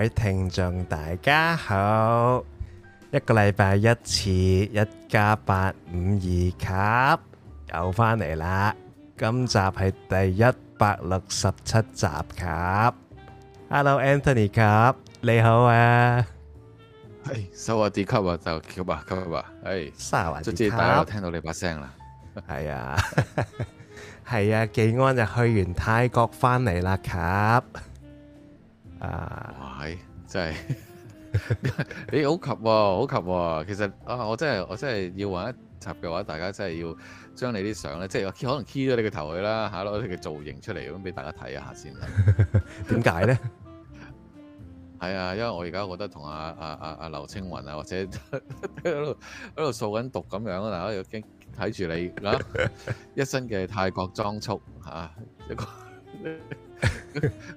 各位聽眾大家好，一個禮拜一次一家八五二級又翻嚟啦，今集係第一百六十七集級。Hello Anthony 級，你好啊，係收下 D 級啊，就 Q 吧 Q 吧，哎，即係大家又聽到你把聲啦，係啊係啊，技安就去完泰國翻嚟啦級。啊！哇！係真係，你好急喎，好急喎！其實啊，我真係我真係要玩一集嘅話，大家真係要將你啲相咧，即係可能 key 咗你個頭去啦，吓、啊、攞你嘅造型出嚟咁俾大家睇一下先。點解咧？係 啊，因為我而家覺得同阿阿阿劉青雲啊，或者喺度喺度掃緊毒咁樣啊，大家要驚睇住你、啊，一身嘅泰國裝束吓、啊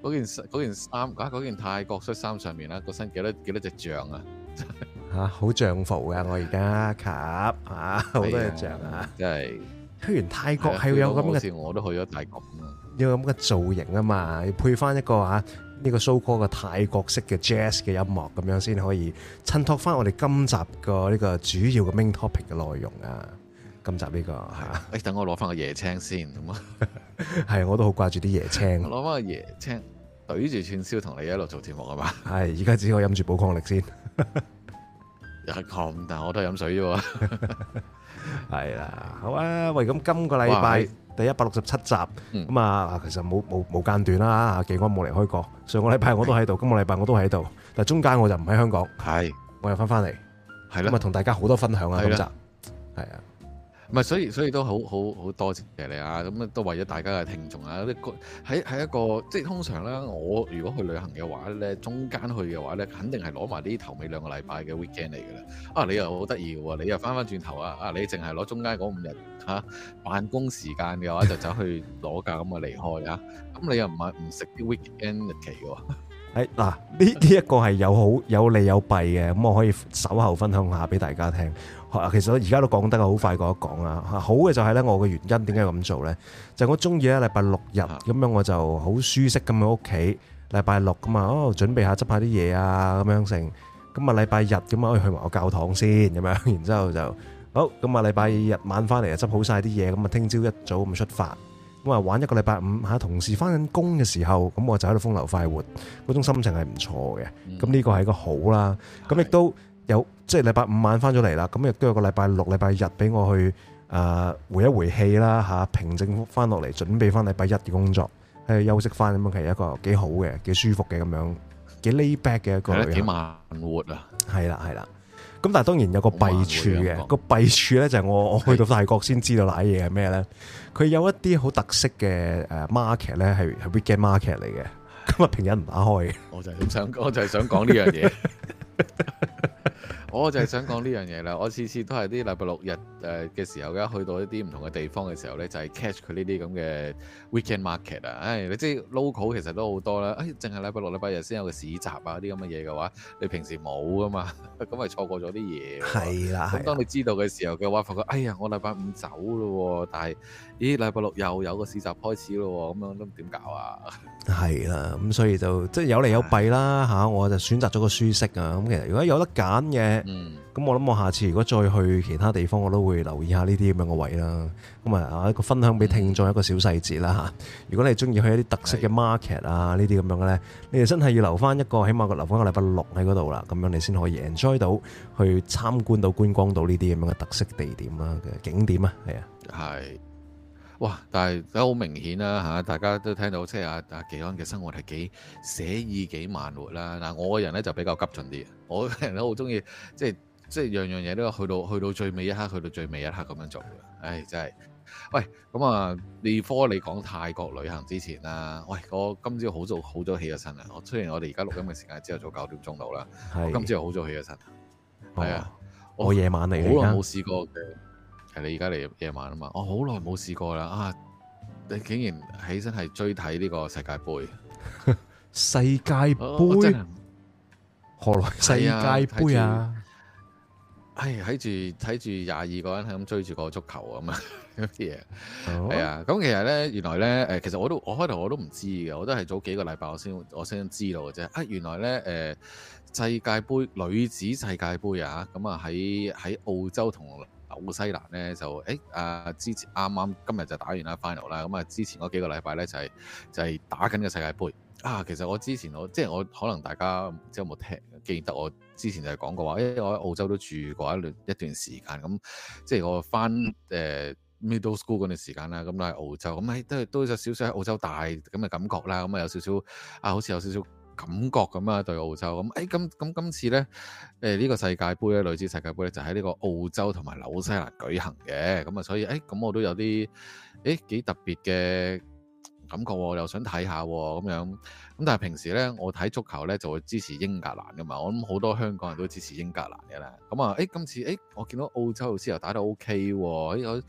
嗰 件衫嗰件衫，件泰國恤衫，衫上面啦，個身幾多幾多隻象啊？吓、 啊，好象浮噶，我而家夾啊好多隻象啊，啊啊真係去完泰國係要有咁嘅，我都去咗泰國啦，有咁嘅造型啊嘛，要配翻一個啊呢、這個 so call 嘅泰國式嘅 jazz 嘅音樂，咁樣先可以襯托翻我哋今集嘅呢個主要嘅 main topic 嘅內容啊。今集呢個係啊，誒等我攞翻個椰青先，咁啊係，我都好掛住啲椰青。攞翻個椰青，懟住串燒同你一路做節目係嘛？係，而家只可以飲住補礦力先。又係礦，但我都係飲水啫喎。係啦，好啊，喂，咁今個禮拜第一百六十七集，咁啊，其實冇冇冇間斷啦，阿技安冇離開過。上個禮拜我都喺度，今個禮拜我都喺度，但中間我就唔喺香港，係我又翻翻嚟，係啦，咁啊同大家好多分享啊，今集係啊。唔係，所以所以都好好好多謝你啊！咁啊，都為咗大家嘅聽眾啊，呢個喺喺一個即係通常咧，我如果去旅行嘅話咧，中間去嘅話咧，肯定係攞埋呢頭尾兩個禮拜嘅 weekend 嚟㗎啦。啊，你又好得意喎！你又翻翻轉頭啊啊！你淨係攞中間嗰五日嚇辦公時間嘅話，就走去攞假咁啊離開啊！咁 你又唔係唔食啲 weekend 日期喎？嗱、哎，呢呢一個係有好有利有弊嘅，咁 我可以稍後分享下俾大家聽。啊，其實我而家都講得啊，好快講一講啦。好嘅就係咧，我嘅原因點解咁做咧？就我中意咧，禮拜六日咁樣我就好舒適咁喺屋企。禮拜六咁啊，哦，準備下執下啲嘢啊，咁樣成。咁啊，禮拜日咁啊，可以去埋個教堂先咁樣。然之後就好。咁啊，禮拜日晚翻嚟就執好晒啲嘢。咁啊，聽朝一早咁出發。咁啊，玩一個禮拜五嚇，同事翻緊工嘅時候，咁我就喺度風流快活。嗰種心情係唔錯嘅。咁呢個係一個好啦。咁亦都。有即係禮拜五晚翻咗嚟啦，咁亦都有個禮拜六、禮拜日俾我去誒、呃、回一回氣啦吓，平靜翻落嚟，準備翻禮拜一嘅工作，去休息翻咁樣，其實一個幾好嘅、幾舒服嘅咁樣，幾 lay back 嘅一個。幾慢活啊！係啦，係啦。咁但係當然有個弊處嘅，個弊處咧就係我我去到泰國先知道瀨嘢係咩咧。佢有一啲好特色嘅誒 market 咧，係係 weekend market 嚟嘅。今日平日唔打開我。我就係想講，就係想講呢樣嘢。 我就係想講呢樣嘢啦，我次次都係啲禮拜六日誒嘅時候嘅，去到一啲唔同嘅地方嘅時候咧，就係、是、catch 佢呢啲咁嘅 weekend market 啊，唉，你即 local 其實都好多啦，唉、哎，淨係禮拜六、禮拜日先有個市集啊啲咁嘅嘢嘅話，你平時冇噶嘛，咁咪、就是、錯過咗啲嘢。係啦、啊，咁、啊、當你知道嘅時候嘅話，發覺哎呀，我禮拜五走咯，但係，咦禮拜六又有個市集開始咯，咁樣都點搞啊？係啦、啊，咁所以就即係有嚟有弊啦吓，啊、我就選擇咗個舒適啊，咁其實如果有得揀嘅。嗯，咁我諗我下次如果再去其他地方，我都會留意下呢啲咁樣嘅位啦。咁啊啊一個分享俾聽眾一個小細節啦吓。如果你中意去一啲特色嘅 market 啊呢啲咁樣嘅咧，你哋真係要留翻一個起碼留翻個禮拜六喺嗰度啦。咁樣你先可以 enjoy 到去參觀到觀光到呢啲咁樣嘅特色地點啦，嘅景點啊係啊。係。哇！但係都好明顯啦、啊、嚇、啊，大家都聽到即係阿阿技安嘅生活係幾寫意幾慢活啦、啊。嗱、啊，我個人咧就比較急進啲，我個人都好中意即係即係樣樣嘢都去到去到最尾一刻，去到最尾一刻咁樣做嘅。唉、哎，真係。喂，咁啊，利科你講泰國旅行之前啦、啊。喂，我今朝好早好早，早起咗身啊！我雖然我哋而家錄音嘅時間朝頭早九點鐘到啦，是我今朝好早起咗身。係啊，啊我夜晚嚟冇試過係你而家嚟夜晚啊嘛，我好耐冇試過啦啊！你竟然起身係追睇呢個世界杯， 世界杯？哦，何來世界杯啊？係睇住睇住廿二個人係咁追住個足球啊嘛，啲嘢係啊。咁其實咧，原來咧，誒，其實我都我開頭我都唔知嘅，我都係早幾個禮拜我先我先知道嘅啫。啊，原來咧，誒，世界杯女子世界杯啊，咁啊喺喺澳洲同。紐西蘭咧就誒、欸、誒、啊、之前啱啱今日就打完啦 final 啦，咁啊之前嗰幾個禮拜咧就係、是、就係、是、打緊嘅世界盃啊！其實我之前我即係我可能大家唔知有冇聽記得我之前就係講過話誒、欸，我喺澳洲都住過一一段時間咁，即係我翻誒、呃、middle school 嗰段時間啦，咁都喺澳洲咁誒都都有少少喺澳洲大咁嘅感覺啦，咁啊有少少啊，好似有少少。感覺咁啊，對澳洲咁，誒咁咁今次咧，呢、呃這個世界盃咧，女子世界盃咧就喺、是、呢個澳洲同埋紐西蘭舉行嘅，咁啊所以誒，咁、欸、我都有啲誒幾特別嘅。感覺喎、哦，又想睇下喎、哦，咁樣咁。但係平時呢，我睇足球呢就會支持英格蘭㗎嘛。我諗好多香港人都支持英格蘭嘅啦。咁啊，誒今次誒我見到澳洲先又打得 OK 喎、哦，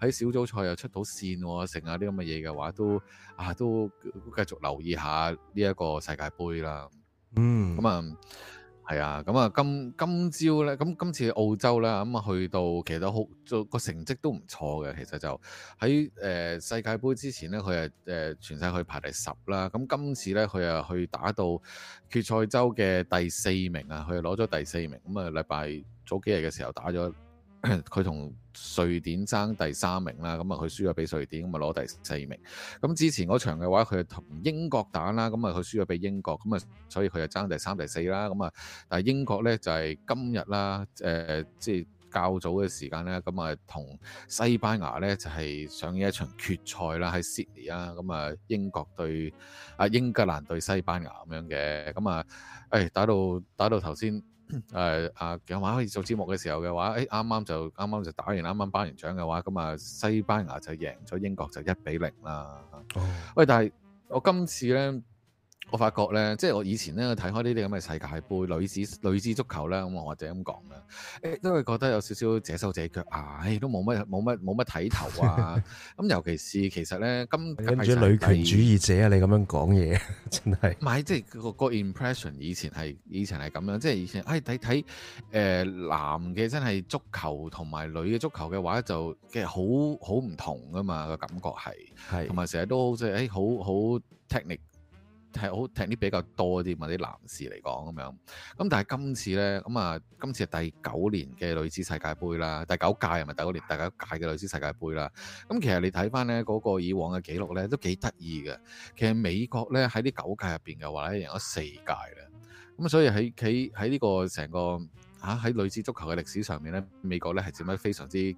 喺小組賽又出到線剩下啲咁嘅嘢嘅話，都啊都繼續留意下呢一個世界盃啦。嗯，咁啊。係啊，咁啊今今朝咧，咁今次澳洲咧咁啊去到，其實都好做，個成績都唔錯嘅。其實就喺誒、呃、世界盃之前咧，佢係誒全世界排第十啦。咁今次咧，佢啊去打到決賽周嘅第四名啊，佢係攞咗第四名。咁啊禮拜早幾日嘅時候打咗。佢同瑞典爭第三名啦，咁啊佢輸咗俾瑞典，咁啊攞第四名。咁之前嗰場嘅話，佢係同英國打啦，咁啊佢輸咗俾英國，咁啊所以佢啊爭第三、第四啦。咁啊，但係英國咧就係今日啦，誒即係較早嘅時間咧，咁啊同西班牙咧就係上演一場決賽啦，喺 Sydney 啊，咁啊英國對啊英格蘭對西班牙咁樣嘅，咁啊誒打到打到頭先。誒啊！講話開始做節目嘅時候嘅話，誒啱啱就啱啱就打完，啱啱頒完獎嘅話，咁啊西班牙就贏咗英國就一比零啦。哦，喂！但係我今次呢。我發覺咧，即係我以前咧睇開呢啲咁嘅世界杯女子女子足球咧，咁、嗯、我或者咁講呢，都會覺得有少少姐手姐腳啊、哎，都冇乜冇乜冇乜睇頭啊。咁、 嗯、尤其是其實咧，今跟住女權主義者啊，實你咁樣講嘢真係唔係即係個個 impression 以前係以前係咁樣，即係以前誒睇睇誒男嘅真係足球同埋女嘅足球嘅話就，就其實好好唔同㗎嘛個感覺係，同埋成日都即係誒好好 technic。欸踢好踢啲比較多啲嘛啲男士嚟講咁樣，咁但係今次咧咁啊，今次係第九年嘅女子世界盃啦，第九屆係咪第九年第九屆嘅女子世界盃啦？咁其實你睇翻咧嗰個以往嘅記錄咧，都幾得意嘅。其實美國咧喺呢九屆入邊嘅話咧，贏咗四屆啦。咁所以喺喺喺呢個成個嚇喺女子足球嘅歷史上面咧，美國咧係佔得非常之誒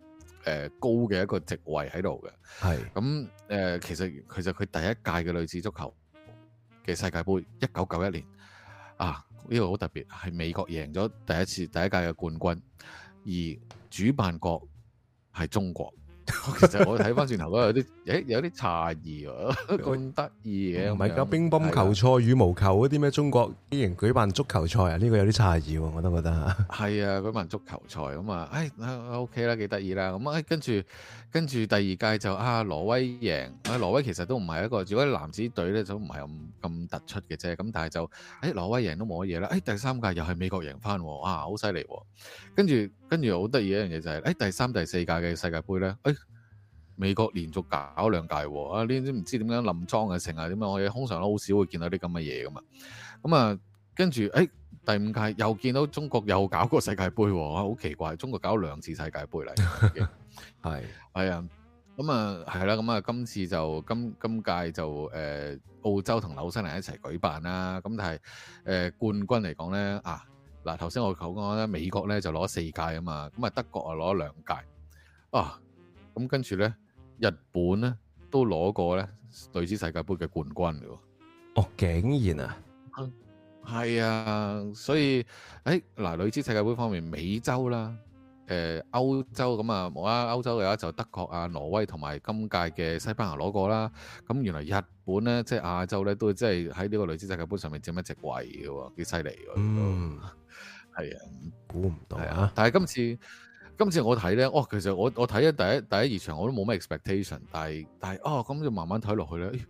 高嘅一個席位喺度嘅。係咁誒，其實其實佢第一屆嘅女子足球嘅世界盃，一九九一年啊，呢個好特別，係美國贏咗第一次第一屆嘅冠軍，而主辦國係中國。 其實我睇翻轉頭嗰度有啲誒有啲詫異喎，咁得意嘅，唔係個乒乓球賽、的羽毛球嗰啲咩？中國竟然舉辦足球賽啊？呢、呢個有啲詫異，我都覺得。係啊，舉辦足球賽咁啊，誒，O K 啦，幾得意啦。咁誒，跟住跟住第二屆就阿、啊、挪威贏，阿挪威其實都唔係一個，如果男子隊咧，就唔係咁咁突出嘅啫。咁但係就誒、哎，挪威贏都冇乜嘢啦。誒、哎，第三屆又係美國贏翻，啊，好犀利。跟住。跟住好得意一樣嘢就係、是，誒第三、第四屆嘅世界盃咧，誒、哎、美國連續搞兩屆喎，啊呢啲唔知點解冧莊嘅成啊，點樣我哋通常都好少會見到啲咁嘅嘢㗎嘛，咁、嗯、啊跟住誒、哎、第五屆又見到中國又搞個世界盃喎，好奇怪，中國搞咗兩次世界盃嚟嘅，係啊，咁、嗯嗯嗯嗯嗯嗯嗯、啊係啦，咁啊今次就今今屆就誒、呃、澳洲同紐西蘭一齊舉辦啦，咁但係誒冠軍嚟講咧啊。嗱，頭先我講講咧，美國咧就攞四屆啊嘛，咁啊德國啊攞兩屆，啊，咁跟住咧日本咧都攞過咧女子世界盃嘅冠軍嚟喎，哦，竟然啊，係啊，啊，所以，誒，嗱，女子世界盃方面，美洲啦，誒、呃、歐洲咁啊，冇啦，歐洲嘅話就德國啊、挪威同埋今屆嘅西班牙攞過啦，咁原來日本咧即係亞洲咧都即係喺呢個女子世界盃上面佔一隻位嘅喎，幾犀利喎。嗯係啊，估唔到係啊，啊！但係今次，今次我睇咧，哦，其實我我睇咧第一第一二場我都冇咩 expectation，但係但係哦，咁就慢慢睇落去咧，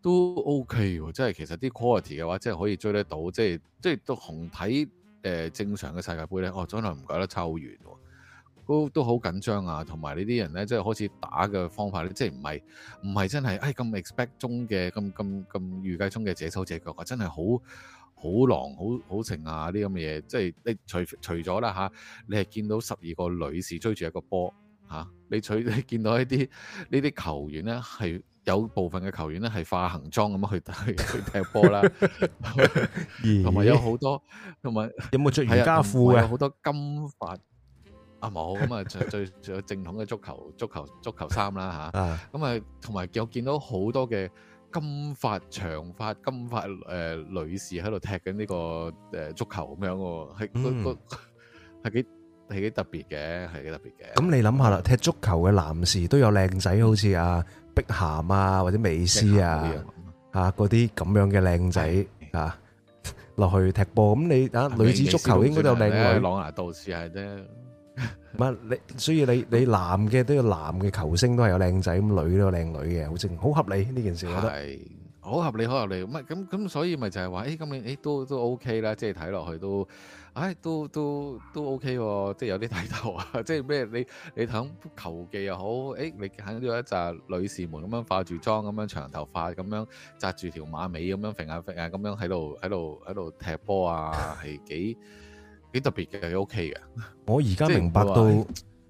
都 OK 喎，啊！即係其實啲 quality 嘅話，即係可以追得到，即係即係同睇誒正常嘅世界盃咧，哦，真係唔覺得抽完，都都好緊張啊！同埋呢啲人咧，即係開始打嘅方法咧，即係唔係唔係真係誒咁 expect 中嘅咁咁咁預計中嘅這手這腳啊，真係好～好狼好好情啊！啲咁嘅嘢，即係你除除咗啦吓，你係見到十二個女士追住一個波吓、啊，你除見到呢啲呢啲球員咧係有部分嘅球員咧係化行妝咁樣去去，去踢波啦，同埋、 啊、有好多同埋有冇出瑜伽褲嘅？好、啊、多金髮啊冇咁啊最最最正統嘅足球足球足球衫啦吓，咁啊同埋、啊啊啊、又見到好多嘅。金髮長髮金髮誒女士喺度踢緊呢個誒足球咁樣嘅，係個個係幾係幾特別嘅，係幾特別嘅。咁你諗下啦，踢足球嘅男士都有靚仔，好似阿碧咸啊、或者美斯啊吓嗰啲咁樣嘅靚仔吓落去踢波。咁你啊女子足球應該都有靚女，朗拿度是係咧。唔係 你很合理，所以你你男嘅都要男嘅球星都係有靚仔，咁女都有靚女嘅，好正，好合理呢件事，我覺得好合理，好合理。唔係咁咁，所以咪就係話，誒咁樣誒都都 OK 啦，即係睇落去都，唉、哎，都都都 OK，即係有啲睇頭啊！即係咩？你你睇球技又好，誒、哎、你睇有一紮女士們咁樣化住妝，咁樣長頭髮，咁樣紮住條馬尾，咁樣揈下揈下，咁樣喺度喺度喺度踢波啊，係幾？ 幾特別嘅，幾 OK 嘅。我而家明白到，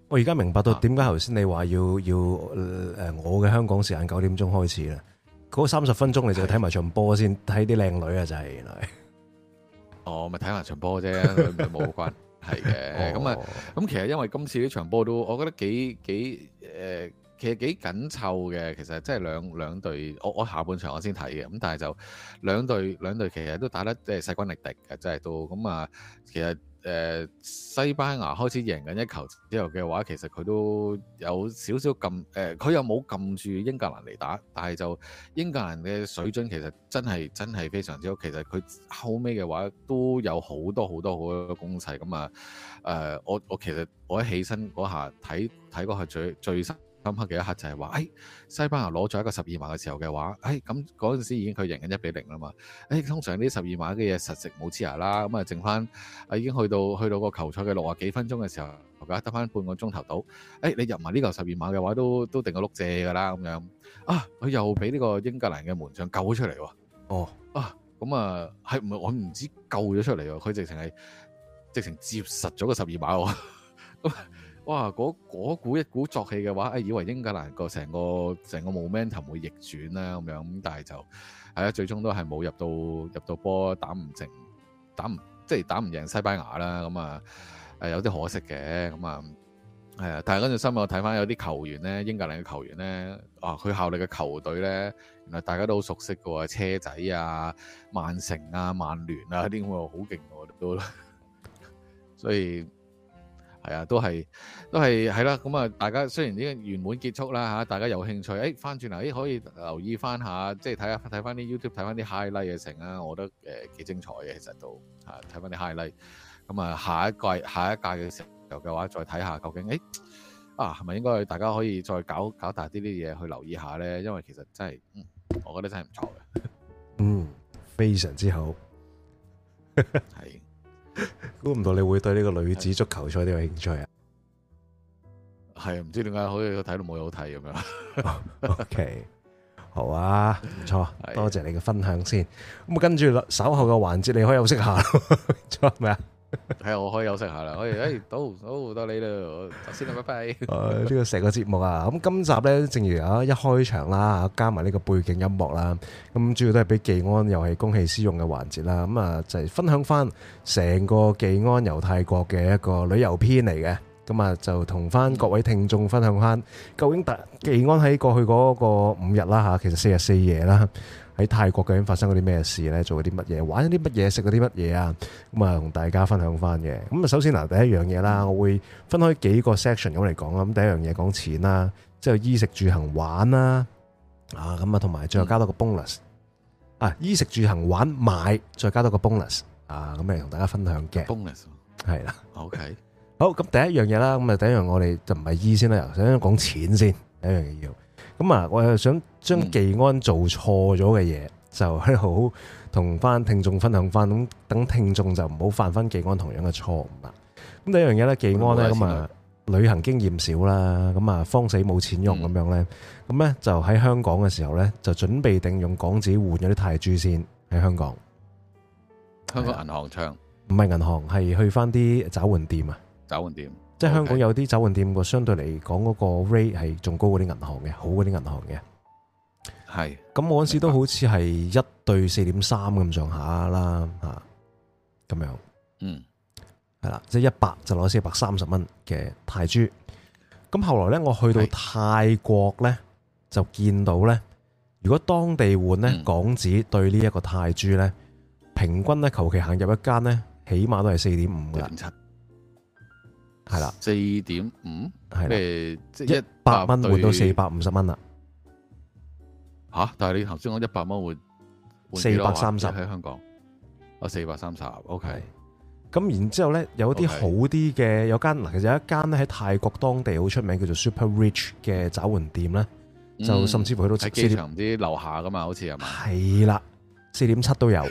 我而家明白到點解頭先你話要要誒，我嘅香港時間九點鐘開始啦。嗰三十分鐘你就要睇埋場波先，睇啲靚女啊，就係原來。哦，咪睇埋場波啫，冇關係嘅。咁啊，咁其實因為今次呢場波都，我覺得幾幾誒，其實幾緊湊嘅。其實即係兩兩隊，我我下半場我先睇嘅。咁但係就兩隊兩隊其實都打得即係勢均力敵嘅，真係都咁啊。其實。誒、呃、西班牙開始贏緊一球之後嘅話，其實佢都有少少撳誒，佢、呃、又冇撳住英格蘭嚟打，但係就英格蘭嘅水準其實真係真係非常之好。其實佢後尾嘅話都有好多好多好多攻勢咁啊！誒、呃，我我其實我一起身嗰下睇睇嗰下最最新。今刻嘅一刻就係話，誒、哎、西班牙攞咗一個十二碼嘅時候嘅話，誒咁嗰陣時已經佢贏緊一比零啦嘛。誒、哎、通常呢十二碼嘅嘢實食冇黐牙啦，咁、嗯、啊剩翻啊已經去到去到個球賽嘅六啊幾分鐘嘅時候，而家得翻半個鐘頭到。誒、哎、你入埋呢球十二碼嘅話都，都都定個碌蔗噶啦咁樣。啊佢又俾呢個英格蘭嘅門將救咗出嚟喎、啊。哦啊咁、嗯、啊係唔係我唔知救咗出嚟喎？佢直情係直情接實咗個十二碼喎。呵呵嗯哇！嗰股、那個、一鼓作氣嘅話，誒、哎、以為英格蘭嘅個成個成個 momentum、um、會逆轉啦咁樣，咁但係就係啦，最終都係冇入到入到波，打唔成，打唔即係打唔贏西班牙啦，咁啊誒有啲可惜嘅，咁啊誒，但係跟住新聞我睇翻有啲球員咧，英格蘭嘅球員咧，啊佢效力嘅球隊咧，原來大家都好熟悉嘅喎，車仔啊、曼城啊、曼聯啊啲咁啊好勁嘅，都所以。係啊，都係，都係，係啦。咁啊，大家雖然已經圓滿結束啦，吓，大家有興趣，誒、欸，翻轉嚟，誒、欸，可以留意翻下，即係睇下睇翻啲 YouTube，睇翻啲 highlight 嘅成啊，我覺得誒幾精彩嘅，其實都吓睇翻啲 highlight。咁啊、嗯，下一季、下一屆嘅時候嘅話，再睇下究竟，誒、欸，啊，係咪應該大家可以再搞搞大啲啲嘢去留意下咧？因為其實真係，嗯，我覺得真係唔錯嘅。嗯，非常之好。係。 估唔到你會對呢個女子足球賽都有，有興趣啊！係啊，唔知點解，好似睇到冇嘢好睇咁樣。Oh, OK， 好啊，唔錯，多謝你嘅分享先。咁啊的，跟住稍後嘅環節你可以休息下。做咩啊？ 係，我可以休息下啦。我哋，誒，好，好，多謝你啦。我先啦，拜拜。誒，呢個成個節目啊，咁今集咧，正如啊一開場啦，加埋呢個背景音樂啦，咁主要都係俾技安又係公器私用嘅環節啦。咁啊，就係分享翻成個技安遊泰國嘅一個旅遊篇嚟嘅。咁啊，就同翻各位聽眾分享翻，究竟特技安喺過去嗰個五日啦吓，其實四日四夜啦。喺泰國究竟發生嗰啲咩事咧？做咗啲乜嘢？玩咗啲乜嘢？食咗啲乜嘢啊？咁啊，同大家分享翻嘅。咁啊，首先嗱，第一樣嘢啦，我會分開幾個 section 咁嚟講啦。咁第一樣嘢講錢啦，之後衣食住行玩啦，啊咁啊，同埋最後加多個 bonus。啊，衣食住行玩買，再加多個 bonus。啊，咁嚟同大家分享嘅 bonus。係啦。OK。好，咁第一樣嘢啦。咁啊，第一樣我哋就唔係衣先啦，首先講錢先。第一樣嘢要。咁啊，我又想將技安做錯咗嘅嘢，嗯、就喺度同翻聽眾分享翻，咁等聽眾就唔好犯翻技安同樣嘅錯誤啦。咁第一樣嘢咧，技安咧咁啊，旅行經驗少啦，咁啊，慌死冇錢用咁樣咧，咁咧、嗯、就喺香港嘅時候咧，就準備定用港紙換咗啲泰銖先喺香港。香港銀行唱唔係、啊、銀行，係去翻啲找換店啊！找換店。即係香港有啲找換店個，Okay. 相對嚟講嗰個 rate 係仲高嗰啲銀行嘅，好嗰啲銀行嘅，係。咁我嗰時都好似係一對四點三咁上下啦，嚇咁樣，嗯，係啦，即係一百就攞四百三十蚊嘅泰銖。咁後來咧，我去到泰國咧，是就見到咧，如果當地換咧港紙對呢一個泰銖咧，嗯、平均咧求其行入一間咧，起碼都係四點五嘅。係啦，四點五，係 4. 5? 的，即係一百蚊換到四百五十蚊啦。吓、啊，但係你頭先講一百蚊換四百三十喺香港，啊四百三十 OK。咁然之後咧，有啲好啲嘅，Okay 有間嗱，其實有一間喺泰國當地好出名，叫做 Super Rich 嘅找換店咧，就甚至乎去到、嗯、機場啲樓下噶嘛，好似係係啦，四點七都有，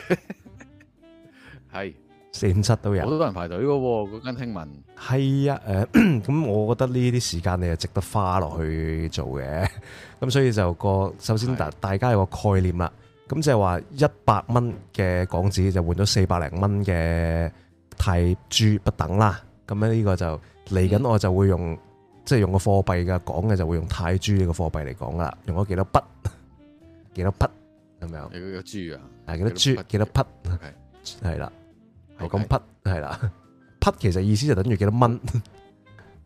係。 四五七都有，好多人排隊嘅喎，嗰間聽聞。係啊，咁我覺得呢啲時間你係值得花落去做嘅。咁所以就個首先大大家有個概念啦。咁即係話一百蚊嘅港紙就換咗四百零蚊嘅泰銖不等啦。咁呢個就嚟緊，我就會用、嗯、即係用個貨幣嘅講嘅，就會用泰銖呢個貨幣嚟講啦。用咗幾多筆？幾多匹？咁樣？係嗰啊？係幾、啊、多豬？幾多匹？係啦。咁匹係啦，匹其實意思就等於幾多蚊，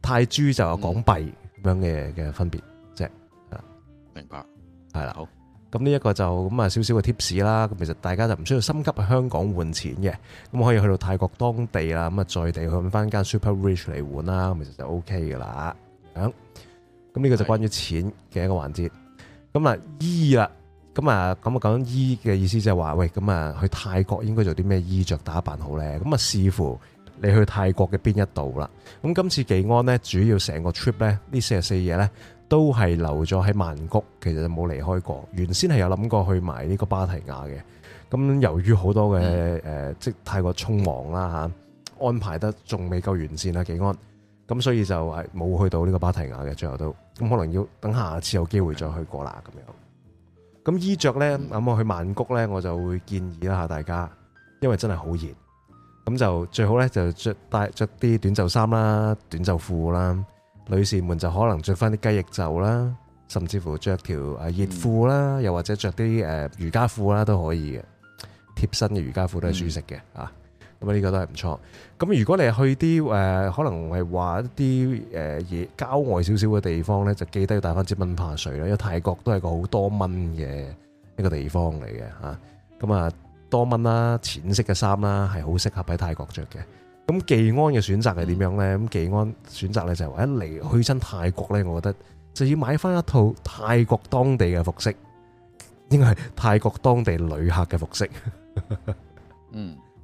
泰銖就有港幣咁樣嘅嘅分別，即係，明白，係啦，好，咁呢一個就咁啊，少少嘅 tips 啦，咁其實大家就唔需要心急去香港換錢嘅，咁可以去到泰國當地啦，咁啊再地去翻間 Super Rich 嚟換啦，咁其實就 OK 噶啦。咁，呢個就關於錢嘅一個環節，咁啊咦，二啊。咁啊，咁啊講衣嘅意思就係話，喂，咁、嗯、啊去泰國應該做啲咩衣着打扮好咧？咁啊視乎你去泰國嘅邊一度啦。咁今次紀安呢，主要成個 trip 咧，四天四天呢四日四夜咧，都係留咗喺曼谷，其實就冇離開過。原先係有諗過去埋呢個芭提雅嘅，咁由於好多嘅誒、嗯呃，即係太過匆忙啦吓、啊，安排得仲未夠完善啊，紀安，咁所以就係冇去到呢個芭提雅嘅，最後都咁可能要等下次有機會再去過啦咁樣。咁衣着呢，咁我去曼谷呢，我就會建議一下大家，因為真係好熱，咁就最好呢，就着帶著啲短袖衫啦、短袖褲啦，女士們就可能着翻啲雞翼袖啦，甚至乎着條熱褲啦，嗯、又或者着啲、呃、瑜伽褲啦都可以嘅，貼身嘅瑜伽褲都係舒適嘅、嗯、啊。咁呢個都係唔錯。咁如果你係去啲誒、呃，可能係話一啲誒嘢郊外少少嘅地方咧，就記得要帶翻支蚊怕水啦。因為泰國都係個好多蚊嘅一個地方嚟嘅嚇。咁啊，多蚊啦，淺色嘅衫啦係好適合喺泰國着嘅。咁技安嘅選擇係點樣咧？咁、嗯、技安選擇咧就係話一嚟去親泰國咧，我覺得就要買翻一套泰國當地嘅服飾，應該係泰國當地旅客嘅服飾。 嗯。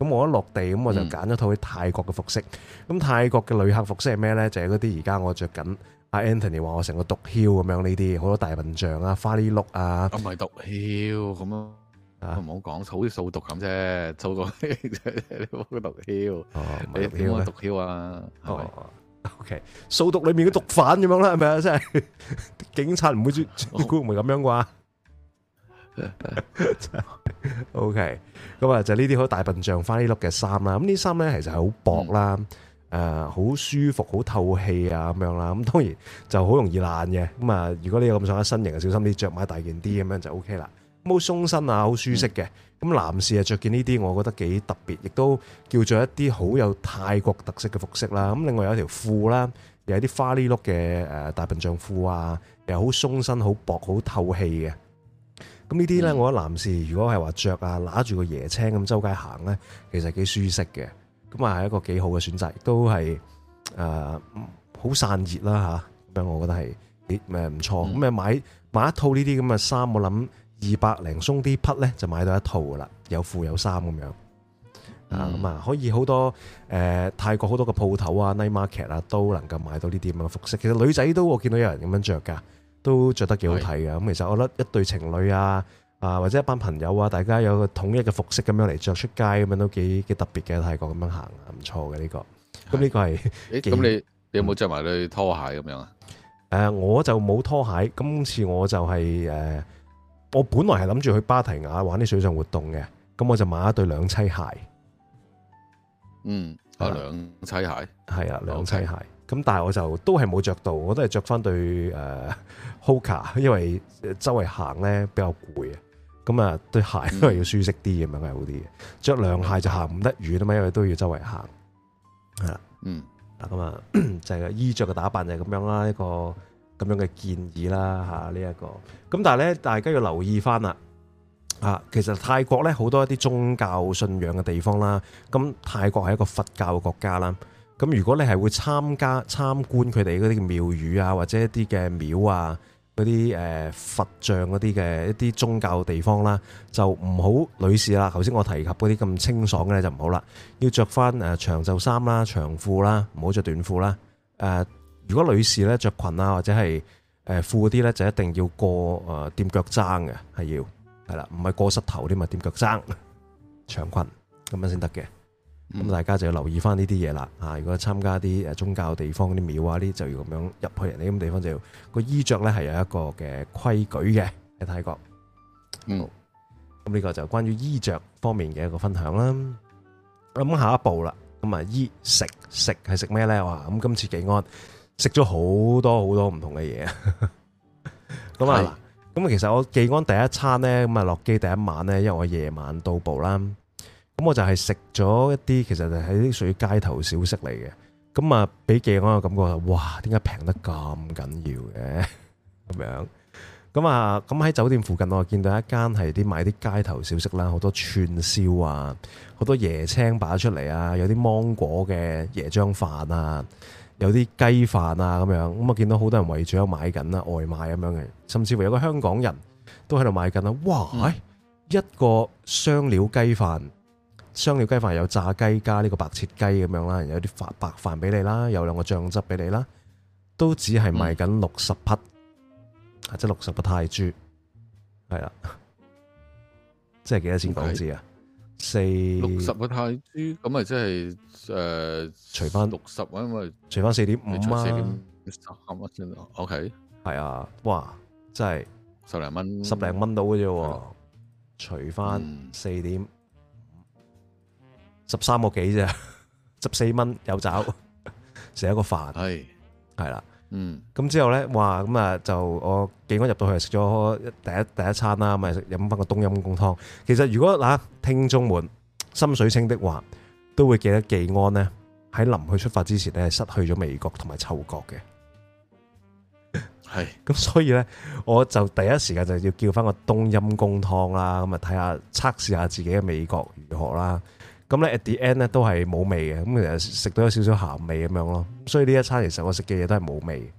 咁我一落地咁我就揀咗套啲泰國嘅服飾，咁泰國嘅旅客服飾係咩咧？就係嗰啲而家我著緊，阿 Anthony 話我成個毒梟咁樣呢啲，好多大笨象啊、花呢碌啊，唔係毒梟咁咯，唔好講，好似掃毒咁啫，掃個嗰啲毒梟，哦，毒梟咩？毒梟啊，哦，OK，掃毒裏面嘅毒販咁樣啦，係咪啊？真係警察唔會做，唔會咁樣啩？O K，咁啊就呢啲好大笨象花呢碌嘅衫啦，咁呢衫咧其實係好薄啦，誒好舒服，好透氣啊咁樣啦，咁當然就好容易爛嘅，咁啊如果你有咁上下身形啊，小心啲着買大件啲咁樣就 O K 啦，好鬆身啊，好舒適嘅，咁男士啊着件呢啲我覺得幾特別，亦都叫做一啲好有泰國特色嘅服飾啦，咁另外有條褲啦，又有啲花呢碌嘅、誒大笨象褲啊，又好鬆身，好薄，好透氣嘅。咁呢啲咧，我覺得男士如果係話着啊，拿住個椰青咁周街行咧，其實幾舒適嘅，咁啊係一個幾好嘅選擇，都係誒好散熱啦嚇。咁樣我覺得係幾唔錯。咁咪買買一套呢啲咁嘅衫，我諗二百零鬆啲匹咧就買到一套噶啦，有褲有衫咁樣。啊咁啊，可以好多誒、呃、泰國好多個鋪頭啊、night market 啊，都能夠買到呢啲咁嘅服飾。其實女仔都我見到有人咁樣着噶，都著得幾好睇嘅，咁其實我覺得一對情侶啊，啊或者一班朋友啊，大家有個統一嘅服飾咁樣嚟著出街咁樣都幾幾特別嘅，泰國咁樣行唔錯嘅呢個。咁呢個係，咁你你有冇著埋對拖鞋咁樣啊？誒，我就冇拖鞋。今次我就係誒，我本來係諗住去芭提雅玩啲水上活動嘅，咁我就買一對兩棲鞋。嗯，啊兩棲鞋，係啊兩棲鞋。咁但係我就都係冇著到，我都係著翻對誒。Hoka，因為周圍行咧比較攰啊，咁啊對鞋都係要舒適啲咁樣，梗係好啲嘅。著涼鞋就行唔得遠啊嘛，因為都要周圍行。係啦，嗯，啊咁啊，就係、是、衣着嘅打扮就係咁樣啦，一、這個咁樣嘅建議啦嚇呢一個。咁但係咧，大家要留意翻啦。啊，其實泰國咧好多一啲宗教信仰嘅地方啦，咁泰國係一個佛教嘅國家啦。咁如果你係會參加參觀佢哋嗰啲廟宇啊，或者一啲嘅廟啊。嗰啲誒佛像嗰啲嘅一啲宗教地方啦，就唔好女士啦。頭先我提及嗰啲咁清爽嘅咧，就唔好啦。要着翻誒長袖衫啦、長褲啦，唔好着短褲啦。誒、呃，如果女士咧着裙啊或者係誒褲啲咧，就一定要過誒掂、呃、腳踭嘅，係要係啦，唔係過膝頭添啊，掂腳踭長裙咁樣先得嘅。咁大家就要留意翻呢啲嘢啦，啊！如果參加啲誒宗教地方啲廟啊，呢就要咁樣入去人呢啲地方，就要，就要，個衣着咧係有一個嘅規矩嘅，喺泰國。嗯，咁呢個就關於衣着方面嘅一個分享啦。咁下一步啦，咁啊，衣食食係食咩咧？哇！咁今次紀安食咗好多好多唔同嘅嘢。咁 啊，咁的其實我紀安第一餐咧，咁啊落機第一晚咧，因為我夜晚到步啦。咁我就係食咗一啲，其實就係啲屬於街頭小食嚟嘅。咁啊，俾記者我嘅感覺係，哇！點解平得咁緊要嘅？咁樣咁啊，咁喺酒店附近，我見到一間係啲賣啲街頭小食啦，好多串燒啊，好多椰青擺出嚟啊，有啲芒果嘅椰漿飯啊，有啲雞飯啊咁樣。咁啊，見到好多人圍住喺度買緊啦，外賣咁樣嘅，甚至乎有個香港人都喺度買緊啦。哇！一個雙料雞飯。商雙料雞飯有炸雞加呢個白切雞咁樣啦，有啲白白飯俾你啦，有兩個醬汁俾你啦，都只係賣緊六十匹，即係六十個泰銖，係啦，即係幾多錢港紙啊？四六十個泰銖，咁咪即係誒除翻六十，因為除翻四點五啊，十零蚊先 OK 係啊，哇，真係十零蚊，十零蚊到嘅啫，除翻四點。嗯十三個幾啫，十四蚊有找，食一個飯係係啦，嗯，咁之後咧，哇，咁啊就我技安入到去食咗第一第一餐啦，咪食飲翻個冬陰功湯。其實如果嗱聽眾們心水清的話，都會記得技安咧喺臨去出發之前咧失去咗味覺同埋嗅覺嘅，係咁所以咧，我就第一時間就要叫翻個冬陰功湯啦，咁啊睇下測試下自己嘅味覺如何啦。咁咧，at the end 咧都係冇味嘅。咁其實食到有少少鹹味咁樣咯。所以呢一餐其實我食嘅嘢都係冇味。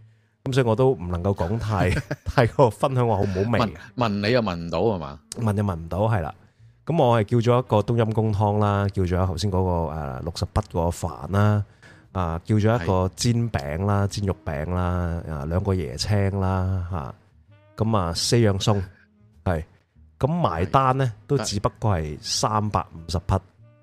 咁所以我都唔能夠講太太過分享話好唔好味。問問你又問唔到係嘛？問又問唔到係啦。咁我係叫咗一個冬陰功湯啦，叫咗頭先嗰個誒六十匹個飯啦，啊叫咗一個煎餅啦，煎肉餅啦，啊兩個椰青啦嚇。咁啊四樣餸係咁埋單咧，都只不過係三百五十匹。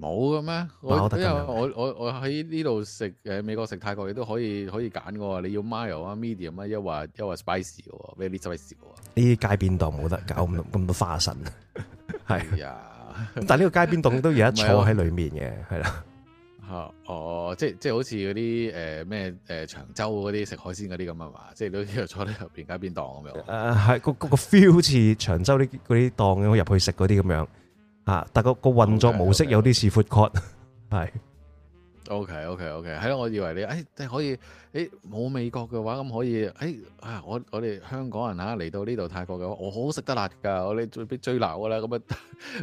冇嘅咩？我因為我我喺呢度食誒美國食泰國嘢都可以可以揀嘅。你要 mild 啊，medium 啊，抑或抑或 sp spicy 喎。very spicy 喎？呢啲街邊檔冇得搞咁多咁多花神，係啊。但係呢個街邊檔都有一坐喺裏面嘅，係啦 我。嚇的哦，即即係好似嗰啲誒咩誒長洲嗰啲食海鮮嗰啲咁啊嘛，即係都叫做坐喺入邊街邊檔咁、啊那個、樣。誒係，個 feel 好似長洲啲嗰啲檔咁入去食嗰啲咁樣。啊！但個個運作模式有啲似 food court 係。OK OK OK，係咯 是，okay, okay, okay. 我以為你即誒、哎、可以，誒、哎、冇美國嘅話咁可以，誒、哎、啊！我我哋香港人啊，嚟到呢度泰國嘅話，我好食得辣㗎，我哋最必追辣㗎啦，咁啊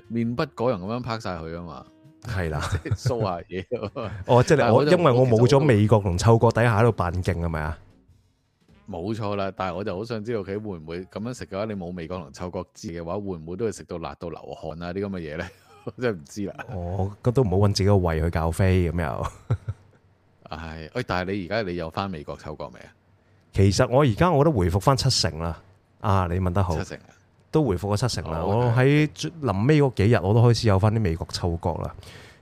面不改容咁樣拍晒佢啊嘛。係啦的，即係掃下嘢。 哦，即係我 因為我冇咗其實 味覺同嗅覺底下喺度扮勁係咪啊？冇錯啦，但係我就好想知道佢會唔會咁樣食嘅話，你冇味覺同嗅覺知嘅話，會唔會都係食到辣到流汗啊？啲咁嘅嘢呢，真係唔知啦。我覺得都唔好揾自己個胃去搞飛咁又。係，喂！但係你而家你有翻味覺嗅覺未啊？其實我而家我都回復翻七成啦。啊，你問得好，七成？都回復咗七成啦。我喺臨尾嗰幾日我都開始有翻啲味覺嗅覺啦。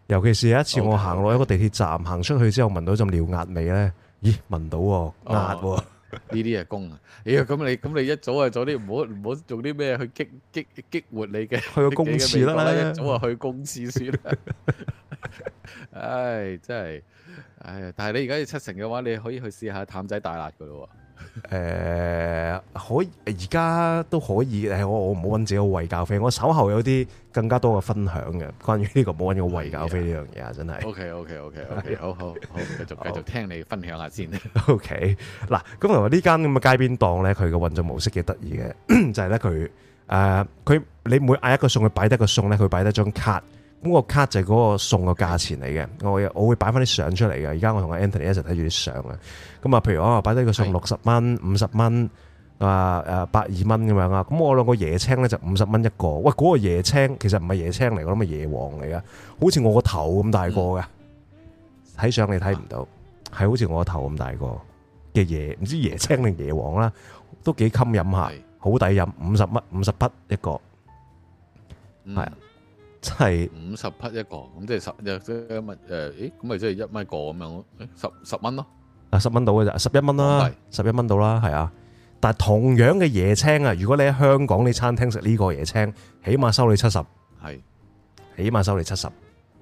尤其是有一次我行落一個地鐵站，行出去之後聞到一陣尿壓味呢，咦？聞到喎、啊，喎、啊。Oh, okay. 呢啲係工啊！妖咁、 哎、你咁你一早啊，早啲唔好唔好做啲咩去激激激活你嘅，去個公廁啦，一早啊去公廁先啦！唉，真係唉、哎，但係你而家要七成嘅話，你可以去試下淡仔大辣嘅咯喎。誒、呃，可而家都可以誒，我我唔好揾自己喂教飛，我稍後有啲更加多嘅分享嘅，關於呢、這個冇揾我喂教飛呢樣嘢啊，真係。 okay, okay, OK OK OK OK，好好好，繼續繼 續聽你分享下先。OK，嗱，咁原來呢間咁嘅街邊檔咧，佢嘅運作模式幾得意嘅，就係咧佢誒，佢、呃、你每嗌一個餸，佢擺得個餸咧，佢擺得張卡。咁個卡就係嗰個送個價錢嚟嘅，我會我會擺翻啲相出嚟嘅。而家我同 Anthony 一齊睇住啲相啊。咁啊，譬如我是的 啊，擺低個送六十蚊、五十蚊啊、誒百二蚊咁樣啊。咁我兩個椰青咧就五十蚊一個。喂，嗰、那個椰青其實唔係椰青嚟，我諗係椰王嚟嘅，好似我頭個頭咁大個嘅。睇相、嗯、你睇唔到，係、啊、好似我頭個頭咁大個嘅椰，唔知椰青定椰王啦，Okay. 都幾襟飲下，好抵飲，五十蚊五十匹一個，係、嗯。係五十匹一個，咁即係十日即係一米誒？咁咪即係一米個咁樣？十十蚊咯，啊十蚊到嘅咋？十一蚊啦，十一蚊到啦，係啊！但係同樣嘅椰青啊，如果你喺香港啲餐廳食呢個椰青，起碼收你七十，係起碼收你七十，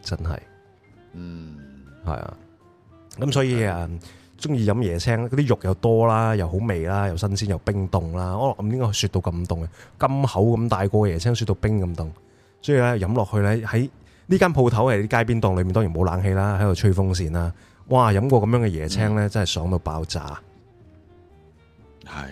真係，嗯，係啊。咁所以啊，中意飲椰青，嗰啲肉又多啦，又好味啦，又新鮮，又冰凍啦。我諗應該雪到咁凍嘅，咁厚咁大個椰青，雪到冰咁凍。所以咧飲落去咧喺呢間鋪頭喺街邊檔裏面，當然冇冷氣啦，喺度吹風扇啦。哇！飲過咁樣嘅椰青咧，嗯、真係爽到爆炸。係，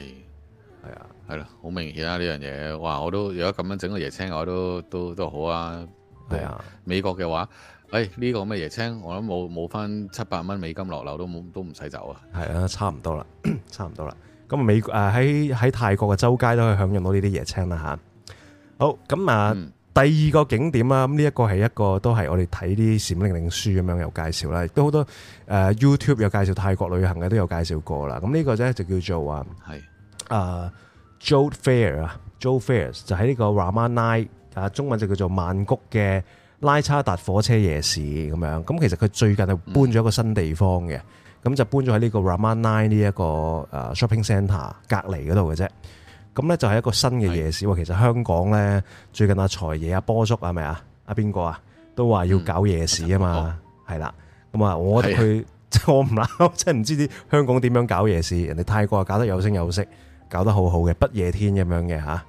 係啊，係咯、啊，好明顯啦呢樣嘢。哇！我都如果咁樣整個椰青，我都都都，都好啊。係啊，美國嘅話，誒、哎、呢、咁嘅椰青，我諗冇冇翻七百蚊美金落樓都冇都唔使走啊。係啊，差唔多啦，差唔多啦。咁美誒喺喺泰國嘅周街都可以享用到呢啲椰青啦嚇、啊。好咁啊～、嗯第二個景點啊，咁呢一個係一個都係我哋睇啲閃靈靈書咁樣有介紹啦，亦都好多誒 YouTube 有介紹泰國旅行嘅都有介紹過啦。咁呢個呢，就叫做啊係誒 Jodd Fair 啊，Jodd Fair 就喺呢個 Rama 9啊，中文就叫做曼谷嘅拉差達火車夜市咁樣。咁其實佢最近係搬咗一個新地方嘅，咁、嗯、就搬咗喺呢個 Rama 9呢一個誒 shopping centre 隔離嗰度嘅啫。咁呢就係一個新嘅夜市喎，是的 其實香港呢，最近阿財爺、阿波叔係咪啊？阿邊個啊？都話要搞夜市啊嘛，係啦。咁啊是的，我哋去，我唔喇，真係唔知啲香港點樣搞夜市。是的 人哋泰國啊搞得有聲有色，搞得好好嘅不夜天咁樣嘅吓，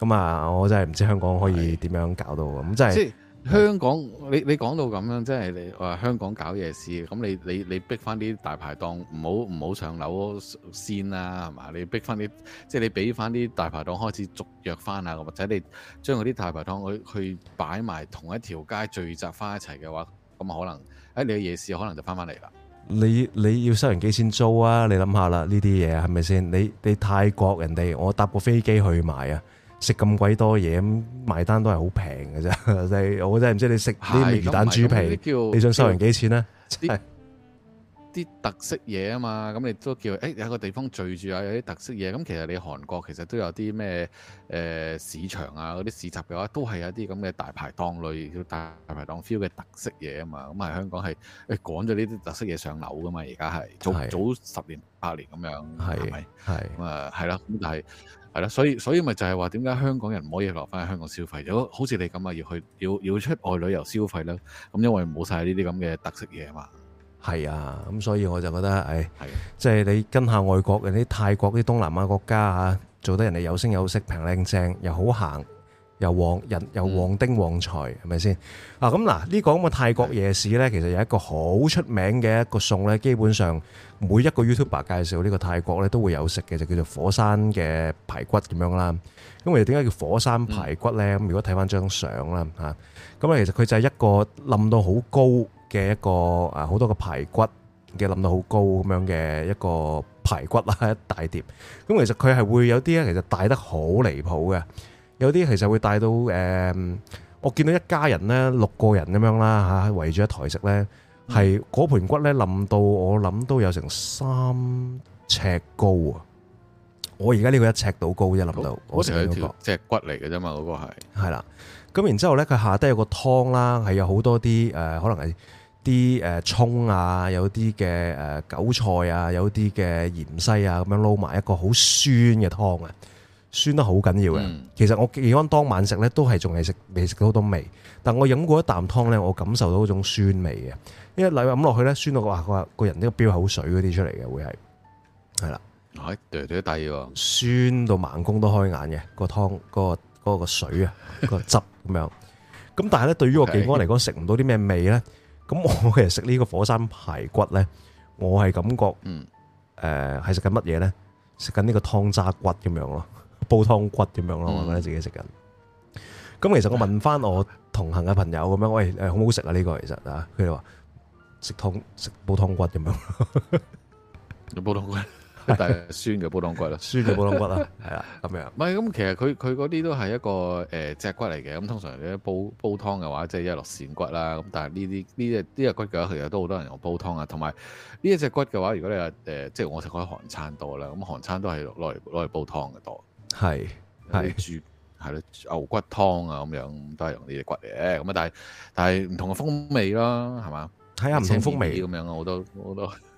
咁啊，我真係唔知香港可以點樣搞到咁是的 真係。嗯、香港，你你講到咁樣，即係你話香港搞夜市，咁你你你逼翻啲大排檔唔好唔好上樓先啊，係嘛？你逼翻啲，即係你俾翻啲大排檔開始續約翻啊，或者你將嗰啲大排檔去去擺埋同一條街聚集翻一齊嘅話，咁啊可能，誒你嘅夜市可能就翻翻嚟啦。你你要收人幾錢租啊？你諗下啦，呢啲嘢係咪先？你你泰國人哋，我搭個飛機去買啊！食咁鬼多嘢，咁埋單都係好平㗎啫。我真係唔知你食啲魚蛋豬皮，的你想收人幾錢咧？啲特色嘢啊嘛，咁你都叫誒、哎、有個地方聚住啊，有啲特色嘢。咁其實你韓國其實都有啲咩誒市場啊，嗰啲市集嘅話，都係有啲咁嘅大排檔類叫大排檔 feel 嘅特色嘢啊嘛。咁啊，香港係誒趕咗呢啲特色嘢上樓噶嘛，而家係早是早十年八年咁樣，係咪是？係咁啊，係啦是，咁就係係啦，所以所以咪就係話點解香港人唔可以落翻去香港消費？如果好似你咁啊，要去要要出外旅遊消費啦。咁因為冇晒呢啲咁嘅特色嘢啊嘛。係啊，咁所以我就覺得，誒，即係你跟下外國人啲泰國啲東南亞國家嚇，做得人哋有聲有色，平靚正，又好行，又旺人又旺丁旺財，係咪先？啊，咁嗱，呢個咁嘅泰國夜市咧，其實有一個好出名嘅一個餸咧，基本上每一個 YouTuber 介紹呢個泰國咧都會有食嘅，就叫做火山嘅排骨咁樣啦。咁我哋點解叫火山排骨咧？咁如果睇翻張相啦嚇，咁啊其實佢就係一個冧到好高。嘅一個誒好多個排骨嘅冧到好高咁樣嘅一個排骨啦，一大碟，咁其實佢係會有啲咧，其實大得好離譜嘅，有啲其實會帶到誒，我見到一家人咧六個人咁樣啦，嚇圍住一台食咧，係嗰盤骨咧冧到我諗都有成三尺高啊！我而家呢個一尺到高啫，冧到嗰條即係骨嚟嘅啫嘛，嗰個係係啦，咁然之後咧佢下低有個湯啦，係有好多啲誒可能係。啲誒蔥啊，有啲嘅誒韭菜啊，有啲嘅芫荽啊，咁樣撈埋一個好酸嘅湯啊，酸得好緊要嘅。嗯、其實我技安當晚食咧，都係仲係食未食到好多味。但我飲過一啖湯咧，我感受到嗰種酸味嘅。因為例如咁落去咧，酸到個話個人都要飆口水嗰啲出嚟嘅，會係係啦。第掉掉低喎，哎、對對對酸到盲公都開眼嘅、嗰個湯，嗰、嗰個嗰個水啊，嗰個汁咁樣。咁 但係咧，對於我技安嚟講，食唔到啲咩味咧？咁我其實食呢個火山排骨咧，我係感覺，誒，係食緊乜嘢？咧食緊、呃、呢個湯渣骨咁樣咯，煲湯骨咁樣咯，嗯嗯我覺得自己食緊。咁其實我問翻我同行嘅朋友咁樣，喂，欸、好唔好食啊？呢個其實啊，佢哋話食湯食煲湯骨咁樣，食 煲湯骨。但係酸嘅煲湯骨咯， 酸嘅煲湯骨啊，係 啊，咁樣，唔係咁其實佢佢嗰啲都係一個誒脊，呃、骨嚟嘅，咁通常煲煲湯嘅話，即係一落扇骨啦，咁但係呢啲呢隻呢隻骨嘅話，其實都好多人用煲湯啊，同埋呢一隻骨嘅話，如果你誒、呃、即係我食開韓餐多啦，咁韓餐都係攞嚟攞嚟煲湯嘅多，係係豬係咯牛骨湯啊咁樣都係用呢隻骨嘅，咁啊但係但係唔同嘅風味咯，係嘛？睇下唔同風味咁樣啊，好多好多。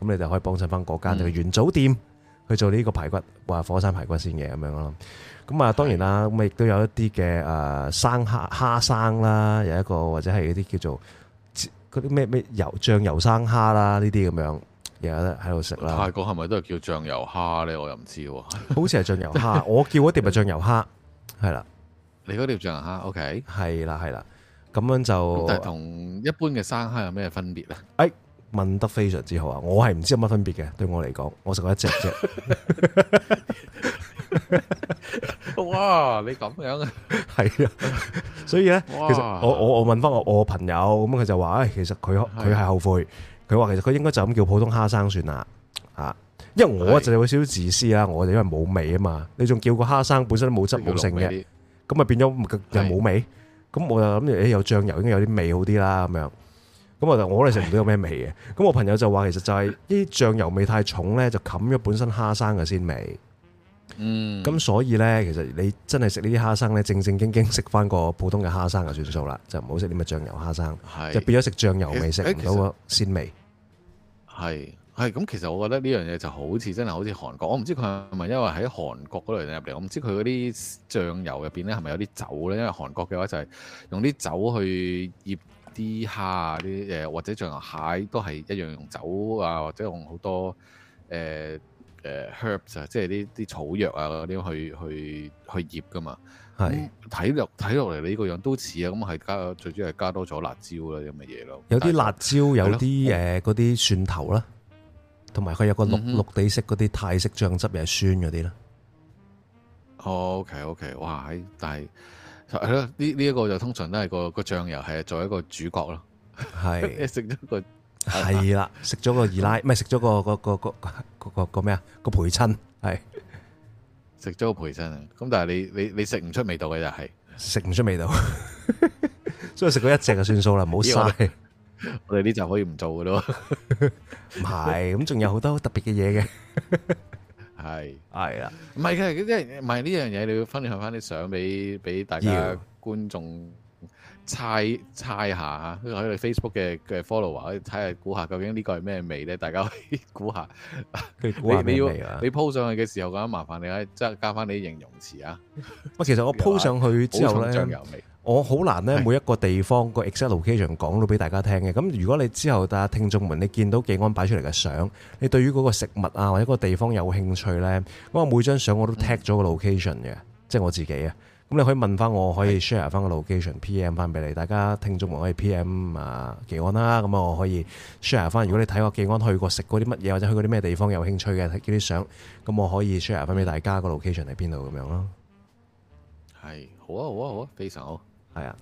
咁你就可以幫襯翻嗰間叫做元祖店，去做呢個排骨，話火山排骨先嘅咁樣咯。咁啊當然啦，咁亦都有一啲嘅誒生蝦蝦生啦，有一個或者係嗰啲叫做嗰啲咩咩油醬油生蝦啦，呢啲咁樣又有得喺度食啦。泰國係咪都係叫醬油蝦咧？我又唔知喎，好似係醬油蝦。我叫一碟係醬油蝦，係啦。你嗰碟醬油蝦，OK，係啦係啦。咁樣就但係同一般嘅生蝦有咩分別咧？誒。問得非常之好啊！我係唔知有乜分別嘅，對我嚟講，我食過一隻啫。哇！你咁樣啊，係啊！所以咧，其實我我我問翻我我朋友，咁佢就話，唉，其實佢佢係後悔，佢話其實佢應該就咁叫普通蝦生算啦。嚇，因為我就有少少自私啦，我就因為冇味啊嘛。你仲叫個蝦生本身都冇質冇性嘅，咁咪變咗又冇味。咁我就諗住，唉，有醬油應該有啲味好啲啦，咁樣。咁啊！我哋食唔到有咩味嘅？咁我朋友就話，其實就係啲醬油味太重呢，就冚咗本身蝦生嘅鮮味。嗯。咁所以呢，其實你真係食呢啲蝦生呢，正正經經食翻個普通嘅蝦生就算數啦，就唔好食啲咁嘅醬油蝦生，就變咗食醬油味食唔到個鮮味。係係，咁其實我覺得呢樣嘢就好似真係好似韓國，我唔知佢係咪因為喺韓國嗰度入嚟，我唔知佢嗰啲醬油入邊呢係咪有啲酒呢？因為韓國嘅話就係用啲酒去醃。啲蝦啊，啲誒或者仲有蟹都係一樣用酒啊，或者用好多誒誒 herbs 啊，呃呃、Herb，即係啲啲草藥啊嗰啲去去去醃噶嘛。係睇落睇落嚟，你呢、嗯、個樣都似啊。咁係加最主要係加多咗辣椒啦咁嘅嘢咯。有啲辣椒，就是、有啲誒嗰啲蒜頭啦，同埋佢有，有個綠綠地色嗰啲泰式醬汁又係酸嗰啲啦。OK OK，哇！但係。係咯，呢呢一個就通常都係個個醬油係做一個主角咯。係食咗個係啦，食咗個二奶，唔係食咗個個個個個個個咩啊？個陪襯係食咗個陪襯。咁但係你你你食唔出味道嘅就係食唔出味道。所以食過一隻就算數啦，唔好嘥。我哋呢集可以唔做噶咯。唔係，咁仲有好多特別嘅嘢嘅。係係啦，唔係嘅，即係唔係呢樣嘢，你要分享翻啲相俾俾大家觀眾猜 Yeah. 猜下嚇，喺你 Facebook 嘅嘅 follower 睇下估下究竟呢個係咩味咧？大家可以估下。下 你你要你，你 po 上去嘅時候咁樣麻煩你，即係加翻啲形容詞啊！我 其實我 po 上去之後咧。我好難呢，每一個地方個 excel location 講到俾大家聽嘅。咁是如果你之後，大家聽眾們，你見到技安擺出嚟嘅相，你對於嗰個食物啊或者嗰個地方有興趣呢，咁我每張相我都 tag 咗個 location 嘅，即係、嗯、我自己啊。咁你可以問翻我，我可以 share 翻個 location，PM 翻俾你。大家聽眾們可以 PM 啊技安啦。咁啊我可以 share 翻。嗯、如果你睇我技安去過食過啲乜嘢或者去過啲咩地方有興趣嘅呢啲相，咁我可以 share 翻俾大家個 location 喺邊度咁樣咯。係，好啊好啊好啊，非常好、啊。係啊，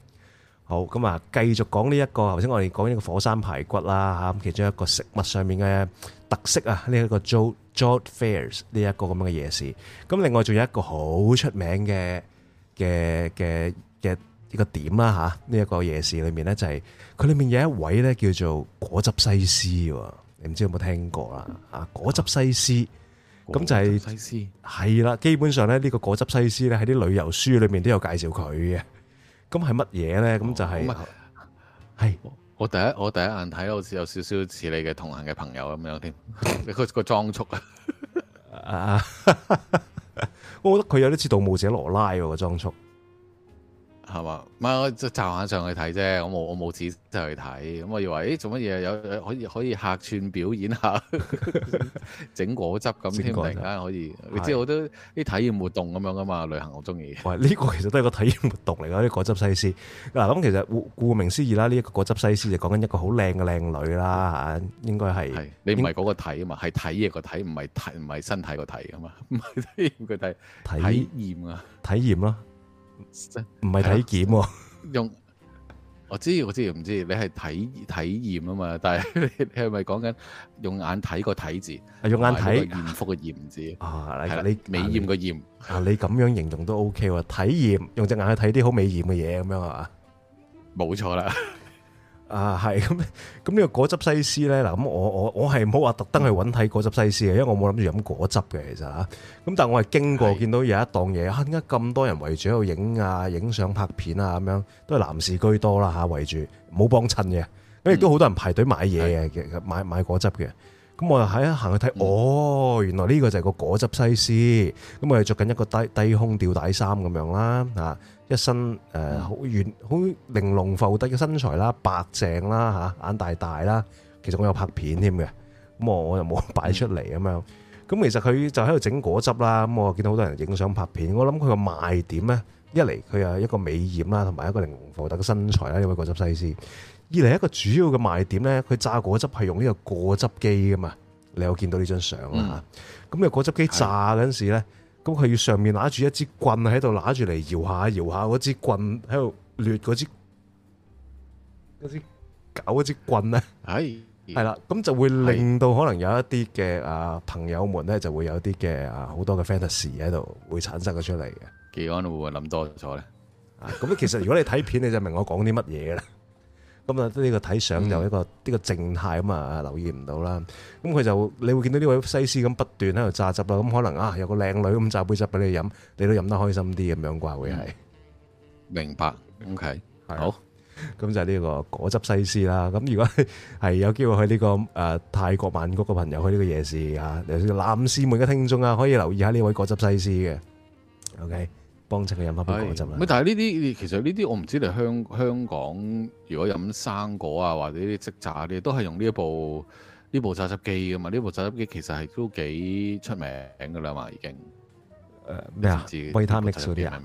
好，咁啊，繼續講呢一個頭先我哋講呢個火山排骨啦吓，其中一個食物上面嘅特色啊，呢、這、一個 Jo Jo Fairs 呢一個咁樣嘅夜市，咁另外仲有一個好出名嘅嘅嘅嘅一個點啦吓，呢、啊、一、這個夜市裏面呢、就是，就係佢裏面有一位呢，叫做果汁西施，你唔知有冇聽過啦吓？果汁西施，咁就係、是，係啦、啊，基本上咧呢個果汁西施呢，喺啲旅遊書裏面都有介紹佢嘅。咁係乜嘢咧？咁就係係，我第一，我第一眼睇好似有少少似你嘅同行嘅朋友咁樣添。你個個裝束啊， 我覺得佢有啲似盜墓者羅拉個裝束。係嘛？唔係，我就驟眼上去睇啫，我冇我冇錢即去睇，咁我以為誒、欸、做乜嘢有可以可以客串表演一下整 果汁咁添 突然間可以，即係好多啲體驗活動咁樣噶嘛？旅行我中意。喂，呢、這個其實都係個體驗活動嚟噶，啲果汁西施嗱。咁、啊、其實顧名思義啦，呢、這、一個果汁西施就講緊一個好靚嘅靚女啦吓，應該係。你唔係嗰個體啊嘛？係該體嘢個體，唔係體唔係身體個體啊嘛？唔係體驗個體，體驗啊，體驗啦。體唔係體檢喎、啊，用我知我知唔知？你係體體驗啊嘛，但係你係咪講緊用眼睇個體字？用眼睇艷服嘅艷字啊，你美艷嘅艷啊，你咁樣形容都 OK 喎。體驗用隻眼去睇啲好美艷嘅嘢咁樣啊，冇錯啦。啊，係咁，咁呢個果汁西施咧，嗱，咁我我我係冇話特登去揾睇果汁西施嘅，因為我冇諗住飲果汁嘅其實嚇，咁但係我係經過見到有一檔嘢，嚇，而家咁多人圍住喺度影啊、影相、拍片啊咁樣，都係男士居多啦嚇，圍住冇幫襯嘅，咁亦都好多人排隊買嘢嘅，買買果汁嘅，咁我就喺行去睇。哦，原來呢個就係個果汁西施，咁我哋著緊一個低低胸吊帶衫咁樣啦，嚇。一身誒好圓好玲瓏浮凸嘅身材啦，白淨啦嚇，眼大大啦。其實我有拍片添嘅，咁我我又冇擺出嚟咁樣。咁 其實佢就喺度整果汁啦。咁我見到好多人影相拍片。我諗佢個賣點咧，一嚟佢又一個美豔啦，同埋一個玲瓏浮凸嘅身材啦，呢位果汁西施。二嚟一個主要嘅賣點咧，佢榨果汁係用呢個果汁機㗎嘛。你有見到呢張相啦嚇。咁嘅 果汁機榨嗰陣時咧。咁佢要上面拿住一支棍喺度拿住嚟，搖下搖下嗰支棍喺度掠嗰支嗰支搞嗰支棍咧，係係啦，咁 就會令到可能有一啲嘅的啊朋友們咧就會有啲嘅啊好多嘅 fantasy 喺度會產生咗出嚟嘅，技安會唔會諗多咗咧？ 啊，咁其實如果你睇片你就明我講啲乜嘢啦。 咁啊，呢個睇相就一個呢個靜態咁啊，留意唔到啦。咁佢就你會見到呢位西施咁不斷喺度榨汁啦。咁可能啊，有個靚女咁榨杯汁俾你飲，你都飲得開心啲咁樣啩？會係明白？OK，好。咁就係呢個果汁西施啦。咁如果係有機會去呢個誒泰國曼谷嘅朋友去呢個夜市啊，男士們嘅聽眾啊，可以留意下呢位果汁西施嘅。OK。幫佢飲翻杯果汁啦。唔係，但係呢啲，其實呢啲我唔知。嚟香香港，如果飲生果啊，或者啲即榨啲，都係用呢一部呢部榨汁機噶嘛。呢部榨汁機其實係都幾出名噶啦嘛，已經。誒咩啊？維他命水啊？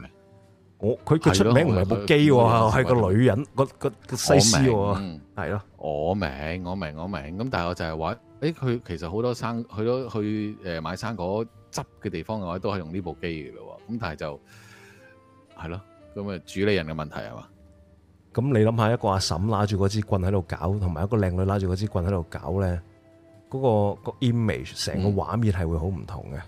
我佢佢出名唔係部機喎，係個女人個個個西施喎，係咯。我明我明我明咁，但係我就係話，誒佢其實好多生去咗去誒買生果汁嘅地方嘅話，都係用呢部機嘅咯。咁但係就。係咯，咁啊，主理人嘅問題係嘛？咁你諗下，一個阿嬸拿住嗰支棍喺度搞，同埋一個靚女拉住嗰支棍喺度搞咧，嗰、嗰個、嗰個 image 成個畫面係會好唔同嘅，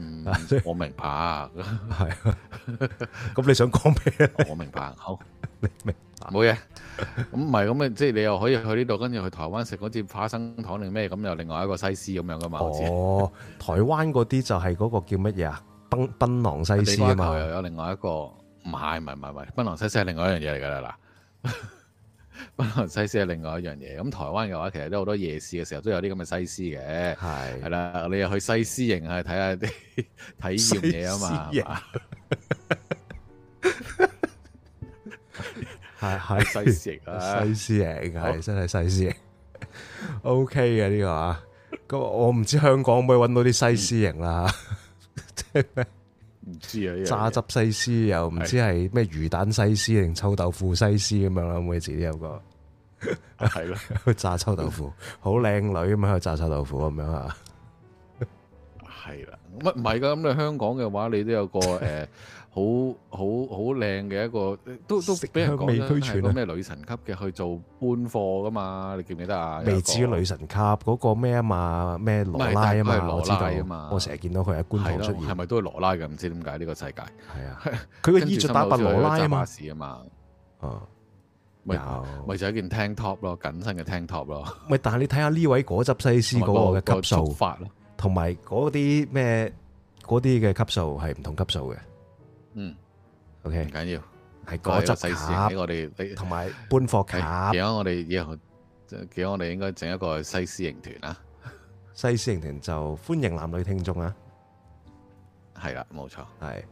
係，我明白，係的，咁 你想講咩？我明白，好，你明白，冇嘢，咁唔係咁啊， 即係你又可以去呢度，跟住去台灣食嗰支花生糖定咩？咁又另外一個西施咁樣嘅嘛？哦，台灣嗰啲就係嗰個叫乜嘢啊？嗯檳檳榔西施啊嘛，又有另外一個唔係唔係唔係唔係，檳榔西施係另外一樣嘢嚟噶啦嗱，檳榔西施係另外一樣嘢。咁台灣嘅話，其實都好多夜市嘅時候都有啲咁嘅西施嘅，係係啦，你又去西施營去睇下啲體驗嘢啊嘛，係係西施營，西施營係真係西施營，O K 嘅呢個啊，咁我唔知香港可唔可以搵到啲西施營啦。唔知啊，炸汁西施又唔知係咩魚蛋西施，定臭豆腐西施咁樣啦，每次都有個係咯，炸臭豆腐好靚女咁樣，炸臭豆腐咁樣啊，係啦 ，乜唔係噶，咁你香港嘅話你，你都有個誒。好好好靚嘅一個，都都俾人講真係咩女神級嘅去做搬貨噶嘛？你記唔記得啊？未至於女神級嗰個咩啊嘛？咩羅拉啊嘛？羅志偉啊嘛？我成日見到佢喺棺材出現，係咪都係羅拉嘅？唔知點解呢個世界係啊？佢個衣着好似羅拉打扮啊嘛？啊，咪咪就一件 Tank Top 咯，緊身嘅 Tank Top 咯。咪但係你睇下呢位果汁西施嗰個嘅級數，同埋嗰啲咩嗰啲嘅級數係唔同級數嘅。嗯，OK，唔緊要，係嗰隻西施俾我哋，同埋搬貨卡。幾多我哋以後，幾多我哋應該整一個西施營團啦。西施營團就歡迎男女聽眾啊。係啦，冇錯，係。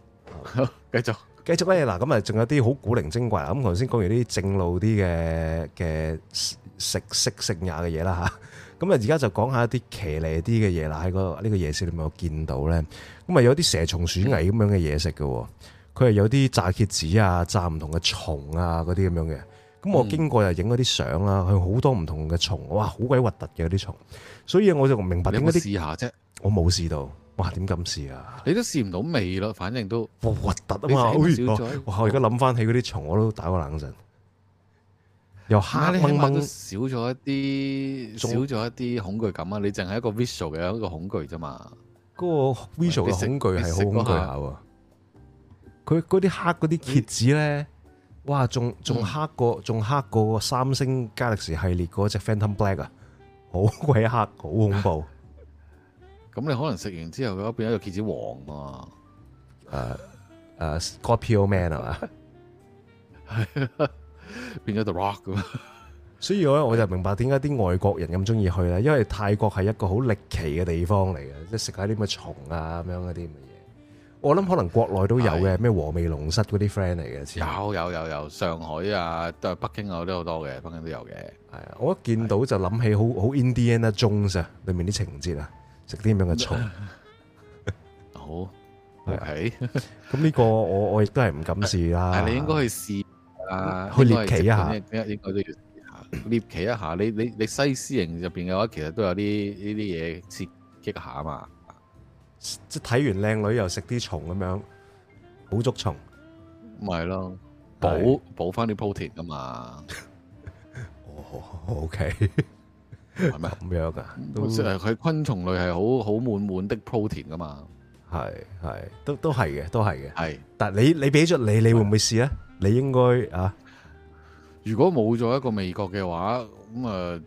好，繼續，繼續咧嗱。咁啊，仲有啲好古靈精怪啊。咁頭先講完啲正路啲嘅嘅食食色性也嘅嘢啦吓。咁啊，而家就講下一啲騎呢啲嘅嘢啦，喺個呢個夜市你有冇見到咧？咁啊，有啲蛇蟲鼠蟻咁樣嘅嘢食嘅，佢係有啲炸蠍子啊，炸唔同嘅蟲啊，嗰啲咁樣嘅。咁我經過又影嗰啲相啦，佢好多唔同嘅蟲，哇，好鬼核突嘅嗰啲蟲。所以我就明白點解試下啫，我冇試到，哇，點敢試啊？你都試唔到味咯，反正都核突啊嘛，哇我而家諗翻起嗰啲蟲，我都打個冷震。又黑咧，起碼都少咗一啲，更少咗一啲恐懼感啊！你淨係一個 visual 嘅一個恐懼啫嘛。嗰個 visual 嘅恐懼係好恐懼下喎。佢嗰啲黑嗰啲蠍子咧，你哇！仲仲黑過，仲、嗯、黑過三星 Galaxy 系列嗰隻 Phantom Black 啊！好鬼黑，好恐怖。咁 你可能食完之後，嗰個變咗個蠍子王啊！誒誒 Scorpio Man 係嘛？係、uh, uh, 變咗 The Rock 咁，所以咧我就明白點解啲外國人咁中意去啦，因為泰國係一個好歷奇嘅地方嚟嘅，即係食下啲乜蟲啊咁樣嗰啲咁嘅嘢。我諗可能國內都有嘅，咩和味龍蝨嗰啲 friend 嚟嘅，有有有有，上海啊，都係北京啊，都好多嘅，北京都有嘅。係啊，我一見到就諗起好好 Indian 啊，中咋裏面啲情節啊，食啲咁樣嘅蟲。好係咁呢個，我我亦都係唔敢試啦。但係你應該去試。啊，應該獵奇一下，應該都要獵奇一， 一下。你你你西施營入邊嘅話，其實都有啲呢啲嘢刺激下啊嘛。即睇完靚女又食啲蟲咁樣，補足蟲，咪咯，補補翻啲 protein 噶嘛。 哦，O K，係咪？咁 okay 嗎樣噶、啊？係佢昆蟲類係好好滿滿的 protein 噶嘛。係係都都係嘅，都係嘅。係，是但你你俾咗你，你會唔會試啊？你應該啊，如果冇咗一個味覺嘅話，咁啊、呃、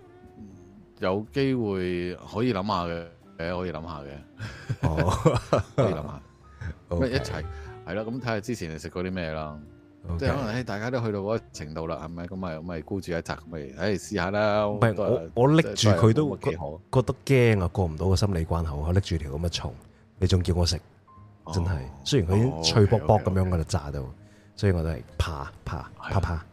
有機會可以諗下嘅，誒可以諗下嘅，哦，可以諗下，哦、想想 okay，一齊係啦，咁睇下之前你食過啲咩啦，即係可能大家都去到嗰個程度啦，係咪？咁咪咁咪孤注一擲，咪、欸、誒試下啦。我我拎住佢都幾覺得驚啊，過唔到個心理關口啊！拎住條咁嘅蟲，你仲叫我食，哦、真係，雖然佢已脆卜卜咁樣，我哋炸到。Okay, okay, okay. 所以我都係怕怕怕怕，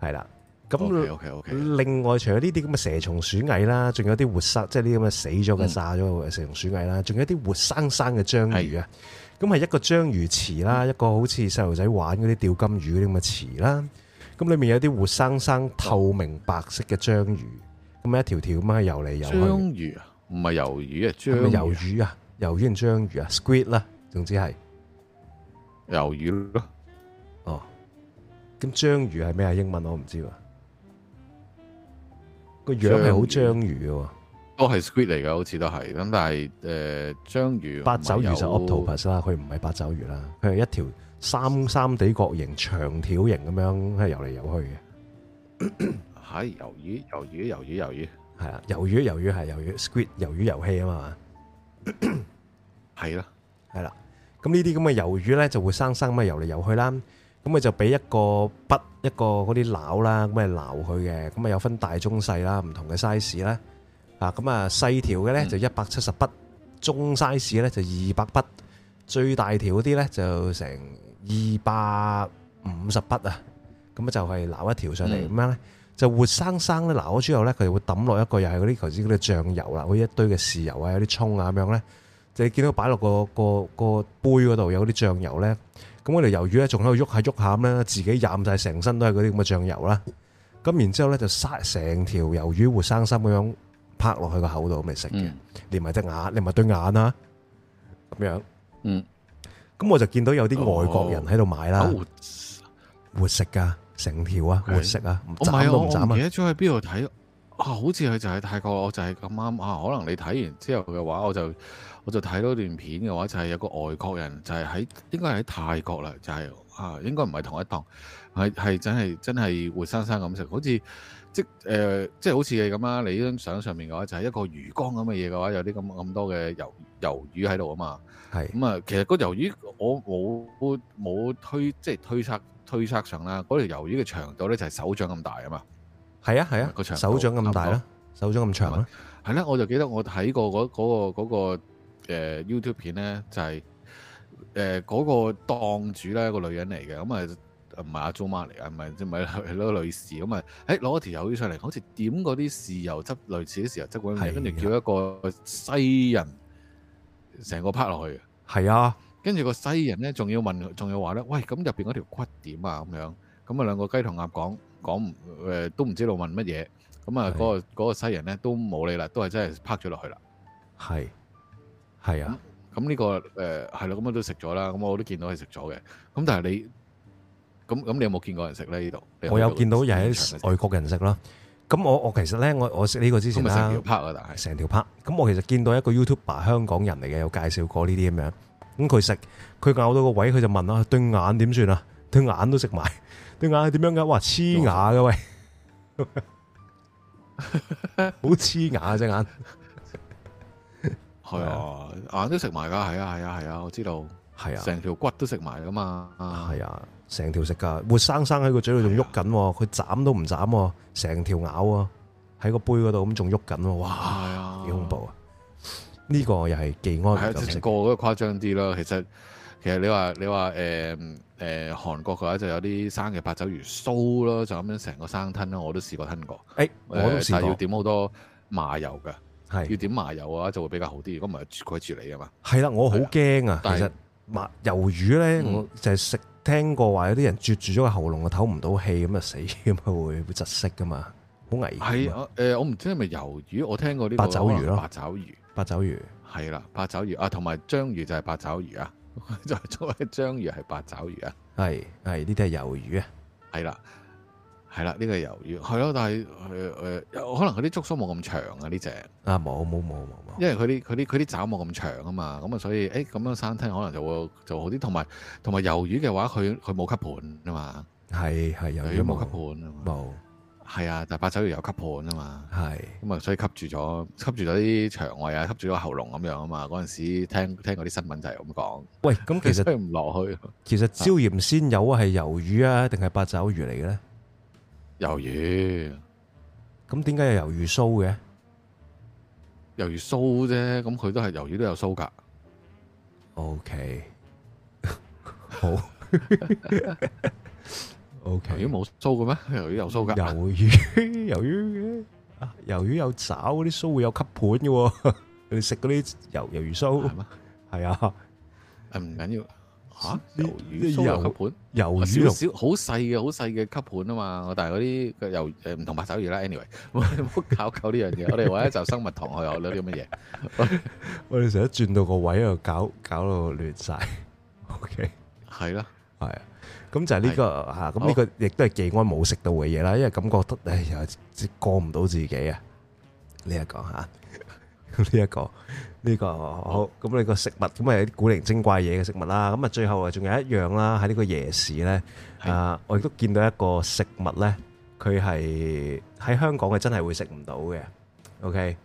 係啦。咁、okay, okay , okay. 另外除咗呢啲咁嘅蛇蟲鼠蟻啦，仲有啲活塞，即係呢啲咁嘅死咗嘅炸咗嘅蛇蟲鼠蟻啦，仲有啲活生生嘅章魚啊。咁係的一個章魚池啦，的一個好似細路仔玩嗰啲釣金魚嗰啲咁嘅池啦。咁裏面有啲活生生透明白色嘅章魚，咁、嗯、一條條咁游嚟游去。章魚啊？唔係魷魚啊？章魷魚啊？魷魚定章魚啊？Squid 啦，總之係魷魚。咁章魚係咩啊？英文我唔知喎，個樣係好章魚嘅，係 squid 嚟嘅，好似都係咁。但係誒、呃，章魚八爪魚就 octopus 啦，佢唔係八爪魚啦，佢係一條三三地角形、長條形咁樣，係游嚟游去嘅。係魷魚，魷魚，魷魚，魷魚，係啦，魷魚，魷魚係魷魚，squid，魷魚遊戲啊嘛，係啦的，係啦。咁呢啲咁嘅魷魚咧，就會生生咁游嚟游去啦。咁咪就俾一個筆，一個嗰啲撈啦，咁嚟撈佢嘅。咁咪有分大、中、細啦，唔同嘅 size 咧。啊，咁啊細條嘅咧就一百七十筆，中 size 咧就二百筆，最大條嗰啲咧就成二百五十筆啊。咁啊就係撈一條上嚟，咁樣咧就活生生咧撈咗之後咧，佢哋會抌落一個又係嗰啲頭先嗰啲醬油啦，嗰一堆嘅豉油啊，有啲葱啊咁樣咧，就你見到擺落個個個杯嗰度有啲醬油咧。咁我條魷魚咧，仲喺度喐下喐下咁咧，自己染晒成身都係嗰啲咁嘅醬油啦。咁然之後咧，就殺成條魷魚活生生咁樣拍落去個口度咁嚟食嘅，嗯、連埋隻眼，連埋對眼啊。咁樣，嗯。咁我就見到有啲外國人喺度買啦，哦哦、活食噶，成條啊，活食啊。唔斬啊，我唔記得咗喺邊度睇。啊，好似佢就係泰國，我就係咁啱啊。可能你睇完之後嘅話，我就。我就睇到段片嘅話，就係、是、有個外國人就係，就係、是、喺、啊、應該喺泰國啦，就係啊應該唔係同一檔，係係真係真係活生生咁食，好似即誒、呃、即係好似係咁啦。你呢張相上面嘅話，就係、是、一個魚缸咁嘅嘢嘅話，有啲咁咁多嘅魷魷魚喺度啊嘛。係咁啊，其實嗰條魷魚我，我冇冇推即係推測推測上啦。嗰條魷魚嘅長度咧就係手掌咁大啊嘛。係啊係啊，個長、啊嗯啊、手掌咁大啦，手掌咁長啦。係啦、啊，我就記得我睇過嗰嗰嗰個。那個誒、呃、YouTube 片咧就係誒嗰個檔主咧個女人嚟嘅，咁啊唔係阿祖媽嚟啊，唔係唔係嗰個女士咁、欸、啊，誒攞條油出嚟，好似點嗰啲豉油汁類似啲豉油汁嗰啲嘢，跟住叫一個西人成個拍落去，係啊，跟住個西人咧，仲要問，仲要話咧，喂咁入邊嗰條骨點啊？咁樣咁啊，兩個雞同鴨講講誒、呃、都唔知道問乜嘢，咁、那個、啊嗰個西人咧都冇理啦，都係真係拍咗落去啦，係。係啊，咁呢個誒係咯，咁我都食咗啦，咁我都見到係食咗嘅。咁但係你，咁咁你有冇見過人食咧？呢度我有見到有啲外國嘅人食啦。咁我我其實咧，我我食呢個之前啦，成條 part 啊，但係成條 part。咁我其實見到一個 YouTuber 香港人嚟嘅，有介紹過呢啲咁樣。咁佢食，佢咬到個位，佢就問啦：對眼點算啊？對眼都食埋，對眼係點樣噶？哇，黐牙噶喂，好黐牙隻眼。係啊，眼都食埋噶，係啊，係啊，係啊，我知道。係啊，成條骨都食埋噶嘛。係啊，成條食噶，活生生喺個嘴度仲喐緊，佢斬都唔斬，成條咬喎，喺個杯嗰度咁仲喐緊，哇，幾恐怖啊！呢個又係技安過嗰個誇張啲咯。其實其實你話你話誒誒韓國嘅話就有啲生嘅八爪魚鬚咯，就咁樣成個生吞咯，我都試過吞過。誒，我都試過，但係要點好多麻油噶。係是要點麻油啊，就會比較好啲，如果唔係佢住你啊嘛。係啦、啊，我好驚啊！是啊，但是其實麻魷魚咧，我、嗯、就係、是、食聽過話有啲人啜住咗個喉嚨啊，唞唔到氣咁啊死，咁啊會會窒息噶嘛，好危險。係啊，誒、啊呃，我唔知係咪魷魚，我聽過啲、這個、八爪魚咯，八爪魚，八爪魚係啦，啊八，爪啊、八爪魚啊，同 埋章魚就係八爪魚啊，就係做係章魚係八爪魚啊，係係呢啲係魷魚啊，係啦。係啦，呢個魷魚係咯，但係誒、呃、可能佢啲觸鬚冇咁長啊，呢隻啊冇冇冇冇，冇冇冇因為佢啲佢啲佢啲爪冇咁長啊嘛，咁啊所以誒咁、欸、樣生吞可能就會做好啲，同埋同埋魷魚嘅話，佢佢冇吸盤啊嘛，係係魷魚冇吸盤啊冇，係啊，但八爪魚有吸盤啊嘛，係咁啊，所以吸住咗吸住咗啲腸胃啊，吸住咗喉嚨咁樣啊嘛，嗰陣時聽聽嗰啲新聞就係咁講。喂，咁其實唔落去。其實椒鹽鮮魷係魷魚啊，定係的八爪魚嚟嘅咧？魷魚，咁點解有魷魚鬚嘅？魷魚鬚啫，咁佢都係魷魚都有鬚噶。O、okay, K，好。O K，魷魚冇鬚嘅咩？魷魚有鬚噶。魷魚，魷魚，魷魚有爪嗰啲鬚會有吸盤嘅，哦，佢食嗰啲魷魷魚鬚係嘛？係嗎啊，係唔緊要。吓，魷魚油吸盤，魷魚好細嘅，好細嘅吸盤啊嘛，但係嗰啲個魷，誒唔同八爪魚啦。Anyway，唔好搞搞呢樣嘢， 我哋唯一就生物同學有咗啲乜嘢， 我哋成日轉到個位度搞搞到亂晒。OK，係咯的，係啊，咁就係呢個吓，咁呢個亦都係技安冇食到嘅嘢啦，因為感覺得誒又過唔到自己、這個、啊。呢一個吓，呢一個。呢個好，咁你個食物咁啊有啲古靈精怪嘢嘅食物啦，咁啊最後啊仲有一樣啦，喺呢個夜市咧，啊我亦都見到一個食物咧，佢係喺香港係真係會食唔到嘅。OK，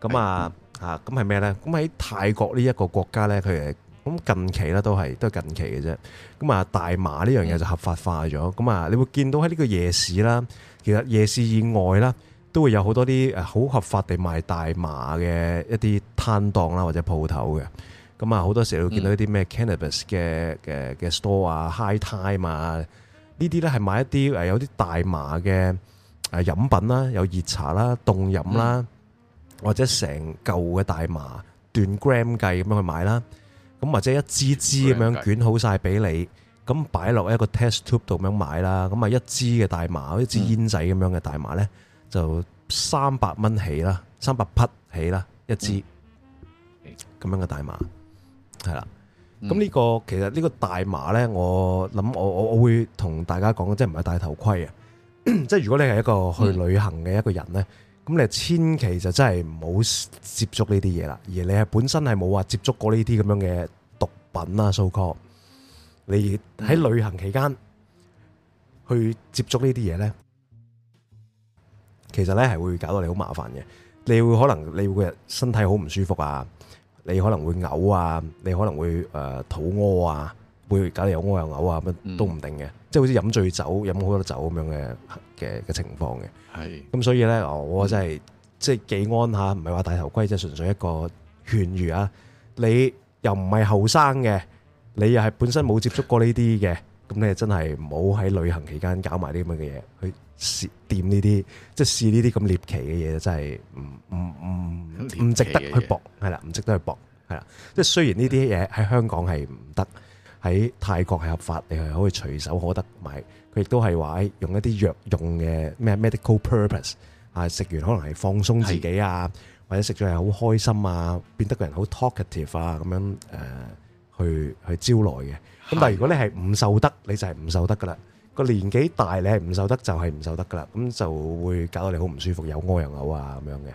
咁啊嚇，咁係咩咧？咁喺泰國呢一個國家咧，佢誒咁近期咧都係都係近期嘅啫。咁啊大麻呢樣嘢就合法化咗，咁啊你會見到喺呢個夜市啦，其實夜市以外啦。都會有好多啲誒好合法地賣大麻嘅一啲攤檔啦，或者鋪頭嘅咁啊。好多時候會見到一啲咩 cannabis 嘅嘅嘅 store 啊，high time 啊，呢啲咧係買一啲誒有啲大麻嘅誒飲品啦，有熱茶啦、凍飲啦、嗯，或者成嚿嘅大麻，段 gram 計咁樣去買啦。咁或者一支支咁樣捲好晒俾你，咁擺落一個 test tube 度咁樣買啦。咁啊，一支嘅大麻，一支煙仔咁樣嘅大麻咧。嗯就三百蚊起啦，三百匹起啦，一支咁、嗯、樣嘅大麻，係啦。咁呢、嗯，這個其實呢個大麻呢，我諗我我我會同大家講，即係唔係戴頭盔啊。 即係如果你係一個去旅行嘅一個人呢，咁、嗯、你千祈就真係唔好接觸呢啲嘢啦。而你係本身係冇話接觸過呢啲咁樣嘅毒品啊。s、so、啦，蘇哥，你喺旅行期間去接觸呢啲嘢呢？其實咧係會搞到你好麻煩嘅，你會可能你個人身體好唔舒服啊，你可能會嘔啊，你可能會誒肚屙啊，會搞你又屙又嘔啊，乜都唔定嘅，即係好似飲醉酒飲好多酒咁樣嘅嘅嘅情況嘅。係，咁所以咧，我真係即係技安嚇，唔係話戴頭盔，即係純粹一個勸喻啊。你又唔係後生嘅，你又係本身冇接觸過呢啲嘅。咁你真係唔好喺旅行期間搞埋啲咁嘅嘢，去試掂呢啲，即係試呢啲咁獵奇嘅嘢，真係唔唔唔唔值得去搏，係啦，唔值得去搏，係啦。即係雖然呢啲嘢喺香港係唔得，喺泰國係合法，你係可以隨手可得買埋佢，亦都係話，用一啲藥用嘅咩 medical purpose 啊，食完可能係放鬆自己啊，的或者食咗係好開心啊，變得個人好 talkative 啊，咁樣、呃、去去招來嘅。咁但係如果你係唔受得，你就係唔受得噶啦。個的年紀大，你係唔受得就係、是、唔受得噶啦。咁就會搞到你好唔舒服，有屙又嘔啊咁樣嘅。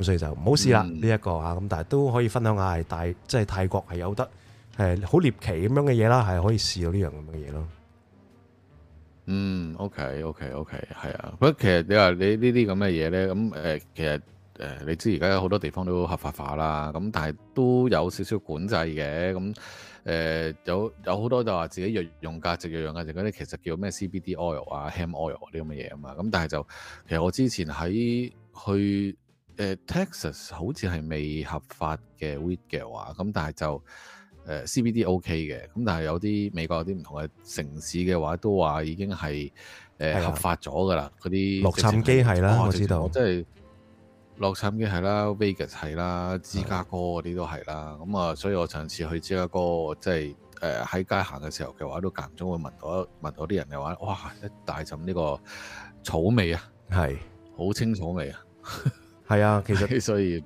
咁所以就唔好試啦呢一個啊。咁但係都可以分享下係泰，即係泰國係有得，係好獵奇咁樣嘅嘢啦，係可以試到呢樣咁嘅嘢咯。嗯，OK OK OK，係啊。不過其實你話你呢啲咁嘅嘢咧，咁、嗯、誒、呃、其實誒、呃、你知而家有好多地方都合法化啦。咁但係都有少少管制嘅咁。嗯。誒、呃、有有好多就話自己藥用價值、藥用價值嗰啲，其實叫咩 CBD oil 啊、啊 ham oil 啲咁嘅嘢啊嘛。咁、嗯、但係就其實我之前喺去誒、呃、Texas，好似係未合法嘅 weed 嘅話，咁、嗯、但係就誒、呃、CBD OK 嘅。咁但係有啲美國有啲唔同嘅城市嘅話，都話已經係誒、呃、的合法咗噶啦。嗰啲洛杉磯係啦，我知道，即係。洛杉磯係啦，Vegas 係啦，芝加哥嗰啲都係啦。咁啊的、嗯，所以我上次去芝加哥，即係誒喺街行嘅時候嘅話，都間中會聞到聞到啲人嘅話，哇！一大陣呢個草味啊，係好的清楚味啊，係啊的 以。其實所以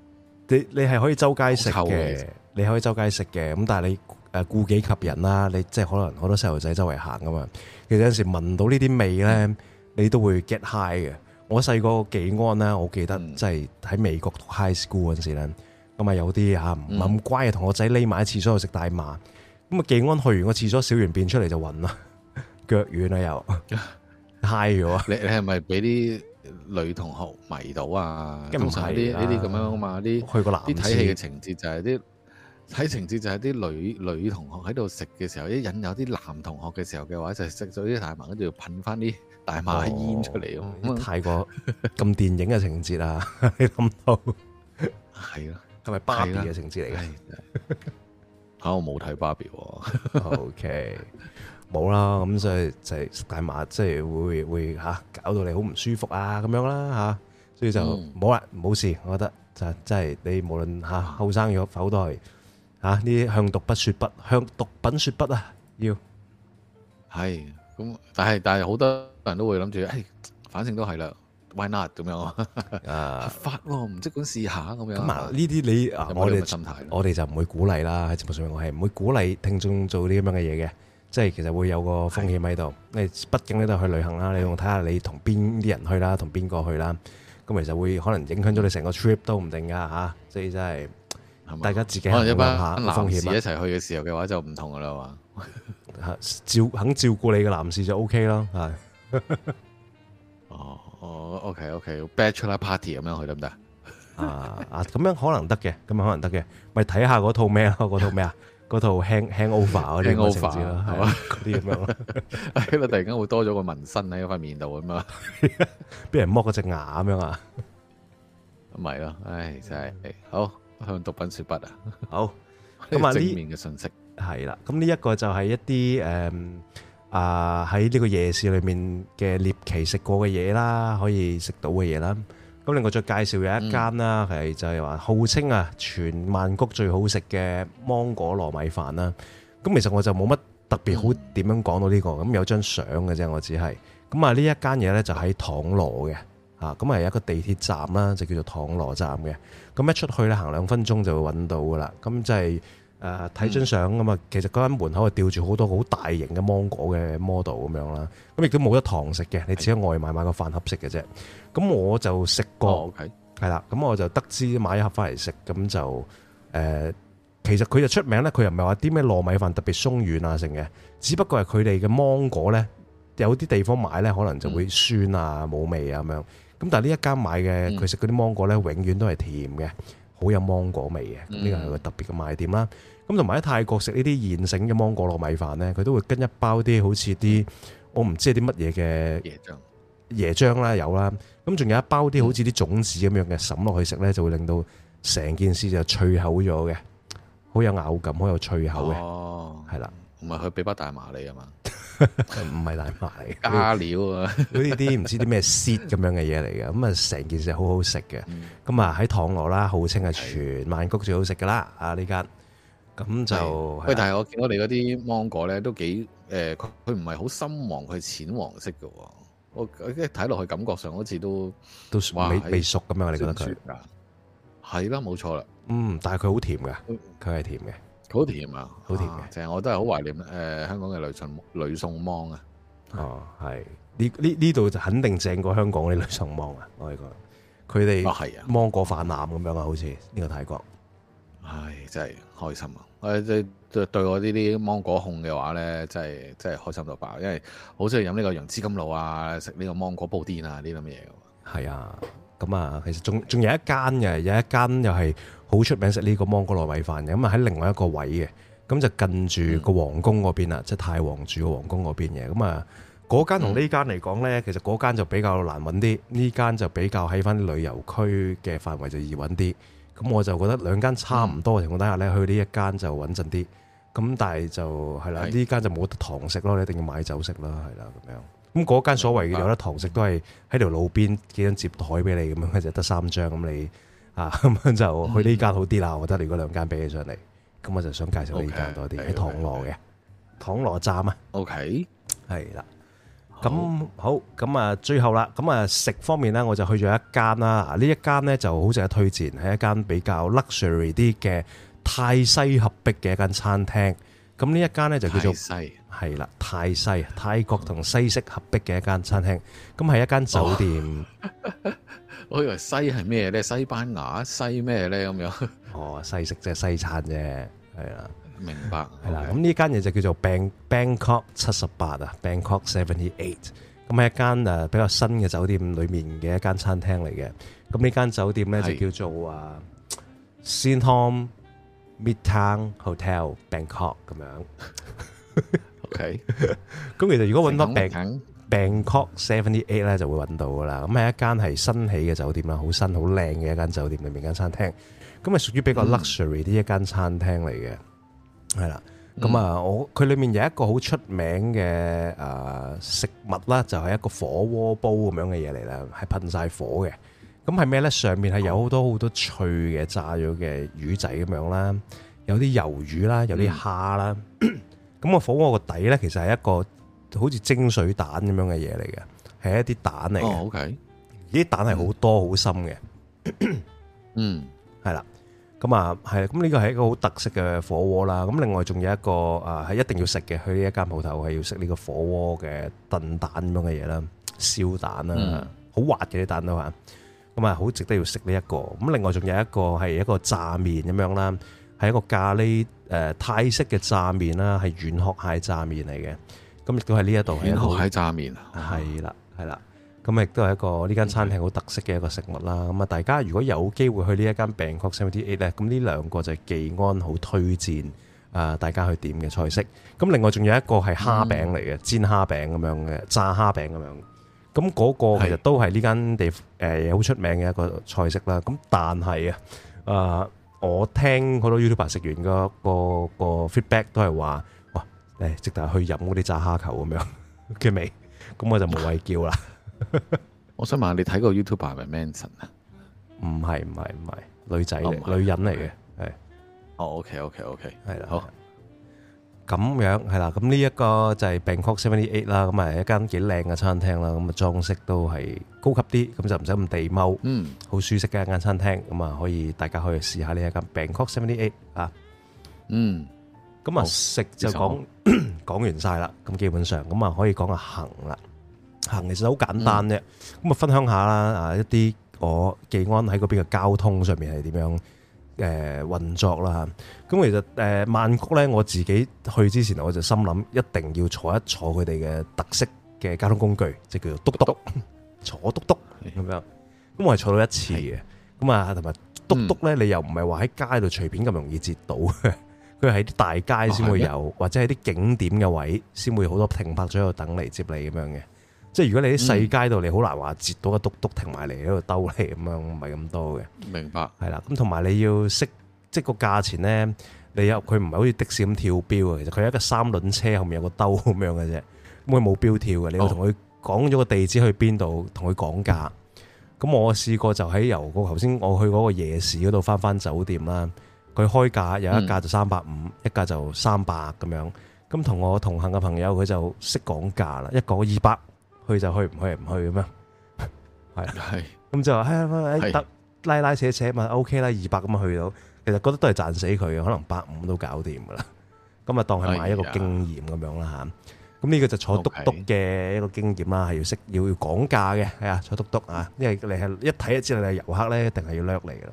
你你係可以周街食嘅，你可以周街食嘅。咁但係你誒顧己及人啦，你即係可能好多細路仔周圍行㗎嘛。其實有時聞到呢啲味咧，的你都會 get high 嘅。我細個技安啦，我記得即係喺美國讀 high school 嗰時咧，咁啊、嗯、有啲吓唔咁乖啊，同我仔匿埋喺廁所度食大麻，咁啊技安去完個廁所小完便出嚟就暈啦，腳軟啦又 high 咗啊，你你係咪俾啲女同學迷到啊？咁啊啲呢啲咁樣啊嘛啲去個男啲睇戲嘅情節就係啲睇情節就係啲女女同學喺度食嘅時候，一引誘啲男同學嘅時候嘅話就食咗啲大麻，跟住要噴翻啲。大麻煙出嚟咯，太過咁電影嘅情節啊！你諗到係咯，係咪芭比嘅情節嚟嘅？嚇我冇睇芭比喎。OK，冇啦。咁所以就係大麻即係會會嚇搞到你好唔舒服啊咁樣啦嚇。所以就冇啦，冇事。我覺得就真係你無論嚇後生如果否都係嚇呢啲向毒不説不向毒品説不啊！要係咁，但係但係好多，人都會諗住，誒，反正都係啦，why not 咁樣啊？發喎，唔即管試下咁樣。咁啊，呢啲你我哋嘅心態，我哋就唔會鼓勵啦。喺節目上面，我係唔會鼓勵聽眾做啲咁樣嘅嘢嘅。即係其實會有個風險喺度，因為畢竟你都係去旅行啦。你仲睇下你同邊啲人去啦，同邊個去啦？咁其實會可能影響咗你成個 trip 都唔定噶嚇。所以真係大家自己衡量下風險。一班男士一齊去嘅時候嘅話，就唔同㗎啦，係嘛？照肯照顧你嘅男士就 OK 啦，係。哦，哦、 oh,，OK，OK，Bachelor、okay, okay, Party 咁樣去得唔得？啊啊，咁樣可能得嘅，咁樣可能得嘅，咪睇下嗰套咩咯？嗰套咩啊？嗰套 Hangover Hangover 嗰啲係嘛？嗰啲咁樣，因為 突然間會多咗個紋身喺塊面度啊嘛，俾 人剝嗰隻牙咁樣啊？咪咯， 唉，真係好向毒品說不啊！好，咁啊呢正面嘅信息係啦，咁呢一個就係一啲誒。嗯啊！喺呢、呃、個夜市裏面嘅獵奇食過嘅嘢啦，可以食到嘅嘢啦。咁另外再介紹有一間啦，係、嗯、就係、係、話號稱啊，全曼谷最好食嘅芒果糯米飯啦。咁其實我就冇乜特別好點樣講到呢、呢個，咁有張相嘅啫，我只係。咁啊，呢一間嘢呢，就喺通羅嘅，啊，咁係一個地鐵站啦，就叫做通羅站嘅。咁一出去咧行兩分鐘就會揾到噶啦。咁就係、係。誒睇張相啊嘛，其實嗰間門口係吊住好多好大型嘅芒果嘅 model 咁樣啦，咁亦都冇得堂食嘅，你只係外賣買個飯盒食嘅啫。咁是的 我就食過，係啦、哦，咁、okay、我就得知買一盒翻嚟食，咁就誒、呃，其實佢就出名咧，佢又唔係話啲咩糯米飯特別鬆軟啊成嘅，只不過係佢哋嘅芒果咧，有啲地方買咧可能就會酸啊冇味啊咁樣，咁但係呢一間買嘅佢食嗰啲芒果咧，永遠都係甜嘅。好有芒果味嘅，呢個係個特別嘅賣點啦。咁同埋喺泰國食呢啲現成嘅芒果糯米飯呢，佢都會跟一包啲好似啲我唔知係啲乜嘢嘅椰漿、椰漿啦有啦。咁仲有一包啲好似啲種子咁樣嘅，撚落去食呢就會令到成件事就脆口咗嘅，好有咬感，好有脆口嘅，係啦、哦。唔係佢俾包大麻你啊嘛，唔係大麻嚟，加料啊，嗰啲啲唔知啲咩蝨咁樣嘅嘢嚟嘅，咁啊成件事好好食嘅，咁啊喺唐羅啦，號稱係全曼谷最好食噶啦，啊呢間，咁就，喂，但係我見到你嗰啲芒果咧都幾，誒，佢唔係好深黃，佢係淺黃色嘅，我，即係睇落去感覺上好似都都未未熟咁樣，你覺得佢？係啦，冇錯啦，嗯，但係佢好甜噶，佢係甜嘅。好甜啊，好甜嘅，就日、啊、我都係好懷念誒、呃，香港嘅呂宋呂宋芒啊，哦係，呢呢呢度就肯定正過香港啲呂宋芒啊，我哋講，佢哋芒果泛濫咁樣啊，好似呢、這個泰國，啊是啊、唉真係開心啊，誒即即對我呢啲芒果控嘅話咧，真係真係開心到爆，因為好中意飲呢個楊枝甘露啊，食呢個芒果布甸啊呢啲咁嘢噶，係啊，咁啊,啊其實仲仲有一間嘅，有一間又係。好出名食呢個芒果糯米飯嘅，咁啊喺另外一個位嘅，咁就近住個皇宮嗰邊啦，嗯、即係太王住嘅皇宮嗰邊嘅。咁啊，嗰間同呢間嚟講呢，其實嗰間就比較難揾啲，呢間就比較喺翻旅遊區嘅範圍就易揾啲。咁我就覺得兩間差唔多嘅情況底下呢，嗯、去呢一間就穩陣啲。咁但係就係啦，呢、啊、呢間就冇得堂食咯，你一定要買酒食啦，係啦咁樣。咁嗰間所謂有得堂食都係喺條路邊幾張接台俾你咁樣，佢就得三張咁你。啊，咁就去呢間好啲啦，我覺得。你嗰兩間比起上嚟，咁我就想介紹呢間多啲，喺 Okay, 唐羅嘅 okay, okay. 唐羅站啊。OK，係啦。咁、oh. 好，咁啊最後啦，咁啊食方面呢，我就去咗一間啦。呢一間呢，就好值得推薦，係一間比較 luxury 啲嘅泰西合璧嘅一間餐廳。咁呢一間呢，就叫做泰西，係啦，泰西泰國同西式合璧嘅一間餐廳。咁係一間酒店。Oh. 我以為西係咩咧？西班牙西咩咧？咁樣哦，西式就係西餐啫，係啊，明白係啦。咁呢間嘢就叫做 Bang Bangkok 七十八啊，Bangkok Seventy Eight。咁係一間誒比較新嘅酒店裏面嘅一間餐廳嚟嘅。咁呢間酒店咧就叫做誒 Siam Midtown Hotel Bangkok 咁樣。OK，咁其實如果揾到病。Bangkok Seventy Eight 咧就會揾到噶啦，咁係一間係新起嘅酒店啦，好新好靚嘅一間酒店裏面間餐廳，咁啊屬於比較 luxury 啲一間餐廳嚟嘅，係啦，咁啊我佢裏面有一個好出名嘅誒、呃、食物啦，就係、是、一個火鍋煲咁樣嘅嘢嚟啦，係噴晒火嘅，咁係咩呢？上面係有好多好多脆嘅炸咗嘅魚仔咁樣啦，有啲魷魚啦，有啲蝦啦，咁個、嗯、 火鍋個底呢，其實係一個。好似蒸水蛋咁樣嘅嘢嚟嘅，係一啲蛋嚟嘅。O K. 呢啲蛋係好多好、mm. 深嘅，嗯係、 mm. 啦。咁啊係咁呢個係一個好特色嘅火鍋啦。咁另外仲有一個啊，係一定要食嘅。去呢一間鋪頭係要食呢個火鍋嘅燉蛋咁樣嘅嘢啦，燒蛋啦，好滑嘅啲蛋都係咁啊，好、mm. 值得要食呢、這個、一個。咁另外仲有一個係一個炸麵咁樣啦，係一個咖喱誒、呃、泰式嘅炸麵啦，係軟殼蟹炸麵嚟嘅。咁亦都係呢一度，煎好蟹炸麵，係啦，係啦。咁亦都係一個呢間餐廳好特色嘅一個食物啦。咁啊，大家如果有機會去呢一間 Bangkok 78咧，咁呢兩個就係技安好推薦啊，大家去點嘅菜式。咁另外仲有一個係蝦餅嚟嘅，煎蝦餅咁樣嘅，炸蝦餅咁樣。咁嗰個其實都係呢間地誒好出名嘅一個菜式啦。咁但係啊，啊我聽好多 YouTuber 食完個個個 feedback 都係話。誒，直頭去飲嗰啲炸蝦球咁樣嘅味，咁我就無謂叫啦。我想問下你睇過 YouTuber 係咪 Manson 啊？唔係唔係唔係，女仔嚟，女人嚟嘅，係。哦，OK OK OK，係啦，好。咁樣係啦，咁呢一個就係 Bangkok Seventy Eight 啦，咁啊一間幾靚嘅餐廳啦，咁啊裝飾都係高級啲，咁就唔使咁地踎，嗯，好舒適嘅一間餐廳，咁啊可以大家可以試下呢一間 Bangkok Seventy Eight 啊。嗯，咁啊食就講。講 完晒啦，咁基本上咁啊，可以講下行啦，行其實好簡單啫，咁啊、嗯、分享一下啦，啊一啲我技安喺嗰邊嘅交通上面係點樣誒運作啦，咁其實誒曼谷咧，我自己去之前我就心諗一定要坐一坐佢哋嘅特色嘅交通工具，即叫做嘟嘟，嘟，嘟坐嘟嘟咁的樣，咁我係坐到一次嘅，咁啊同埋嘟嘟咧，嗯、你又唔係話喺街度隨便咁容易截到。佢喺啲大街先會有，或者喺啲景點嘅位先會好多停泊咗喺度等你接你咁樣嘅。即係如果你喺細街度，你好難話截到一督督停埋嚟喺度兜你咁樣，唔係咁多嘅。明白。係啦，咁同埋你要識，即係個價錢呢，你有佢唔係好似的士咁跳錶嘅，其實佢係一個三輪車後面有個兜咁樣嘅啫，咁佢冇錶跳嘅。你要同佢講咗個地址去邊度，同佢講價。咁、嗯、我試過就喺由我頭先我去嗰個夜市嗰度翻返酒店啦。佢開價有一價就三百五，一價就三百咁樣。咁同我同行嘅朋友佢就識講價啦，一講二百，去就去唔去唔去咁樣。係係。咁就話誒誒誒，拉拉扯扯咪 O K 啦，二百咁啊去到，其實覺得都係賺死佢嘅，可能百五都搞掂噶啦。咁啊當係買一個經驗咁樣啦嚇。咁呢個就坐篤篤嘅一個經驗啦，係要識要要講價嘅。係啊，坐篤篤啊，因為你係一睇就知道你係遊客咧，一定係要掠你噶啦。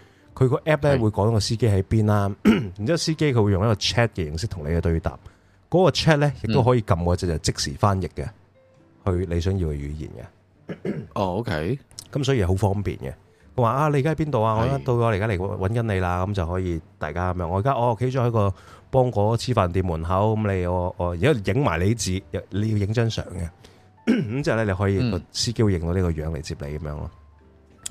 佢個 app 咧會講個司機喺邊啦，然之後司機佢會用一個 chat 嘅形式同你嘅對答，嗰個 chat 咧亦都可以撳嗰隻就即時翻譯嘅，去你想要嘅語言嘅。哦，OK，咁所以係好方便嘅。我話啊，你而家喺邊度啊？我到咗嚟，而家嚟揾緊你啦，咁就可以大家咁樣。我而家我企咗喺個幫果黐飯店門口，咁你我我而家影埋你字，你要影張相嘅，咁之後咧你可以個司機會影到呢個樣嚟接你咁樣咯。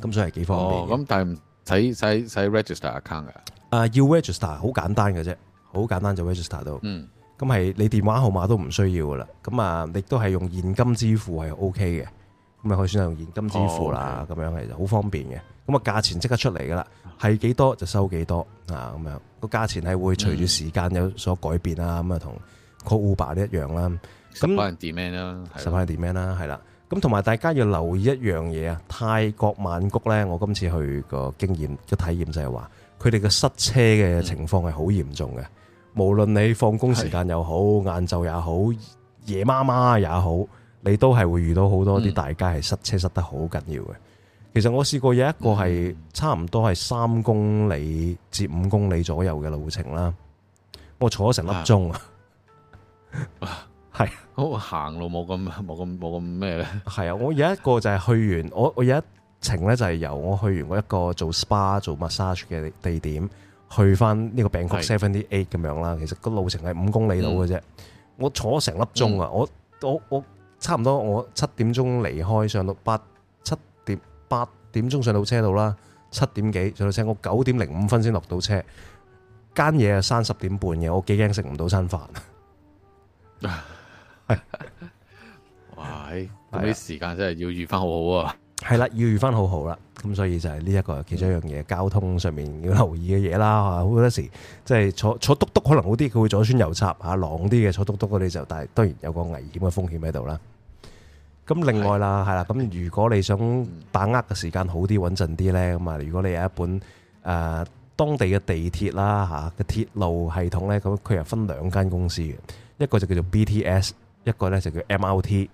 咁所以係幾方便。咁但係唔使使使 register account 嘅，啊要、uh, register 好簡單嘅啫，好簡單就 register 到。嗯，咁係你電話號碼都唔需要嘅啦。咁啊，亦都係用現金支付係 OK 嘅，咁咪可以選擇用現金支付啦。咁、哦 okay、樣係好方便嘅。咁啊，價錢即刻出嚟嘅啦，係幾多就收幾多啊。咁樣個價錢係會隨住時間有所改變啦。咁啊、嗯，同 call Uber 都一樣啦。咁可能 demand 咯，睇人了 demand 啦，係啦。咁同埋大家要留意一樣嘢啊！泰國曼谷呢，我今次去個經驗、嘅體驗就係話，佢哋嘅塞車嘅情況係好嚴重嘅。嗯、無論你放工時間又好、晏晝又好、夜媽媽也好，你都係會遇到好多啲大街係塞車塞得好緊要嘅。嗯、其實我試過有一個係差唔多係三公里至五公里左右嘅路程啦，我坐咗成粒鐘啊！ 係，我是行路冇咁冇咁冇咁咩咧？係啊，我有一個就係去完，我我有一程咧就係由我去完一個做 SPA 做 massage 嘅地點，去翻呢個 Bangkok seventy eight 咁樣啦。其實個路程係五公里到嘅啫，我坐成粒鐘啊！我我我差唔多我七點鐘離開，上到八七點八點鐘上到車度啦，七點幾上到車，我九點零五分先落到車，間嘢啊三十點半嘅，我幾驚食唔到餐飯啊！ 哇！咁啲時間真係要預翻好好啊，係啦，要預翻好好啦。咁所以就係呢一個，其中一樣嘢，嗯、交通上面要留意嘅嘢啦。好多時即係、就是、坐坐督篤可能好啲，佢會左穿右插吓、啊，浪啲嘅坐督篤，我哋就但係當然有個危險嘅風險喺度啦。咁另外啦，係啦的，咁如果你想把握嘅時間好啲穩陣啲呢，咁啊，如果你有一本誒、呃、當地嘅地鐵啦吓嘅鐵路系統呢，咁佢又分兩間公司嘅，一個就叫做 BTS。一個咧就叫 MRT，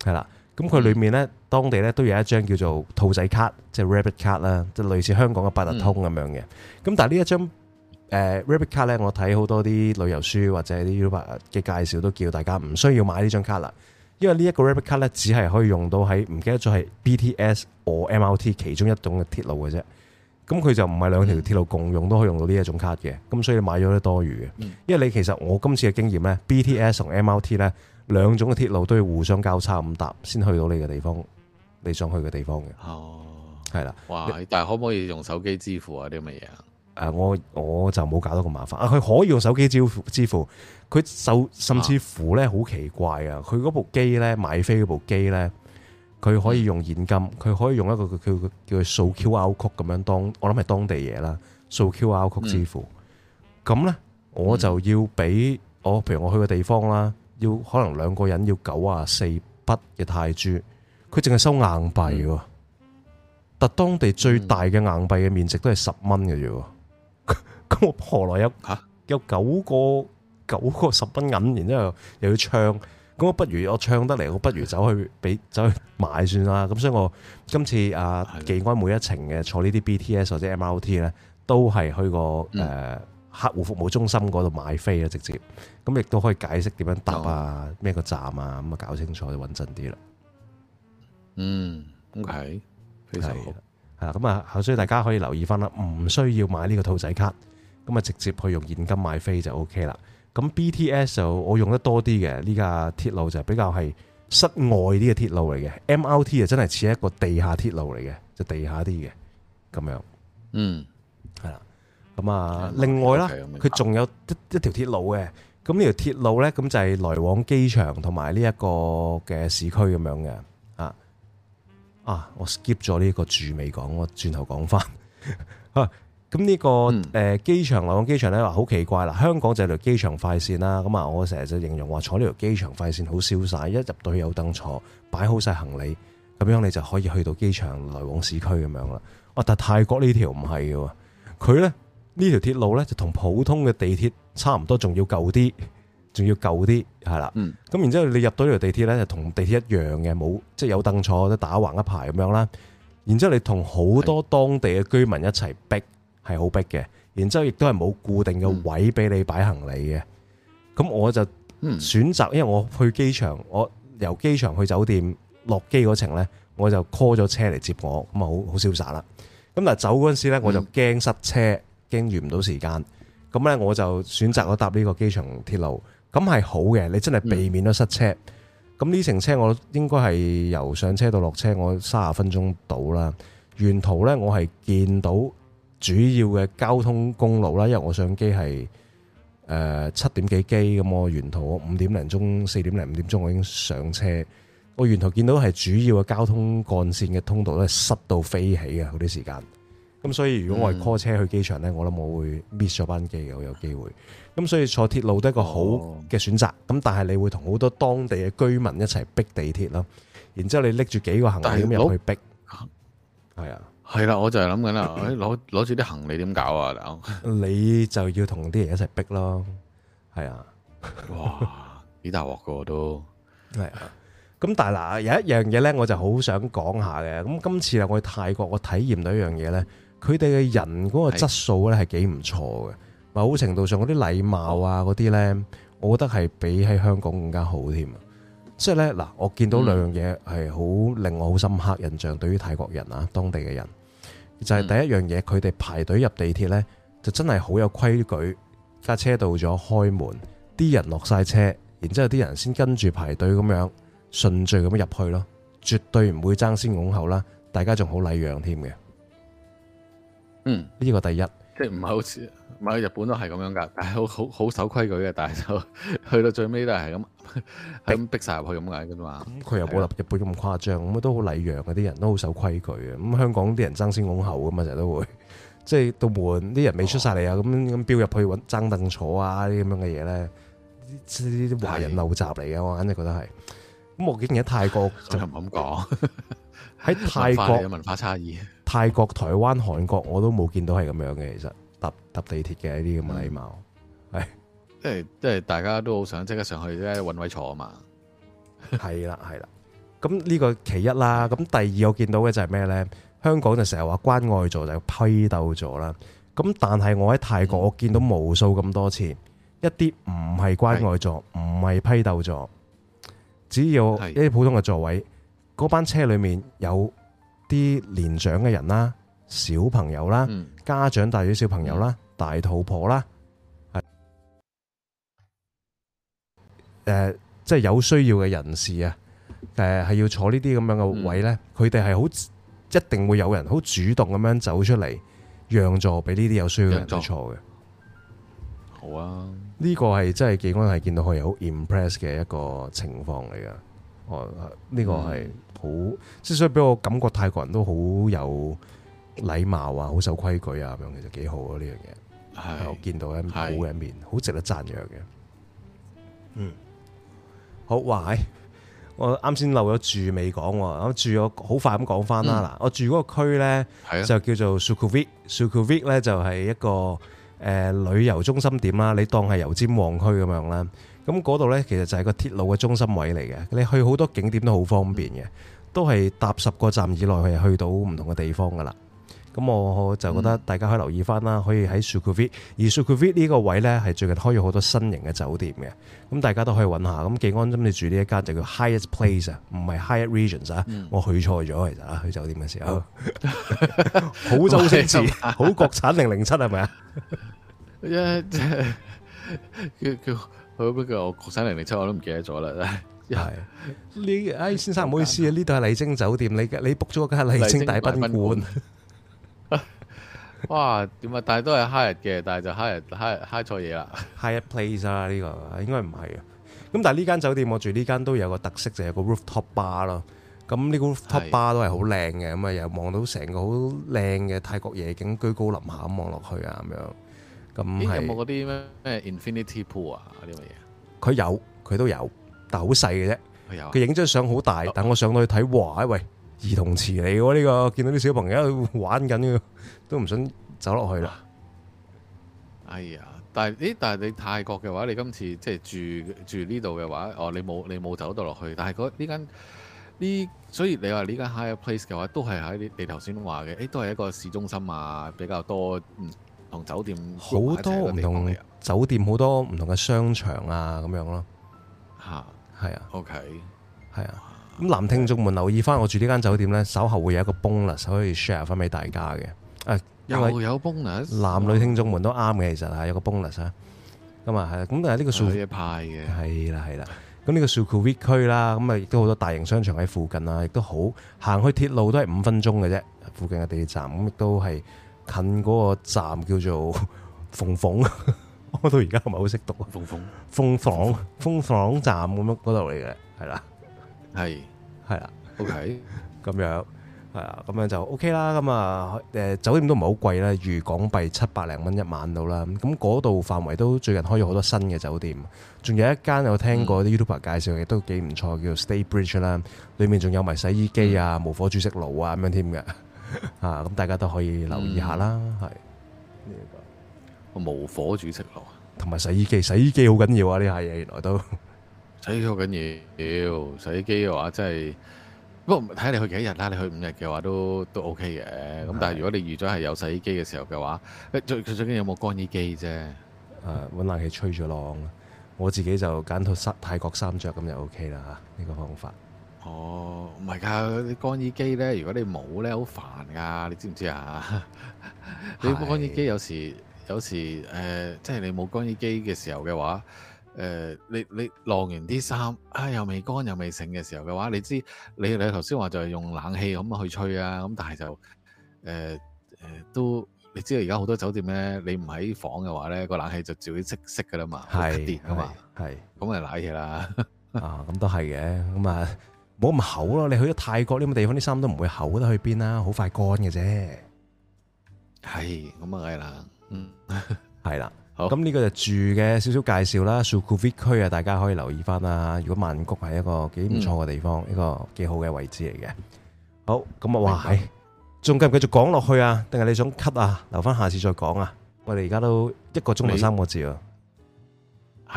係啦。咁佢裏面咧當地咧都有一張叫做兔仔卡，即係 rabbit 卡啦，即係類似香港嘅八達通咁樣嘅。咁、嗯、但呢一張、呃、rabbit 卡咧，我睇好多啲旅遊書或者啲 YouTube 嘅介紹都叫大家唔需要買呢張卡啦，因為呢一個 rabbit 卡咧只係可以用到喺唔記得咗係 BTS 或 MRT 其中一種嘅鐵路嘅啫。咁佢就唔係兩條鐵路共用都可以用到呢一種卡嘅。咁所以買咗咧多餘嘅，嗯、因為你其實我今次嘅經驗咧，BTS 同 MRT 咧。兩種嘅鐵路都要互相交叉咁搭，先去到你嘅地方，你想去嘅地方嘅。哦，係啦的。哇！但係可唔可以用手機支付啊？啲乜嘢啊？誒，我我就冇搞到咁麻煩。啊，佢可以用手機支付，支付佢就甚至乎咧好奇怪啊！佢嗰部機咧買飛嗰部機咧，佢可以用現金，佢、嗯、可以用一個叫叫掃 Q R 曲咁樣當，我諗係當地嘢啦，掃 Q R 曲支付。咁咧、嗯，我就要俾我，嗯、譬如我去嘅地方啦。要可能兩個人要九啊四筆嘅泰銖，佢淨係收硬幣喎。但當地最大嘅硬幣嘅面值都係十蚊嘅啫，咁我何來有吓有九個九個十蚊銀？然之後又要唱，咁我不如我唱得嚟，我不如走去俾走去買算啦。咁所以我今次啊，記翻每一程嘅坐呢啲 BTS 或者 MRT 咧，都係去個誒、呃、客戶服務中心嗰度買飛啊，直接。咁亦都可以解釋點樣搭啊？咩個、哦、站啊？咁啊，搞清楚就穩陣啲啦。嗯，OK，對非常好。係啦，咁啊，所以大家可以留意翻啦。唔需要買呢個兔仔卡，咁啊，直接去用現金買飛就 OK 啦。咁 BTS 就我用得多啲嘅，呢架鐵路就比較係室外啲嘅鐵路嚟嘅。MRT 啊，真係似一個地下鐵路嚟嘅，就地下啲嘅咁樣。嗯，係啦。咁啊，另外啦，佢仲、嗯 okay，有一一條鐵路嘅。咁呢條鐵路呢，咁就係來往機場同埋呢一個嘅市區咁樣嘅，啊，啊啊，我 skip 咗呢個住尾講，我轉頭講翻啊。咁呢，這個誒機、嗯、場來往機場呢，話好奇怪啦。香港就係條機場快綫啦，咁啊，我成日就形容話坐呢條機場快綫好瀟灑，一入到去有凳坐，擺好晒行李，咁樣你就可以去到機場來往市區咁樣啦。哇，啊！但泰國條、呢條唔係喎，佢呢條鐵路呢，就同普通嘅地鐵。差唔多仲要舊啲，仲要舊啲，係啦。咁、嗯、然之後你入到呢條地鐵呢，就同地鐵一樣嘅，冇即係有凳坐，都打橫一排咁樣啦。然之後你同好多當地嘅居民一齊逼，係好逼嘅。然之後亦都係冇固定嘅位俾你擺行李嘅。咁、嗯、我就選擇，因為我去機場，我由機場去酒店落機嗰程呢，我就 call 咗車嚟接我，咁啊好好瀟灑啦。咁但係走嗰陣時呢，我就驚塞車，驚遇唔到時間。咁咧，我就選擇我搭呢個機場鐵路，咁係好嘅。你真係避免咗塞車。咁呢程車我應該係由上車到落車我三十分鐘到啦。沿途咧，我係見到主要嘅交通公路啦，因為我上機係誒七點幾機，咁我沿途我五點零鐘、四點零五點鐘，我已經上車。我沿途見到係主要嘅交通幹線嘅通道都係塞到飛起啊！嗰啲時間。咁所以如果我係 call 車去機場呢，嗯、我諗我會 miss 咗班機嘅，我有機會。咁所以坐鐵路都係一個好嘅選擇。咁、哦、但係你會同好多當地嘅居民一齊逼地鐵咯。然之後你拎住幾個行李點入去逼？係啊，係啦，我就係諗緊啦，誒，攞攞住啲行李點搞啊？你就要同啲人一齊逼咯。係啊，哇，幾大鑊噶。都係啊。咁但係嗱，有一樣嘢呢，我就好想講下嘅。咁今次啊，我去泰國，我體驗到一樣嘢呢。佢哋嘅人嗰個質素咧係幾唔錯嘅，某的程度上嗰啲禮貌啊嗰啲呢，我覺得係比喺香港更加好添。即係呢，嗱，我見到兩樣嘢係好令我好深刻印象，對於泰國人啊當地嘅人，就係、是、第一樣嘢，佢哋、嗯、排隊入地鐵呢，就真係好有規矩。架車到咗開門，啲人落晒車，然之後啲人先跟住排隊咁樣順序咁樣入去咯，絕對唔會爭先恐後啦。大家仲好禮讓添嘅。嗯，呢個第一，即係唔係好似，唔係日本都係咁樣㗎，但係好好好守規矩嘅，但係就去到最尾都係咁，係咁逼晒入去咁解嘅啫嘛。佢又冇立日本咁誇張，咁都好禮讓嘅啲人都好守規矩嘅。咁香港啲人爭先恐後咁啊，成日都會，即係到門啲人未出晒嚟啊，咁咁、哦、飆入去揾爭凳坐啊，啲咁樣嘅嘢咧，啲、就係、華人陋習嚟嘅，的我肯定覺得係。咁我竟然喺泰國就唔敢講，喺 泰國文化文化差異。泰國、台灣、韓國我都冇見到係咁樣嘅，其實搭搭地鐵嘅一啲咁嘅禮貌，係的，的即係大家都好想即刻上去一揾位坐啊嘛，係啦係啦，咁呢個其一啦，咁第二我見到嘅就係咩呢？香港就成日話關愛座就批鬥座啦，咁但係我喺泰國我見到無數咁多次，的一啲唔係關愛座，唔係的批鬥座，只要一啲普通嘅座位，嗰的班車裏面有。啲年長嘅人啦、小朋友啦、嗯、家長帶住小朋友啦、大肚婆啦，誒、嗯，即係有需要嘅人士啊，誒，係要坐呢啲咁樣嘅位呢。佢哋係好一定會有人好主動咁樣走出嚟讓座俾呢啲有需要嘅人坐嘅。好啊，呢個係真係技安係見到佢哋好 impress 嘅一個情況嚟噶。呢、這個係。嗯好，之所以俾我感覺泰國人都好有禮貌啊，好守規矩啊咁樣，其實幾好啊。呢樣嘢。係，我見到喺好嘅一面，好的值得讚揚嘅。嗯，好，哇！我啱先漏咗住未講，咁住咗好快咁講翻啦。嗱，我住嗰個、嗯、區咧，就叫做 Sukhumvit，Sukhumvit 咧就係一個誒旅遊中心點啦。你當係油尖旺區咁樣啦。咁嗰度呢，其實就係個鐵路嘅中心位嚟嘅。你去好多景點都好方便嘅，都係搭十個站以內，去到唔同嘅地方噶啦。咁我就覺得大家可以留意翻啦，可以喺 Sukhumvit、嗯。而 Sukhumvit 呢個位呢，係最近開咗好多新型嘅酒店嘅。咁大家都可以揾下。咁技安咁你住呢一間就叫 Highest Place、嗯、啊，唔係 Highest Regions 啊。我去錯咗其實去酒店嘅時候，好周星馳，好國產零零七係咪啊？ 佢不過我國產零零七我都唔記得咗啦。係，你唉，先生唔好意思啊，呢度係麗晶酒店，你你 book 咗間麗晶大賓館。哇，點啊？但係都係 high 日嘅，但係就 high 日 high high 錯嘢啦。High a place 啦，呢個應該唔係啊。咁但係呢間酒店，我住呢間都有個特色，就有個 rooftop bar 咯。咁呢個 rooftop bar 都係好靚嘅，咁啊又望到成個好靚嘅泰國夜景，居高臨下咁望落去啊咁樣。咁有冇嗰啲咩咩 infinity pool 啊啲乜嘢？佢有，佢都有，但好細嘅啫。佢有、啊，佢影張相好大，但我上到去睇，哇！喂，兒童池嚟嘅呢個，見到啲小朋友喺度玩緊都唔想走落去啦。哎呀，但係但係你泰國嘅話，你今次即係住住呢度嘅話，哦，你冇你冇走到落去。但係呢間呢，所以你話呢間 higher place 嘅話，都係喺你頭先話嘅，誒，都係一個市中心啊，比較多。嗯同酒店好多唔同酒店，好多唔同嘅商場啊，咁樣咯，吓係啊，OK 係啊。咁男聽眾們留意翻，我住呢間酒店咧，稍後會有一個 bonus 可以 share 翻俾大家嘅。誒、啊，又有 bonus，男女聽眾們都啱嘅，其實係有個 bonus 啊。咁啊係，咁但係呢、這個樹派嘅係啦係啦。咁呢個 Sukhumvit 區啦，咁啊亦都好多大型商場喺附近啊，亦都好行去鐵路都係五分鐘嘅啫。附近嘅地鐵站咁亦都係。近嗰個站叫做鳳鳳， 我到而家唔係好識讀。鳳鳳鳳凰、鳳凰、鳳凰站，咁樣嗰度嚟嘅，係啦，係係啦，OK，咁樣係啊，咁樣就 OK 啦。咁啊，誒、呃、酒店都唔係好貴啦，預港幣七百零蚊一晚到啦。咁嗰度範圍都最近開咗好多新嘅酒店，仲有一間我聽過啲 YouTuber 介紹嘅都幾唔錯，叫做 StayBridge 啦，裡面仲有埋洗衣機啊、無火煮食爐啊咁樣添嘅。啊，咁大家都可以留意下啦，係呢、嗯，這個無火煮食爐，同埋洗衣機，洗衣機好緊要啊！呢下嘢原來都洗衣機好緊要，洗衣機嘅話真係，不過睇你去幾日啦，你去五日嘅話都都 OK 嘅。咁的但係如果你預咗係有洗衣機嘅時候嘅話，最最緊要有冇乾衣機啫。誒、啊，搵冷氣吹咗浪，我自己就揀套泰泰國衫着，咁就 OK 啦吓，呢、這個方法。哦，唔係㗎，啲乾衣機咧，如果你冇咧，好煩噶，你知唔知啊？啲乾是 衣機有時有時誒、呃，即係你冇乾衣機嘅時候嘅話，誒、呃、你你晾完啲衫啊，又未乾又未醒嘅時候嘅話，你知你你頭先話就係用冷氣咁去吹啊，咁但係就誒誒、呃呃、都，你知道而家好多酒店咧，你唔喺房嘅話咧，個冷氣就就會熄熄㗎啦嘛，慳電㗎嘛，係咁咪賴嘢啦啊，咁都係嘅咁啊。 嗯冇咁厚咯，你去咗泰國呢啲咁嘅地方，啲衫都唔會厚得去邊啦，好快乾嘅啫。係，咁啊係啦，嗯，係啦，好。咁呢個就住嘅少少介紹啦，蘇庫 V 區啊，大家可以留意翻啦。如果曼谷係一個幾唔錯嘅地方，一個幾好嘅位置嚟嘅。好，咁啊，哇係，仲繼唔繼續講落去啊？定係你想 cut 啊？留翻下次再講啊。我哋而家都一個鐘頭三個字啊。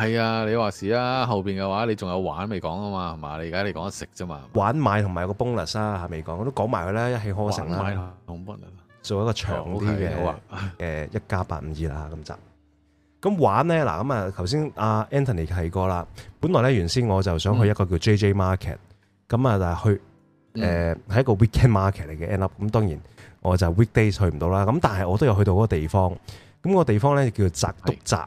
係、bon、啊，你話事啊。後邊嘅話你仲有玩未講啊嘛，係嘛？你而家你講得食啫嘛，玩買同埋 bonus 啊係未講，我都講埋佢啦，一氣呵成啦。玩同做一個長啲嘅，誒、okay, 啊，呃、一加八五二啦咁集。咁玩咧嗱，咁啊頭先阿 Anthony 提過啦，本來咧原先我就想去一個叫 JJ Market，咁啊、嗯、但係去誒係、呃嗯、一個 Weekend Market 嚟嘅 end up，咁當然我就 Weekday 去唔到啦。咁但係我都有去到嗰個地方，咁、那個地方咧叫做宅督宅。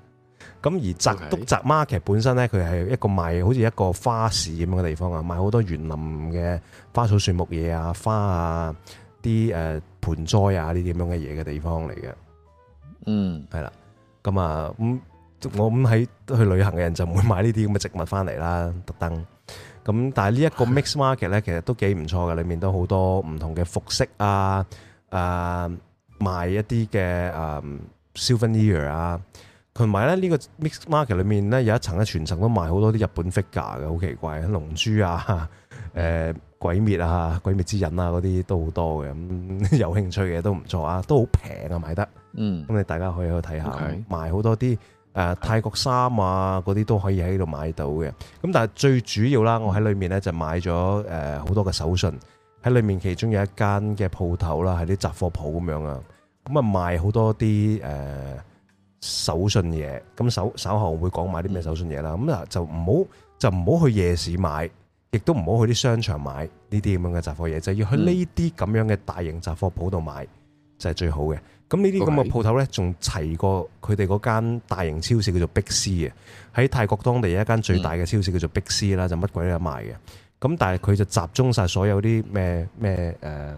咁而宅督宅 market 本身咧，佢係一個賣好似一個花市咁樣嘅地方啊，賣好多園林嘅花草樹木嘢啊、花啊、啲誒盆栽啊呢啲咁樣嘅嘢嘅地方嚟嘅。嗯，係啦。咁啊，咁我諗喺去旅行嘅人就唔會買呢啲咁嘅植物翻嚟啦，特登。咁但係呢一個 mix market 咧，其實都幾唔錯嘅，裡面都好多唔同嘅服飾啊，誒賣一啲嘅誒 souvenir 啊。同埋咧，呢個 mix market 裏面咧有一層嘅全層都賣好多啲日本 figure 嘅，好奇怪，龍珠啊、呃、鬼滅啊、鬼滅之刃啊嗰啲都好多嘅，咁、嗯、有興趣嘅都唔錯啊，都好平啊，買得。嗯，咁你大家可以去睇下，賣好 okay, 多啲、呃、泰國衫啊嗰啲都可以喺度買到嘅。咁但係最主要啦，我喺裏面咧就買咗好多嘅手信，喺裏面其中有一間嘅鋪頭啦，係啲雜貨鋪咁樣啊，咁啊賣好多啲手信嘢，咁手稍後會講買啲咩手信嘢啦。咁就唔好就唔好去夜市買，亦都唔好去啲商場買呢啲咁樣嘅雜貨嘢，就是、要去呢啲咁樣嘅大型雜貨鋪度買、嗯、就係最好嘅。咁呢啲咁嘅鋪頭呢，仲齊過佢哋嗰間大型超市叫做碧斯嘅，喺泰國當地有一間最大嘅超市、嗯、叫做碧斯啦，就乜鬼都有賣嘅。咁但係佢就集中晒所有啲咩咩誒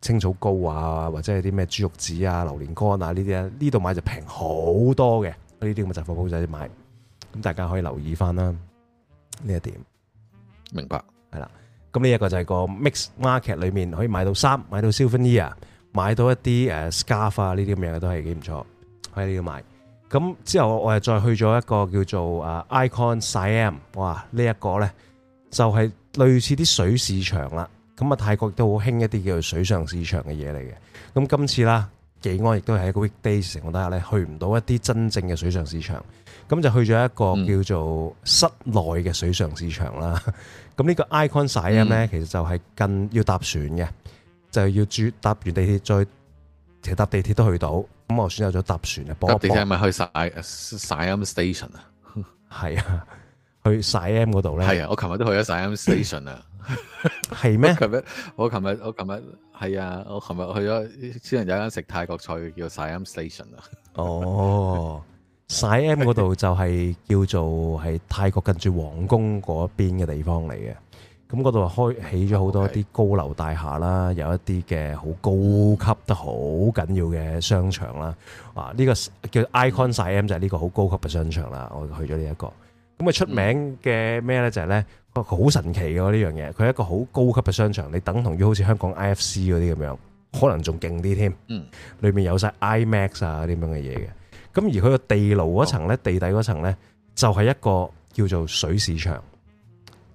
青草膏啊，或者係啲咩豬肉紙啊、榴蓮乾啊呢啲啊，呢度買就平好多嘅，呢啲咁嘅雜貨鋪仔買，咁大家可以留意翻啦呢一點。明白，係啦。咁呢一個就係個 mix market 裏面可以買到衫、買到 souvenir 買到一啲誒 scarf 啊呢啲咁樣嘅都係幾唔錯，喺呢度買。咁之後我我又再去咗一個叫做誒 icon siam 哇！呢一個咧就係、是、類似啲水市場啦。咁啊，泰國亦都好興一啲叫做水上市場嘅嘢嚟嘅。咁今次啦，技安亦都係一個 week day 情況底下咧，去唔到一啲真正嘅水上市場，咁就去咗一個叫做室內嘅水上市場啦。咁、嗯嗯、呢個 Icon Siam 咧，其實就係近要搭船嘅，嗯、就要住搭完地鐵再，其實搭地鐵都去到。咁我選擇咗搭船嘅。搭地鐵係咪去 Siam station 啊？係啊，去 Siam 嗰度咧。係啊，我琴日都去咗 Siam station 啊。 係咩 嗎？我琴日我琴日係啊，我琴日去咗私人有一間食泰國菜叫 Siam Station 啊。哦，Siam 嗰度就係叫做係泰國近住皇宮嗰邊嘅地方嚟嘅。咁嗰度開起咗好多啲高樓大廈啦，Okay. 有一啲嘅好高級的、得好緊要嘅商場啦。啊，呢、呢個叫 Icon Siam 就係呢個好高級嘅商場啦。我去咗呢一個。咁啊出名嘅咩咧就係咧，好神奇嘅呢樣嘢。佢係一個好高級嘅商場，你等同於好似香港 IFC 嗰啲咁樣，可能仲勁啲添。嗯，裏面有晒 IMAX 啊啲咁嘅嘢嘅。咁而佢個地牢嗰層咧，地底嗰層咧，就係一個叫做水市場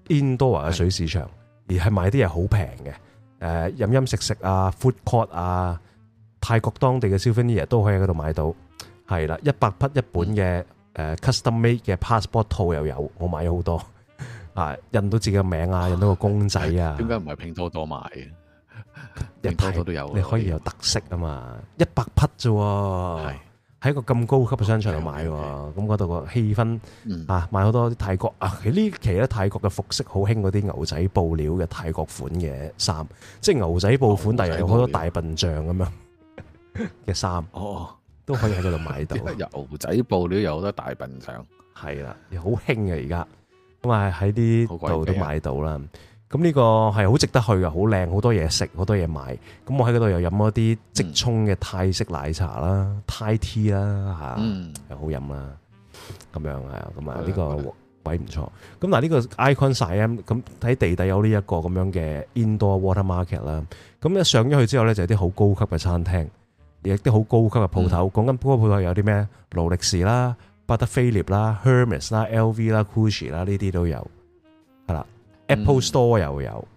，Indoor 嘅水市場，而係買啲嘢好平嘅。誒，飲飲食食啊，Food Court 啊，泰國當地嘅 souvenir 都可以喺嗰度買到。係啦，一百匹一本嘅。誒、呃、custom made 嘅 passport 套又有，我買咗好多啊，印到自己嘅名啊，印到個公仔啊。點解唔係拼多多買嘅？拼多多都有，你可以有特色啊嘛。一百、嗯、匹啫，喺是一個咁高級嘅商場度買喎，咁嗰度個氣氛 okay 啊，買好多啲泰國、嗯、啊。呢期咧泰國嘅服飾好興嗰啲牛仔布料嘅泰國款嘅衫，即係牛仔布款，但係有好多大笨象咁樣嘅衫。 服哦。都可以喺嗰度買到，牛 仔布料，有好多大笨象，係啦，又好興嘅而家，咁啊喺啲度都買到啦。咁呢個係好值得去嘅，好靚，好多嘢食，好多嘢買。咁我喺嗰度又飲咗啲即沖嘅泰式奶茶啦，Thai tea 啦嚇，又好飲啦。咁樣係啊，咁啊呢個位唔錯。咁嗱呢個 Icon Siam 咁，喺地底有呢一個咁樣嘅 Indoor Water Market 啦。咁一上咗去之後咧，就係啲好高級嘅餐廳。亦都好高級嘅鋪頭，講緊嗰個鋪頭有啲咩勞力士啦、巴德菲列啦、hermes 啦、LV 啦、gucci 啦，呢啲都有，係啦，Apple Store 又有，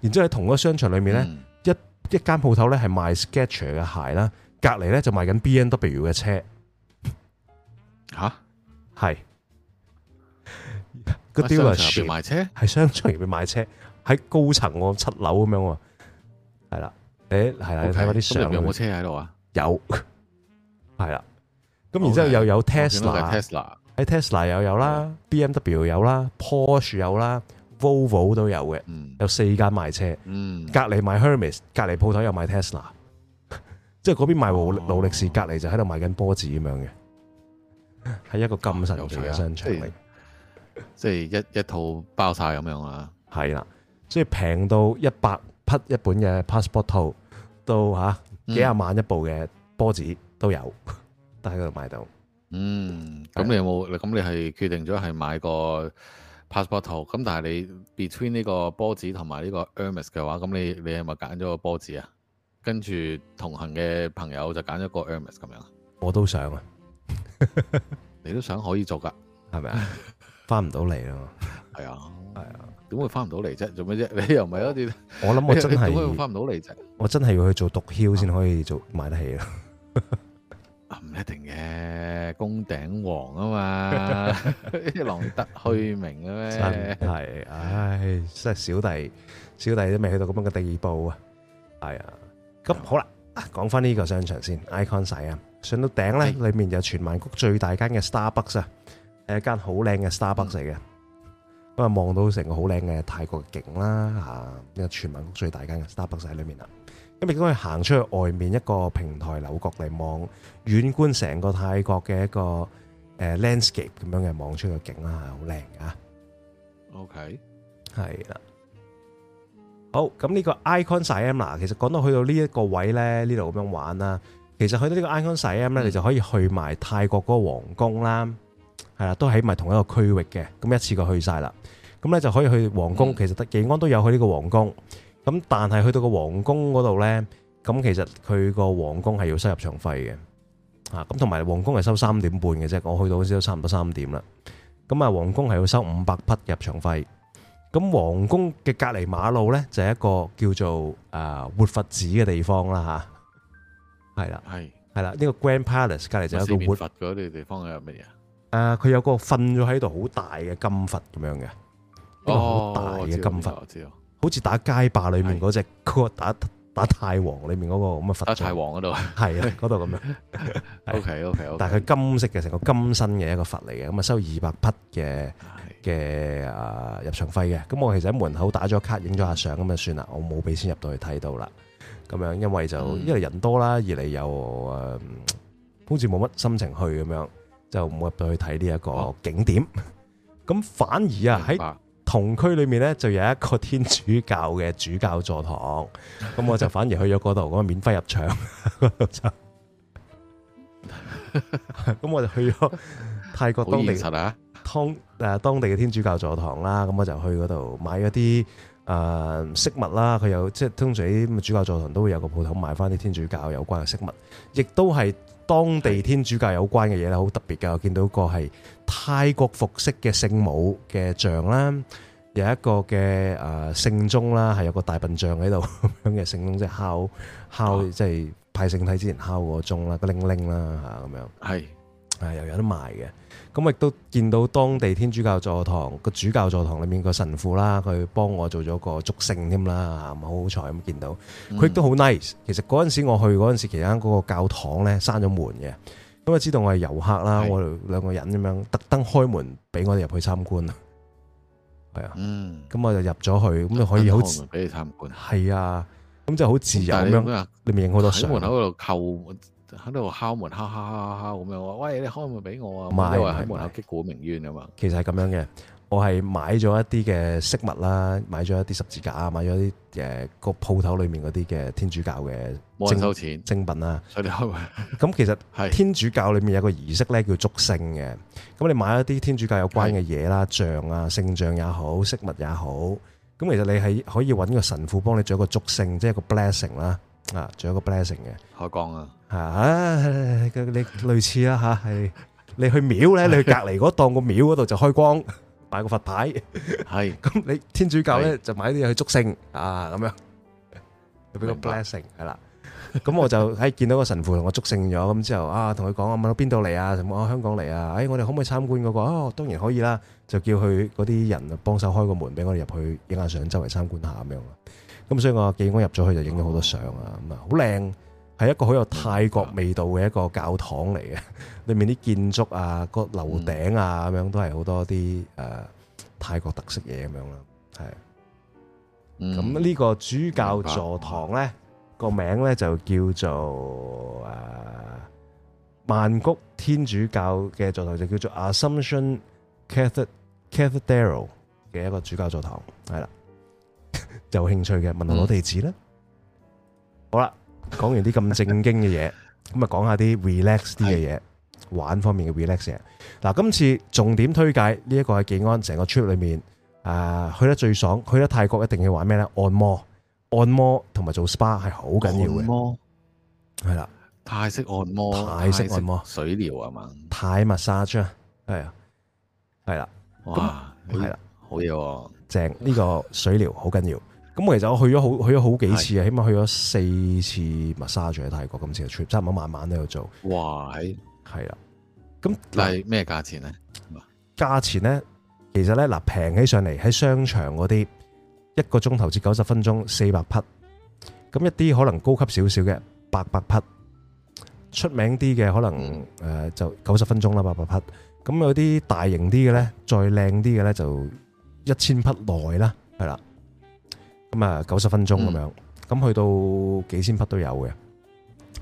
然之後喺同嗰個商場裡面咧，一一間鋪頭咧係賣 sketcher 嘅鞋啦，隔離咧就賣緊 BNW 嘅車，嚇係，個 dealership 賣車，係商場入面賣車，喺高層嗰個七樓咁樣喎，係啦，誒係啊，睇嗰啲商場入面有冇車喺度啊？有係啦，咁 了 Okay, 然之後又有 Tesla，喺 Tesla 又有啦、嗯、，BMW 又有啦，Porsche 有啦，Volvo 都有嘅，嗯、有四間賣車，隔籬、嗯 erm、 賣 Hermes，隔籬鋪頭又賣 Tesla，即係嗰邊賣勞力士，隔籬、哦、就喺度賣緊波子咁樣嘅，係 一個咁神奇嘅商場，即係 一一套包晒咁樣啦，係啦 ，即係平到一百匹一本嘅 passport 套，都吓。嗯啊。嗯、幾廿萬一部嘅波子都有，都喺嗰度買到。嗯，咁你有冇？咁你係決定咗係買個 passport 套，但係你 between 呢個波子同埋呢個 Hermes 嘅話，咁你你係咪揀咗個波子啊？跟住同行嘅朋友就揀咗個 Hermes 咁樣啊？我都想啊， 你都想可以做噶，係咪啊？翻唔到嚟啊？係啊，係啊。點會翻唔到嚟啫？做咩啫？你又唔係嗰啲？我諗我真係點會翻唔到嚟啫？我真係要去做毒梟先可以做買得起啦。唔一定嘅，宮頂王啊嘛，浪得虛名啊咩？真係，唉，真係小弟，小弟都未去到咁樣嘅第二步啊。係啊，咁好啦，講翻呢個商場先，Icon City 啊，上到頂咧，裏面有全曼谷最大間嘅 Starbucks 啊，係一間好靚嘅 Starbucks 嚟嘅。咁啊，望到成個好靚嘅泰國嘅景啦，吓，呢個全馬最大間嘅 Starbucks 喺裏面啦。咁亦都可以行出去外面一個平台樓角嚟，望遠觀成個泰國嘅一個誒 landscape 咁樣嘅望出嘅景啦，好靚啊！OK，係啦，好。咁呢個 Icon Siam 啦，其實講到去到呢一個位咧，呢度咁樣玩啦。其實去到呢個 Icon Siam 咧，你就可以去埋泰國嗰個皇宮啦。係啦，都喺埋同一個區域嘅，咁一次過去晒啦，咁咧就可以去皇宮。嗯、其實技安都有去呢個皇宮，咁但係去到個皇宮嗰度咧，咁其實佢個皇宮係要收入場費嘅，啊，咁同埋皇宮係收三點半嘅啫，我去到好似都差唔多三點啦。咁啊，皇宮係要收五百匹入場費。咁皇宮嘅隔籬馬路咧就係、是、一個叫做啊活佛寺嘅地方啦，吓係啦，係係啦，呢、這個 Grand Palace 隔籬就係一個活佛嗰啲地方係有乜嘢？誒，佢、呃、有個瞓咗喺度好大嘅金佛咁樣嘅，個好大嘅金佛，好似打街霸裏面嗰隻的，打打太王裏面嗰個咁嘅佛。啊，太王嗰度係啊，嗰度咁樣。O K O K 但係佢金色嘅，成個金身嘅一個佛嚟嘅，咁啊收二百匹嘅嘅誒入場費嘅。咁我其實喺門口打咗卡，影咗下相咁就算啦，我冇俾錢入到去睇到啦。咁樣，因為就一嚟人多啦，二嚟又誒，好似冇乜心情去咁樣。就唔會入到去睇呢一個景點，咁、啊、反而啊喺同區裏面呢，就有一個天主教嘅主教座堂，咁 我就反而去咗嗰度，咁啊免費入場，咁 我就去咗泰國當地嘅、啊、天主教座堂啦，咁我就去嗰度買咗一啲誒、呃、飾物啦，佢有即係、就是、通常啲主教座堂都會有個鋪頭買翻啲天主教有關嘅飾物，亦都係。當地天主教有關嘅嘢咧，好特別㗎。我見到個係泰國服飾嘅聖母嘅像啦，有一個嘅誒聖鐘啦，係有個大笨象喺度咁樣嘅聖鐘，即係敲敲即係派聖體之前敲個鐘啦，個鈴鈴啦嚇咁樣，係係又有得賣嘅。咁亦都見到當地天主教座堂個主教座堂裏面個神父啦，佢幫我做咗個祝聖添啦，咁好好彩咁見到佢亦都好 nice。Ice，其實嗰陣時我去嗰陣時，期他期間嗰個教堂咧閂咗門嘅，咁啊知道我係遊客啦，的我哋兩個人咁樣特登開門俾我哋入去參觀啊。啊，嗯，咁我就入咗去，咁就可以好俾你參觀。係啊，咁就好自由咁樣裡面，你咪影好多相喺門口嗰度扣。喺度敲門，敲敲敲敲咁樣話，喂，你開門俾我啊！因為喺門口擊鼓鳴冤啊嘛。其實係咁樣嘅，我係買咗一啲嘅飾物啦，買咗一啲十字架，買咗啲誒個鋪頭裏面嗰啲嘅天主教嘅收錢精品啊！咁其實係天主教裏面有個儀式咧，叫祝聖嘅。咁你買一啲天主教有關嘅嘢啦，像啊聖像也好，飾物也好。咁其實你係可以揾個神父幫你做一個祝聖，即係一個 blessing 啦，啊做一個 blessing 嘅。開講啊！係啊，你類似啊吓，係你去廟咧，你去隔籬嗰檔個廟嗰度就開光，擺個佛牌，係咁你天主教咧就買啲嘢去祝聖啊咁樣，俾個 blessing 係啦。咁我就喺見到個神父同我祝聖咗，咁之後啊，同佢講啊，問到邊度嚟啊？我香港嚟啊，哎，我哋可唔可以參觀嗰個？哦，當然可以啦，就叫佢嗰啲人幫手開個門俾我哋入去影下相，周圍參觀下咁樣。咁所以我寄工入咗去就影咗好多相啊，咁啊好靚。係一個好有泰國味道嘅一個教堂嚟嘅，裏面啲建築啊、那個樓頂啊咁樣，都係好多啲誒、呃、泰國特色嘢咁樣啦。係，咁呢、嗯、個主教座堂咧個、啊、名咧就叫做誒、啊、曼谷天主教嘅座堂，就叫做 Assumption Cathedral 嘅一個主教座堂。係啦， 有興趣嘅問下攞我地址咧，嗯、好啦。講完啲咁正經嘅嘢，咁啊講下啲 relax 啲嘅嘢，玩方面嘅 relax 嘢。嗱，今次重點推介呢一個係技安成個 trip 裏面，誒去得最爽，去得泰國一定要玩咩咧？按摩、按摩同埋做 spa 係好緊要嘅。係啦，泰式按摩，泰式按摩，水療係嘛？泰 massage 係啊，係啦，哇，係啦，好嘢，正呢個水療好緊要。咁其實我去咗好去咗好幾次啊，是起碼去咗四次 Massage 仲喺泰國，今次嘅 trip 差唔多，慢慢都有做。哇！係係啦，咁但係咩價錢呢？價錢呢？其實呢，嗱，平起上嚟喺商場嗰啲一個鐘頭至九十分鐘四百匹，咁一啲可能高級少少嘅八百匹，出名啲嘅可能誒、嗯呃、就九十分鐘啦，八百匹。咁有啲大型啲嘅呢，再靚啲嘅呢，就一千匹內啦，係啦。咁啊，九十分鐘咁樣，咁去到幾千匹都有嘅。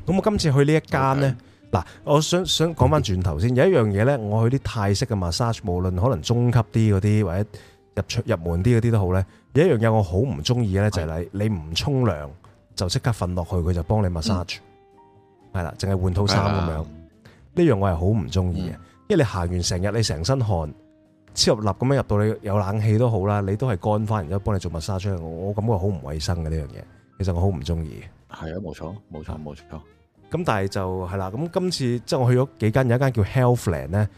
咁我今次去呢一間呢，嗱 Okay.，我想想講翻轉頭先，嗯、有一樣嘢呢，我去啲泰式嘅 massage，無論可能中級啲嗰啲，或者入出入門啲嗰啲都好呢。有一樣嘢我好唔中意嘅呢，就係、是、你你唔沖涼就即刻瞓落去，佢就幫你 massage。係啦、嗯，淨係換套衫咁樣，呢、嗯、樣我係好唔中意嘅，嗯、因為你行完成日你成身汗。黐立立咁樣，入到你有冷氣都好啦，你都係乾翻，然之後幫你做密砂出嚟，我感覺好唔衛生嘅呢樣嘢，其實我好唔中意。係啊，冇錯，冇錯，冇錯。咁但係就係啦，咁今次即係我去咗幾間，有一間叫 Healthland 咧，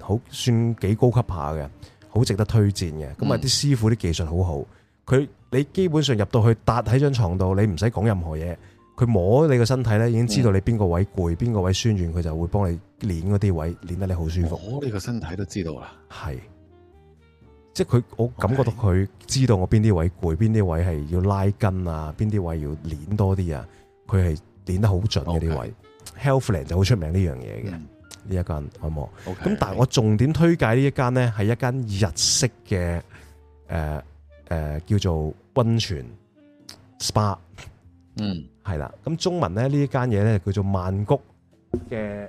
好算幾高級下嘅，好值得推薦嘅。咁啊、嗯，啲師傅啲技術好好，佢你基本上入到去搭喺張床度，你唔使講任何嘢，佢摸你個身體咧，已經知道你邊個位攰，邊、嗯、個位酸軟，佢就會幫你練嗰啲位，練得你好舒服。摸你個身體都知道啦，係。即係佢，我感覺到佢知道我邊啲位攰，邊啲 Okay. 位係要拉筋啊，邊啲位要捻多啲啊，佢係捻得好準嘅啲位。Okay. Health Land 就好出名呢樣嘢嘅呢一間，好唔好？咁 Okay. 但係我重點推介這一間呢是一間咧，係一間日式嘅誒誒，叫做溫泉 spa。嗯，係啦。咁中文咧呢這一間嘢咧叫做曼谷嘅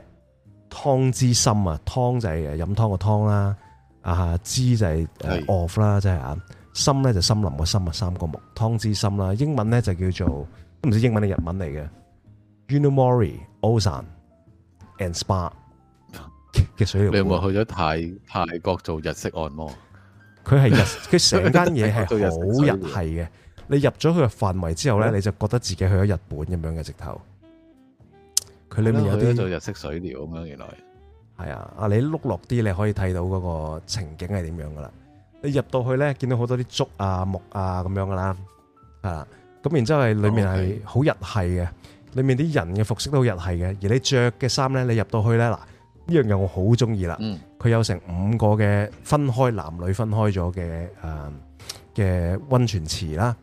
湯之森啊，湯就係誒飲湯個湯啦。啊，知就係 off 啦是，即係啊，心咧就森林個心啊，三個木湯之森啦，英文咧就叫做都唔知英文定日文嚟嘅 unomori onsen and spa 嘅水療。你有冇去咗泰泰國做日式按摩？佢係日，佢成間嘢係好日係嘅。你入咗佢嘅範圍之後咧，你就覺得自己去咗日本咁樣嘅直頭。佢裡面有啲做日式水療啊嘛，原來。係啊，啊你碌落啲，你可以睇到嗰個情景係點樣噶啦。你入到去咧，見到好多啲竹啊、木啊咁樣噶啦，係咁、啊、然之後係裡面係好日系嘅，裡面啲人嘅服飾都好日系嘅。而你着嘅衫咧，你入到去咧，嗱呢這樣嘢我好中意啦。佢、嗯、有成五個嘅分開男女分開咗嘅誒嘅溫泉池啦。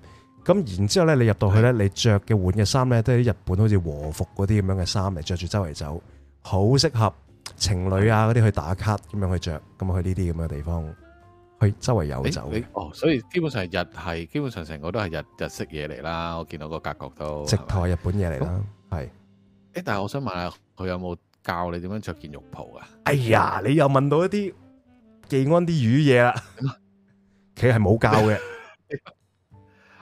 咁然之後咧，你入到去咧，你着嘅換嘅衫咧，都係啲日本好似和服嗰啲咁樣嘅衫嚟着住周圍走，好適合。情侶啊嗰啲去打卡咁樣去着，咁去呢啲咁嘅地方，去周圍遊走。哦，所以基本上日系，基本上成個都係日日式嘢嚟啦。我見到個格局都直頭係日本嘢嚟啦。係誒，但係我想問下，佢有冇教你點樣着件浴袍啊？哎呀，你又問到一啲技安啲魚嘢啦。佢係冇教嘅，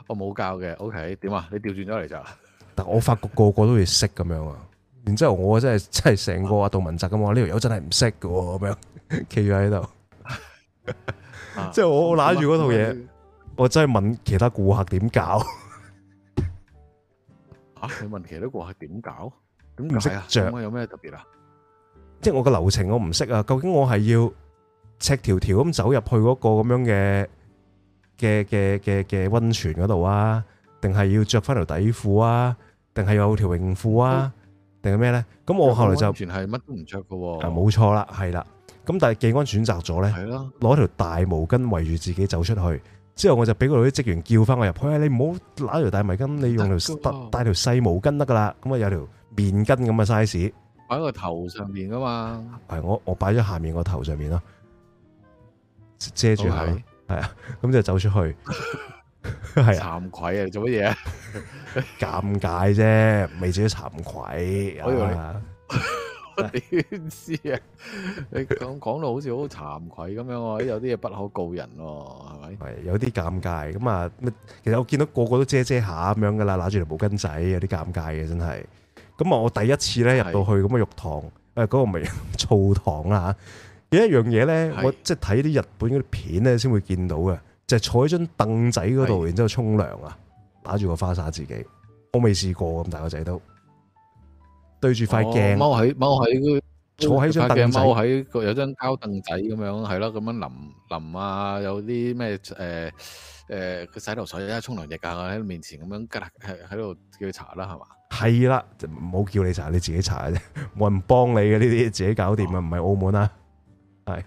我冇教嘅。O K，點啊？你調轉咗嚟咋？但係我發覺個個都要識咁樣啊。然之後我真係真係成個阿杜文澤咁話呢條友真係唔識嘅咁樣企咗喺度，即係、啊、 我、啊、我拿住嗰套嘢，啊、我真係問其他顧客點搞啊？你問其他顧客點搞？咁唔識啊？着有咩特別啊？即係我個流程我唔識啊。究竟我係要赤條條咁走入去嗰個咁樣嘅嘅嘅嘅嘅溫泉嗰度啊？定係要着翻條底褲啊？定係有條泳褲啊？定係咩咧？咁我後來就全係乜都唔着噶，冇錯啦，係啦。咁但係技安選擇咗咧，攞條大毛巾圍住自己走出去。之後我就俾嗰度啲職員叫翻我入去，佢話你唔好攞條大毛巾，你用條帶條細毛巾得噶啦。咁啊有條面巾咁嘅 size，擺喺個頭上面噶嘛。係我我擺咗下面個頭上面啦，遮住係，係啊，咁就走出去。係啊，慚愧啊，你做乜嘢啊？尷 尬啫，未至於慚愧啊！我點知啊， 你講講到好似好慚愧咁樣，有啲嘢不可告人咯、啊，係咪？係有啲尷尬咁啊！其實我見到個個都遮遮下咁樣噶啦，拿住條毛巾仔，有啲尷尬嘅真係。咁啊，我第一次咧入到去咁嘅浴堂，誒是的、呃，嗰、那個咪澡堂啦吓。啊、有一樣嘢咧，是的 我即係睇啲日本嗰啲片咧，先會見到嘅。就坐喺張凳仔嗰度，的然之後沖涼啊，打住個花灑自己，我未試過咁大個仔，都對住塊鏡，踎喺踎喺個坐喺張凳仔踎喺個有張膠凳仔咁樣，係咯，咁樣淋淋啊，有啲咩，誒誒個洗頭水啊，沖涼液啊，喺面前咁樣吉，係喺度叫佢搽啦，係嘛？係啦，就唔好叫你查，你自己查啫，冇人幫你嘅呢啲，自己搞掂啊，唔係澳門啊，係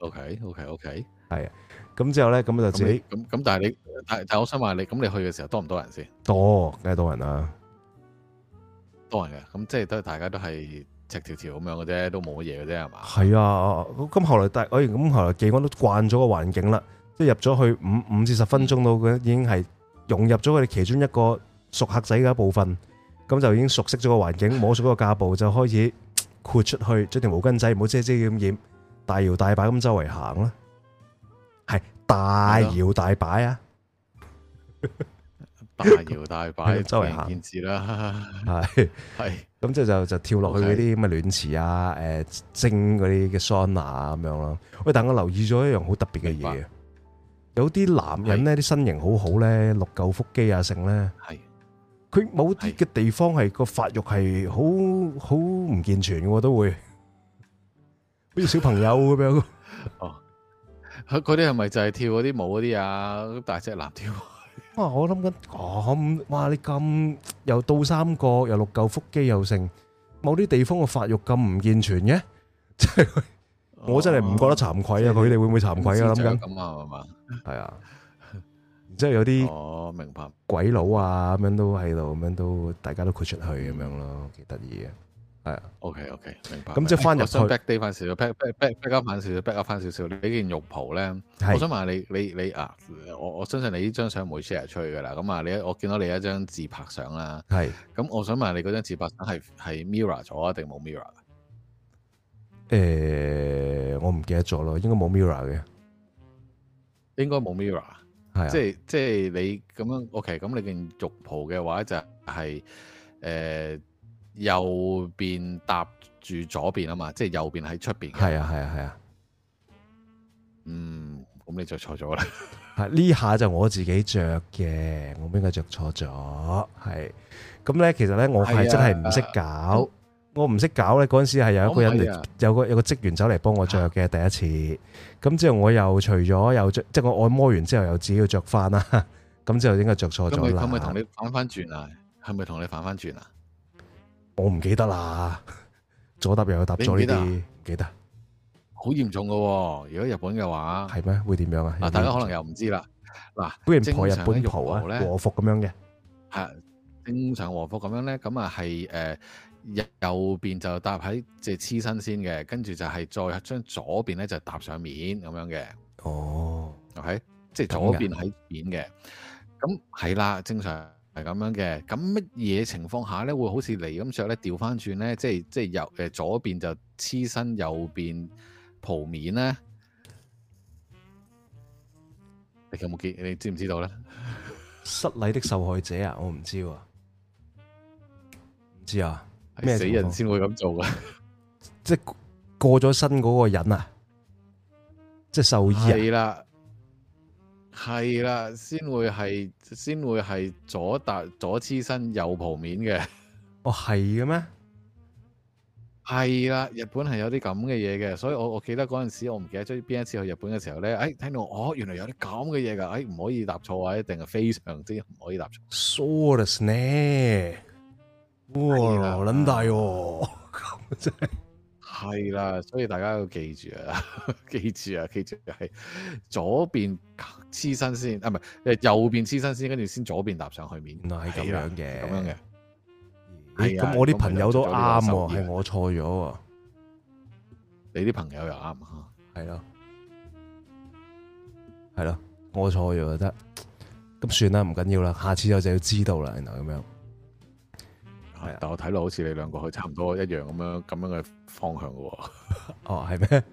，OK OK OK，係啊。咁之後咧，咁就自己咁咁。但係你，但但我想問你，咁你去嘅時候多唔多人先？多梗係多人啦，多人嘅。咁即係都大家都係赤條條咁樣嘅啫，都冇乜嘢嘅啫，係嘛？係啊。咁後來但係，哎，咁後來技安都慣咗個環境啦，即係入咗去五五至十分鐘到，佢已經係融入咗佢哋其中一個熟客仔嘅一部分。咁就已經熟悉咗個環境，摸熟嗰個架步，就開始豁出去，將條毛巾仔唔好遮遮掩掩，大搖大擺咁周圍行啦。大搖大擺啊！大搖大擺，周圍行啦，係係咁，即係就就跳落去嗰啲咁嘅泳池啊，誒，蒸嗰啲嘅桑拿啊，咁樣咯。喂，但係我留意咗一樣好特別嘅嘢，有啲男人咧，啲身形好好咧，六嚿腹肌啊，剩咧，係佢某啲嘅地方係個發育係好好唔健全嘅，我都會，好似小朋友咁樣。佢啲係咪就係跳嗰啲舞嗰啲啊？大隻男跳的啊！我諗緊、哦，哇！你咁又倒三角，又六嚿腹肌，又剩，某啲地方個發育咁唔健全嘅，即 係我真係唔覺得慚愧啊！佢哋會唔會慚愧啊？諗緊咁啊嘛，係啊，即係有啲哦，明白鬼佬啊，咁樣都喺度，咁樣都大家都豁出去咁樣咯，幾得意嘅。係，OK OK，明白。咁、嗯嗯、即係翻入去。想 back day 翻少少，back back back back up 翻少少，back up 翻少少。你件浴袍咧，是我想問下你，你你啊，我我相信你呢張相唔會 share 出去噶啦。咁啊，你我見到你一張自拍相啦。係是。咁我想問下你嗰張自拍相係係 mirror 咗定冇 mirror？誒、呃，我唔記得咗咯，應該冇 mirror 嘅。應該冇 mirror。係啊。即係即係你咁樣 OK，咁你件浴袍嘅話就係、是、誒。呃右邊搭住左邊啊嘛，即、就、係、是、右邊喺出邊。係啊係啊係啊，啊啊嗯，咁你着錯咗啦。啊 呢下就我自己着嘅，我應該着錯咗。係咁咧，其實咧、啊、我係真係唔識搞，好我唔識搞咧，嗰陣時係有一個人嚟，啊、有個有個職員走嚟幫我着嘅第一次。咁、啊、之後我又除咗又着，即係我按摩完之後又自己要着翻啦。咁 之後應該着錯咗啦。係咪同你反翻轉啊？係咪同你反翻轉啊？是我唔記得啦，左搭右搭咗呢啲，記得？好嚴重㗎、哦，如果日本嘅話係咩？會點樣啊？嗱，大家可能又唔知啦。嗱，不然 正常日本浴袍咧，和服咁樣嘅係、啊，正常和服咁樣咧，咁啊係誒，右邊就搭喺即係黐身先嘅，跟住就係再將左邊咧就搭上面咁樣嘅。哦，係 okay? 即係左邊喺面嘅，咁係啦，正常。係咁樣嘅，咁乜嘢情況下咧，會好似嚟咁着咧，調翻轉咧，即係即係右誒左邊就黐身，右邊鋪面咧，你有冇見？你知唔知道咧？失禮的受害者啊，我唔知喎。唔知啊，係咩死人先會咁做啊？ 即係過咗身嗰個人啊，即係受益人啦。係啦，先會係，先會係左搭左黐身右，右蒲面嘅。哦，係嘅咩？係啦，日本係有啲咁嘅嘢嘅，所以我我記得嗰陣時，我唔記得咗邊一次去日本嘅時候咧，誒、哎，聽到哦，原來有啲咁嘅嘢噶，誒、哎，唔可以踏錯啊，一定係非常之唔可以踏錯。Saurus 呢？哇，諗哇大哦，咁真係。係啦、啊，所以大家要記住啊，記住啊，記住係左邊黐身先，啊唔係，誒右邊黐身先，跟住先左邊搭上去面。原來係咁樣嘅，咁樣嘅。咁我啲朋友都啱喎，係、啊、我錯咗喎。你啲朋友又啱啊，係咯，係咯，我錯咗就得，咁算啦，唔緊要啦，下次我就要知道啦，原來咁樣。係，但係我睇落好似你兩個去差唔多一樣咁樣咁樣嘅方向嘅。哦，係咩？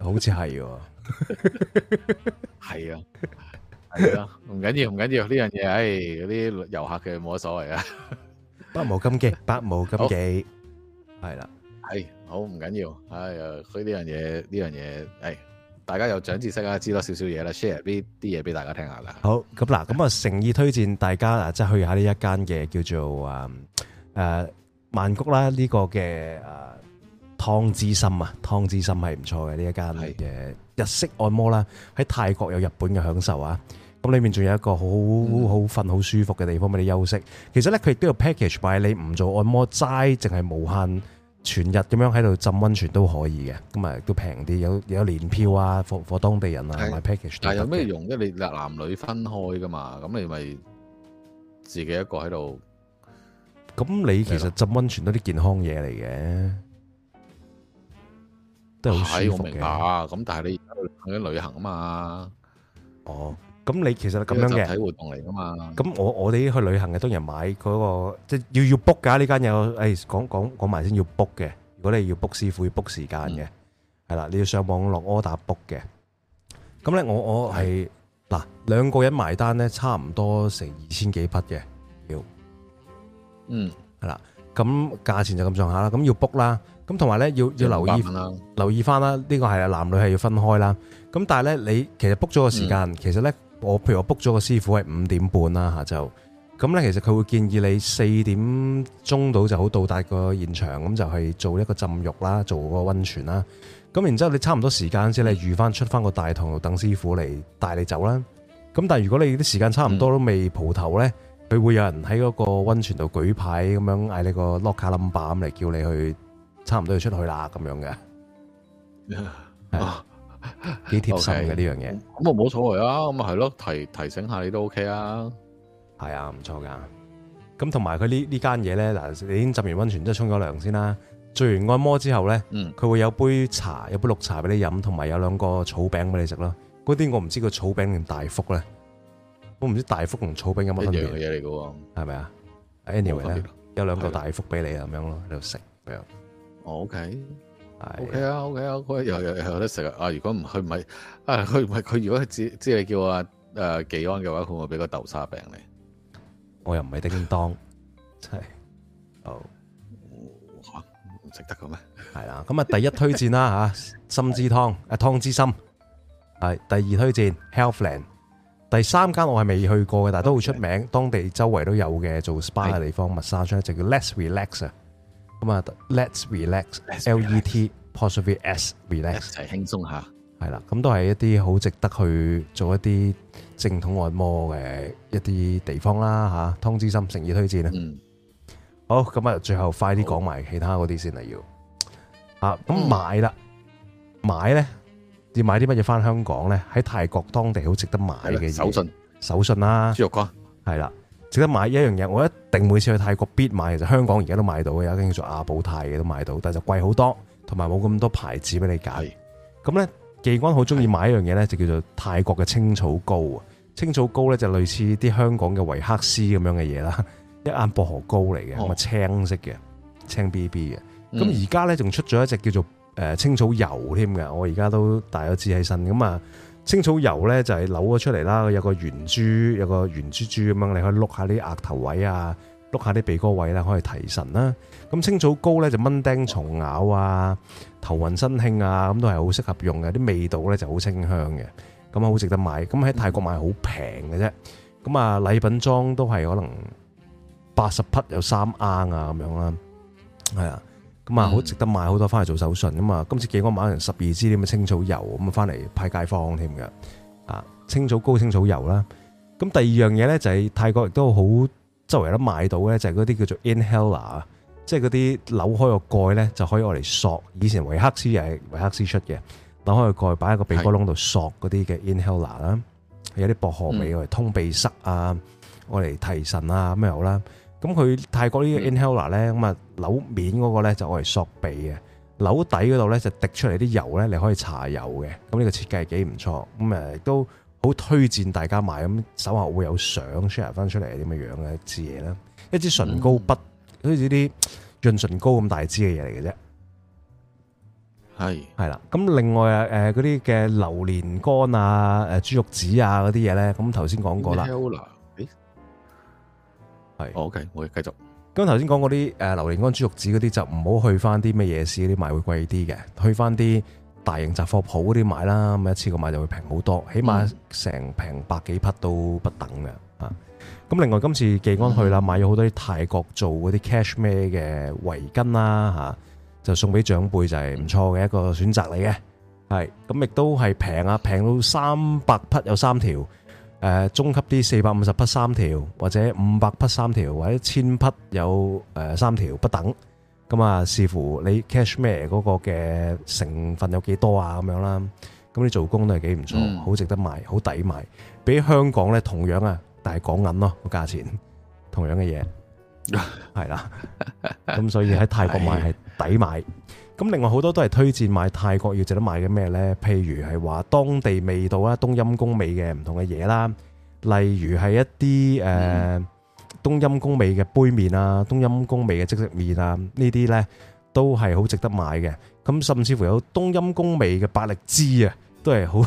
好似係喎，係啊，係啊，唔緊要，唔緊要，呢樣嘢，唉，嗰啲遊客嘅冇乜所謂啊。百無禁忌，百無禁忌，係啦，係，好唔緊要，唉，所以呢樣嘢，呢樣嘢，唉。大家有長知識啊，知多少少嘢啦，share 啲啲嘢俾大家聽下啦。好，咁嗱，咁啊，誠意推薦大家啊，即係去下呢一間嘅叫做啊誒曼谷啦，呢個嘅誒湯之森啊，湯之森係唔錯嘅呢一間嘅日式按摩啦，喺是泰國有日本嘅享受啊，咁裏面仲有一個好好瞓好舒服嘅地方俾你休息。其實咧，佢亦都有 package 買，你唔做按摩齋，淨係無限。全日咁樣喺度浸溫泉都可以嘅，咁咪都平啲，有有年票啊，放放當地人啊同埋 package。對買 package 都可以嘅。但係有咩用？因為你男女分開噶嘛，咁你咪自己一個喺度。咁你其實浸溫泉都啲健康嘢嚟嘅，都係好舒服嘅。咁但係你而家去旅行啊嘛。哦。咁你其實係咁樣嘅集體活動嚟噶嘛？咁我我哋去旅行嘅當然買嗰個即係要要 book 噶呢間嘢，誒講講講埋先要 book 嘅。如果你要 book 師傅要 book 時間嘅，係啦，你要上網絡 orderbook 嘅。咁咧我我係嗱兩個人埋單咧，差唔多成二千幾匹嘅，要嗯係啦。咁價錢就咁上下啦。咁要 book 啦。咁同埋咧要要留意留意翻啦。呢個係男女係要分開啦。咁但係咧你其實 book 咗個時間，其實咧。我譬如我 book 咗個師傅係五點半啦下晝，咁咧其實佢會建議你四點鐘到就好到達個現場，咁就係、是、做一個浸浴啦，做個溫泉啦。咁然之後你差唔多時間先你預翻出翻個大堂度等師傅嚟帶你走啦。咁但係如果你啲時間差唔多都未蒲頭咧，佢、嗯、會有人喺嗰個溫泉度舉牌咁樣嗌你個 lock 卡、er、number 咁嚟叫你去，差唔多要出去啦咁樣嘅。啊幾貼心嘅呢 Okay, 樣嘢，咁我冇所謂啊，咁咪係咯，提提醒下你都 OK 啊，係啊，唔錯噶，咁同埋佢呢呢間嘢咧，嗱，你已經浸完溫泉，即係沖咗涼先啦，做完按摩之後咧，嗯，佢會有杯茶，有杯綠茶俾你飲，同埋有兩個草餅俾你食咯，嗰啲我唔知個草餅定大福咧，我唔知大福同草餅有乜分別嘅嘢嚟嘅喎，係咪啊？Anyway 咧，有兩個大福俾你咁樣咯喺度食，OK。O K 啊，O K 啊，我覺得有有有得食啊。啊，如果唔佢唔係啊，佢唔係佢如果知知你叫我啊，誒技安嘅話，佢會俾個豆沙餅你。我又唔係叮當，真係好嚇唔值得嘅咩？係啦，咁啊第一推薦啦嚇，心之湯啊，湯之心係第二推薦，Healthland，第三間我係未去過嘅，但係都好出名，當地周圍都有嘅做 SPA 嘅地方，massage 就叫 Less Relax 啊。咁啊，Let's relax，L E T possibly as relax 一齊輕鬆下，係啦，咁都係一啲好值得去做一啲正統按摩嘅一啲地方啦，吓，湯之森，誠意推薦啦。嗯，好，咁啊，最後快啲講埋其他嗰啲先啦，要啊，咁買啦，買咧要買啲乜嘢返香港咧？喺泰國當地好值得買嘅嘢，手信手信啦，豬肉乾係啦。值得買一樣嘢，我一定每次去泰國必買。其實香港而家都買到嘅，有一叫做阿布泰嘅都買到，但係就貴好多，同埋冇咁多牌子俾你揀。咁咧的，技安好鍾意買一樣嘢咧，的就叫做泰國嘅青草膏啊！青草膏咧就是類似啲香港嘅維克斯咁樣嘅嘢啦，一眼薄荷膏嚟嘅，咁啊、哦、青色嘅，青 B B 嘅。咁而家咧仲出咗一隻叫做誒青草油添嘅，我而家都帶咗支喺身咁啊！青草油咧就係扭咗出嚟啦，有個圓珠，有個圓珠珠咁樣，你可以碌下啲額頭位啊，碌下啲鼻哥位啦，可以提神啦。咁青草膏咧就蚊叮蟲咬啊，頭暈身輕啊，咁都係好適合用嘅，啲味道咧就好清香嘅，咁啊好值得買。咁喺泰國買好平嘅啫，咁啊禮品裝都係可能八十匹有三盎啊咁樣啦。係啊。咁啊，好、嗯、值得買好多翻嚟做手信吖嘛！今次技安買咗成十二支啲咁嘅青草油，咁啊，翻嚟派街坊添嘅啊！青草膏青草油啦。咁第二樣嘢咧就係泰國亦都好周圍都得買到咧，就係嗰啲叫做 inhaler，即係嗰啲扭開個蓋咧就可以我嚟索。以前維克斯又係維克斯出嘅，扭開個蓋擺喺個鼻哥窿度索嗰啲嘅 inhaler 啦，有啲薄荷味，我嚟通鼻塞啊，我嚟提神啊咁又好啦。咁佢泰國呢個 inhaler 咧，咁啊，扭面嗰個咧就攞嚟索鼻嘅，扭底嗰度咧就滴出嚟啲油咧，你可以搽油嘅。咁、這、呢個設計幾唔錯，咁誒亦都好推薦大家買。咁手下會有相 share 翻出嚟係點樣嘅一支嘢呢？一支唇膏筆，好似啲潤唇膏咁大支嘅嘢嚟嘅啫。係係啦。咁另外啊，嗰啲嘅榴蓮乾啊，豬肉籽啊嗰啲嘢咧，咁頭先講過啦。係是、哦、，OK，我哋繼續。咁頭先講嗰啲誒榴蓮乾、豬肉籽嗰啲就唔好去翻啲咩夜市嗰啲買，會貴啲嘅。去翻啲大型雜貨鋪嗰啲買啦，咁一次過買就會平好多，起碼成平百幾匹都不等嘅、嗯、啊。咁另外今次技安去啦，買咗好多啲泰國做嗰啲 cashmere 嘅圍巾啦，吓、啊、就送俾長輩就係唔錯嘅一個選擇嚟嘅。係，咁亦都係平啊，平到三百匹有三條。誒中級啲四百五十匹三條，或者五百匹三條，或者千匹有誒三條不等，咁啊視乎你 cashmere 嗰個嘅成分有幾多啊咁樣啦，咁你做工都係幾唔錯，好值得買，好抵買，比香港咧同樣啊，但係講緊咯個價錢，同樣嘅嘢，係啦，咁所以喺泰國買係抵買。咁另外好多都係推薦買泰國，要值得買嘅咩咧？譬如係話當地味道啦，冬陰功味嘅唔同嘅嘢啦，例如係一啲誒冬陰功味嘅杯麵啊，冬陰功味嘅即食麵啊，呢啲咧都係好值得買嘅。咁甚至乎有冬陰功味嘅百力滋啊，都係好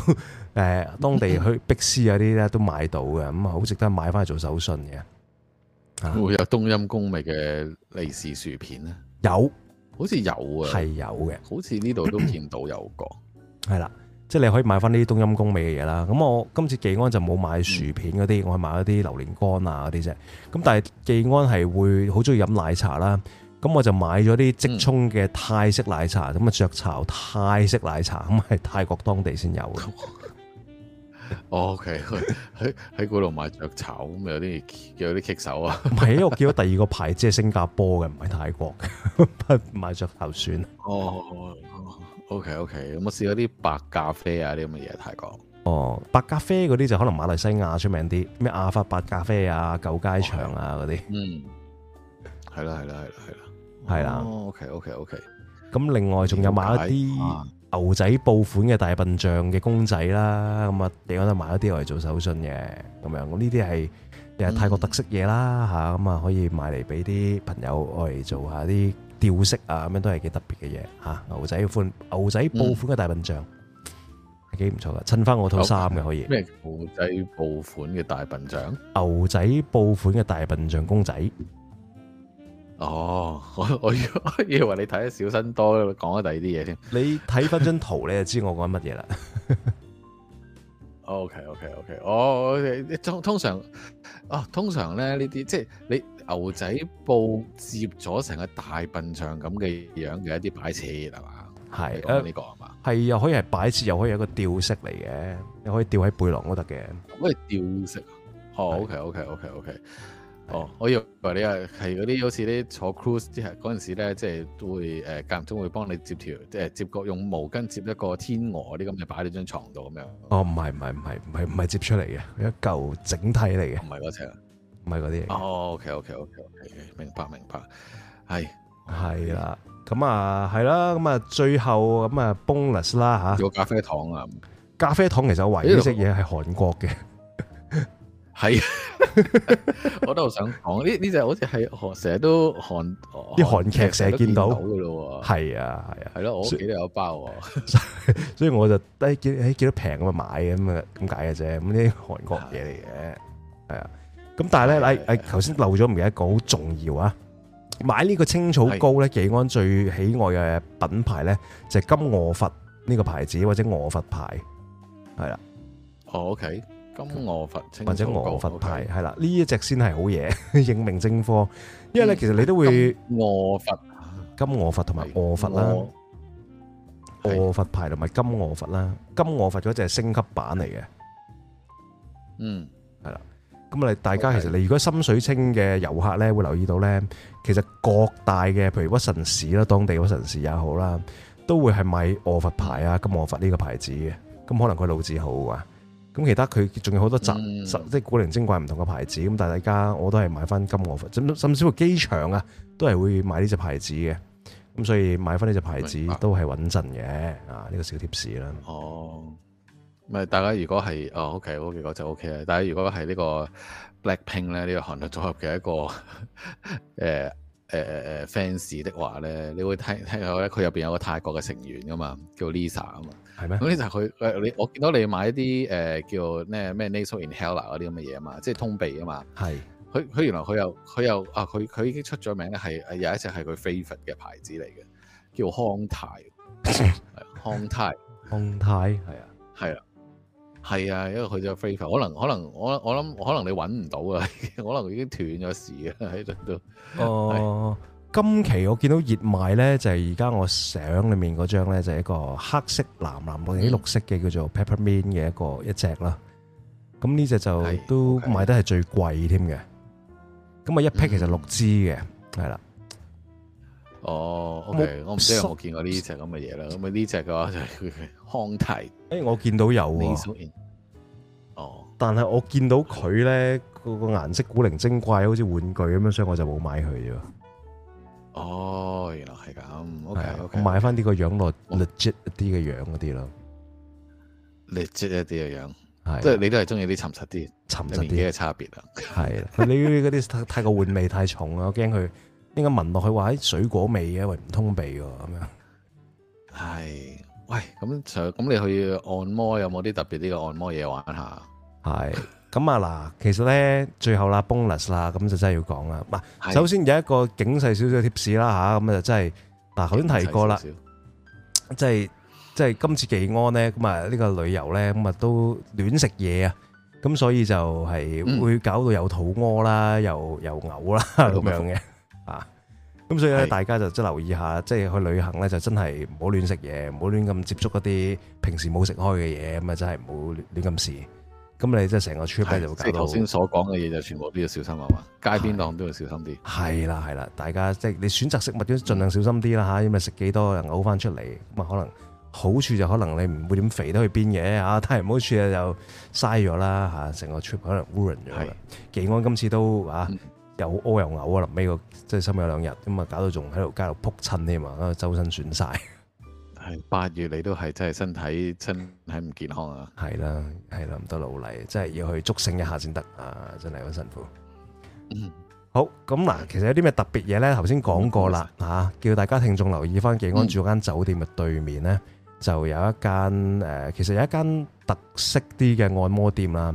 誒當地去 Big C 嗰啲咧，都買到嘅，咁啊好值得買翻去做手信嘅。會有冬陰功味嘅利是薯片咧？有。好似有啊，係有嘅，好似呢度都見到有個，係啦， 即係你可以買翻啲冬陰功味嘅嘢啦。咁我今次技安就冇買薯片嗰啲，嗯、我係買嗰啲榴蓮乾啊嗰啲啫。咁但係技安係會好中意飲奶茶啦，咁我就買咗啲即沖嘅泰式奶茶，咁啊雀巢泰式奶茶咁係泰國當地先有嘅。 哦 O K，喺喺嗰度買雀巢咁有啲有啲棘手啊，唔係啊，我見到第二個牌子係新加坡嘅，唔係泰國嘅， 買雀巢算。哦，O K O K，咁我試咗啲白咖啡啊啲咁嘅嘢泰國。哦，oh, 白咖啡嗰啲就可能馬來西亞出名啲，咩亞法白咖啡啊、舊街場啊嗰啲。嗯、oh, yeah. mm.，係啦係啦係啦係啦，係啦。O K O K O K，咁另外仲有買一啲。牛仔布款嘅大笨象嘅公仔啦，咁啊，你可以買一啲我嚟做手信嘅，咁樣，咁呢啲係又係泰國特色嘢啦，吓，咁啊可以買嚟俾啲朋友，我嚟做下啲吊飾啊，咁樣都係幾特別嘅嘢吓。牛仔款，牛仔布款嘅大笨象，幾唔錯噶，襯翻我套衫嘅可以。咩牛仔布款嘅大笨象？牛仔布款嘅大笨象公仔。哦，我我以為你睇得小心多，講咗第二啲嘢添。你睇翻張圖你就知我講乜嘢啦。O K O K O K，我通常，哦、啊，通常咧呢啲即係你牛仔布接咗成個大笨象咁嘅樣嘅一啲擺設係嘛？係講呢個係嘛？係又、啊、吧可以係擺設，又可以有一個吊飾嚟嘅，你可以吊喺背囊都得嘅。咁係吊飾啊？哦，O K O K O K O K。是 okay, okay, okay, okay. 哦，我以為話你係係嗰啲好似啲坐 cruise 之後嗰陣時咧，即係都會誒間中會幫你接條，即係接個用毛巾接一個天鵝啲咁，就擺喺你張床度咁樣。哦，唔係唔係唔係唔係唔係接出嚟嘅，一嚿整體嚟嘅。唔係嗰隻，唔係嗰啲。哦，OK OK OK，係、okay, okay, okay. 明白明白，係係啦，咁啊係啦，咁啊、 yeah, uh, yeah, uh, 最後咁啊、uh, bonus 啦、uh, 嚇，有 咖啡糖啊， 咖啡糖其實我 種唯一識嘢係韓國嘅。係，我都想講呢呢隻好似係成日都看啲韓劇，成日見到嘅咯，係啊係啊，係咯，我屋企都有包，所以我就低見誒見到平咁啊買嘅咁啊咁解嘅啫，咁啲韓國嘢嚟嘅，係啊，咁但係咧誒誒頭先漏咗唔記得講好重要啊，買呢個青草膏咧，技安最喜愛嘅品牌咧就係金鵝佛呢個牌子或者鵝佛牌，係啦，OK。金鵝佛或者鵝佛牌係啦，呢一隻先係好嘢，認命正科。因為咧，其實你都會鵝佛、金鵝佛同埋鵝佛啦，鵝佛牌同埋金鵝佛啦，金鵝佛就一隻升級版嚟嘅。嗯，係啦。咁我哋，大家其實你如果深水清嘅遊客咧，會留意到咧，其實各大嘅，譬如屈臣氏啦，當地屈臣氏也好啦，都會係賣鵝佛牌啊、金鵝佛呢個牌子嘅。咁可能佢老字號啊。咁其他佢仲有好多集，嗯、即係古靈精怪唔同嘅牌子。咁但係大家我都係買翻金臥佛，甚至乎機場啊，都係會買呢隻牌子嘅。咁所以買翻呢隻牌子都係穩陣嘅、嗯、啊！呢、呢個小貼士啦。哦，咪大家如果係哦 OK，我就 OK 大家如果就 OK 啦。大家如果係呢個 BLACKPINK 咧呢個韓流組合嘅一個誒誒誒 fans 的話咧，你會泰聽，聽到咧佢入邊有一個泰國嘅成員噶嘛，叫 Lisa 啊嘛。咁呢就係佢呃，你我見到你買一啲，呃、叫咩咩 nasal inhaler 嗰啲咁嘅嘢嘛，即係通鼻啊嘛。係是，佢佢原來佢又佢又啊佢佢已經出咗名咧，係有一隻係佢 favourite 嘅牌子嚟嘅，叫康泰。 康泰 康泰係啊係啊係啊，因為佢就 favourite 可能可能我我諗可能你揾唔到啊， 可能已經斷咗事啊喺度都哦。今期我見到熱賣咧，就係而家我相裏面嗰張咧，就係一個黑色藍藍或者綠色嘅叫做 Peppermint 嘅一個一隻啦。咁呢隻就都賣得係最貴添嘅。咁啊，okay、一 pack 其實六支嘅，係啦。哦，OK，我唔知我有冇見過呢隻咁嘅嘢啦。咁啊我，呢隻嘅話就康提。誒、欸，我見到有哦，one . oh. 但係我見到佢咧個個顏色古靈精怪，好似玩具咁樣，所以我就冇買佢啫。哦，原來係咁的，OK OK，買翻啲個樣落、哦、，legit 一啲嘅樣嗰啲咯，legit 一啲嘅的即係你都係中意啲沉實啲，沉實啲嘅差別啊，係的， 你嗰啲太，太過換味太重啊，我驚佢應該聞落去話係、欸、水果味啊，唔通鼻喎咁樣，係，喂，咁咁你去按摩有冇啲特別啲嘅按摩嘢玩下？係。咁啊嗱，其實咧最後啦 bonus 啦，咁就真係要講啦。嗱，首先有一個警世少少嘅提示啦嚇，咁啊就真係嗱，頭先提過啦，即係即係今次技安咧，咁啊呢個旅遊咧，咁啊都亂食嘢啊，咁所以就係會搞到有肚屙啦，又又嘔啦咁樣嘅啊，咁所以咧大家就即係留意下，即係去旅行咧就真係唔好亂食嘢，唔好亂咁接觸嗰啲平時冇食開嘅嘢，咁啊真係唔好亂咁試。咁你即係成個 trip 就搞到，即係頭先所講嘅嘢就全部都要小心啊嘛的！街邊檔都要小心啲。係啦係啦，大家即係你選擇食物都要盡量小心啲啦吓，嗯、因為食幾多又嘔翻出嚟，咁啊可能好處就可能你唔會點肥都去邊嘢，但係唔好處啊又嘥咗啦，成個 trip 可能污染咗啦。技安今次都啊又屙又嘔啊，後尾個即係深有兩日，咁啊搞到仲喺度街度撲親添嘛，周身損晒。八月你都係真係身體身體唔健康啊！係啦係啦，唔得努力，真係要去捉醒一下先得啊！真係好辛苦。好，咁嗱，其實有啲咩特別嘢咧？頭先講過啦吓，叫大家聽眾留意翻，技安住間酒店嘅對面咧，就有一間誒，其實有一間特色啲嘅按摩店啦。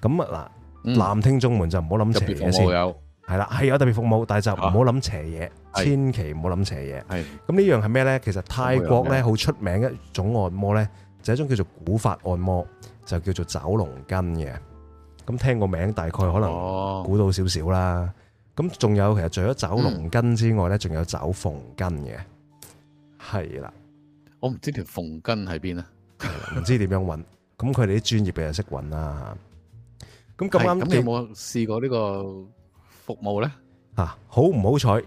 咁啊嗱，男聽眾們就唔好諗邪嘢先，係啦，係有特別服務，但係就唔好諗邪嘢。千祈唔好諗邪嘢。咁呢樣係咩咧？其實泰國咧好出名一種按摩咧，就一種叫做古法按摩，就叫做走龍筋嘅。咁聽個名，大概可能估到少少啦。咁仲有其實除咗走龍筋之外咧，仲有走鳳筋嘅。係啦，我唔知條鳳筋喺邊啊，唔知點樣搵。咁佢哋啲專業嘅就識搵啦。咁咁啱，你有冇試過呢個服務咧？啊，好唔好彩？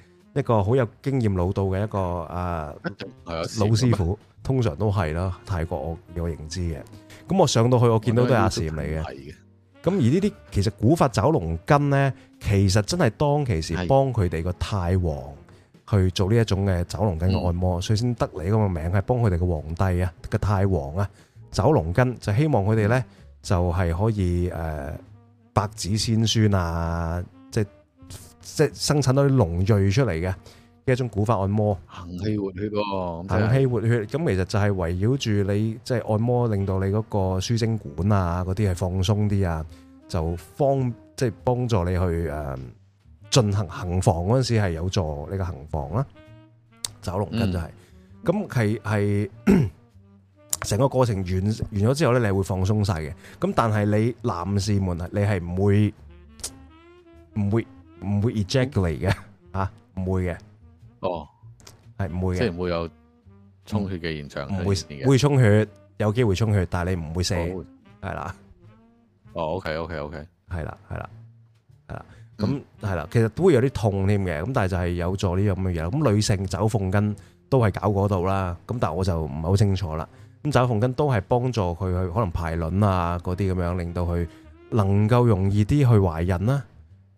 一個好有經驗老道嘅一個啊老師傅，麼通常都係啦，泰國我我認知嘅。咁我上到去，我見到是都係阿師嚟嘅。咁而呢啲其實古法走龍根咧，其實真係當其時幫佢哋個泰王的去做呢一種嘅走龍根嘅按摩，嗯、所以先得你咁個名係幫佢哋個皇帝啊、個泰王啊走龍根，就希望佢哋咧就係、是、可以誒、呃、百子千孫啊。即係生產多啲龍鋸出嚟嘅，一種古法按摩，行氣活血。行氣活血，咁、嗯、其實就係圍繞住你，即、就、係、是、按摩，令到你嗰個輸精管啊嗰啲係放鬆啲啊，就方即係、就是、幫助你去誒、嗯、進行行房嗰陣時係有助你個行房啦、啊。走龍筋就係、是，咁係係成個過程完完咗之後咧，你係會放鬆晒嘅。咁但係你男士們，你係唔會唔會。不會唔會 eject 嚟嘅。哦、啊唔會嘅，哦係唔會嘅，即係唔會有充血嘅現象，唔、嗯、會唔會充血，有機會充血，但係你唔會射。係啦、哦，的哦 OK OK OK，係啦係啦係啦，咁係啦，其實都會有啲痛添嘅，咁但係就係有助呢樣咁嘅嘢，咁女性走鳳根都係搞嗰度啦，咁但係我就唔係好清楚啦，咁走鳳根都係幫助佢去可能排卵啊嗰啲咁樣，令到佢能夠容易啲去懷孕啦。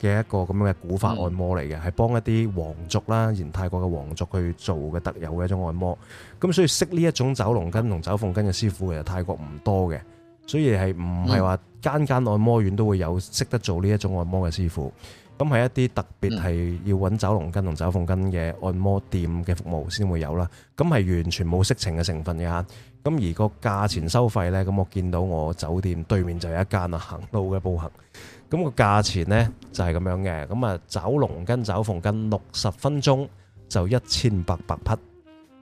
嘅一個咁樣嘅古法按摩嚟嘅，係幫一啲皇族啦，現泰國嘅皇族去做嘅特有嘅一種按摩。咁所以識呢一種走龍筋同走鳳筋嘅師傅，其實泰國唔多嘅，所以係唔係話間間按摩院都會有識得做呢一種按摩嘅師傅，咁係一啲特別係要揾走龍筋同走鳳筋嘅按摩店嘅服務先會有啦。咁係完全冇色情嘅成分嘅嚇。咁而個價錢收費呢，咁我見到我酒店對面就有一間啊，行路嘅步行。咁個價錢呢就係咁樣嘅，咁啊抓龍筋抓鳳筋六十分鐘就一千八百匹，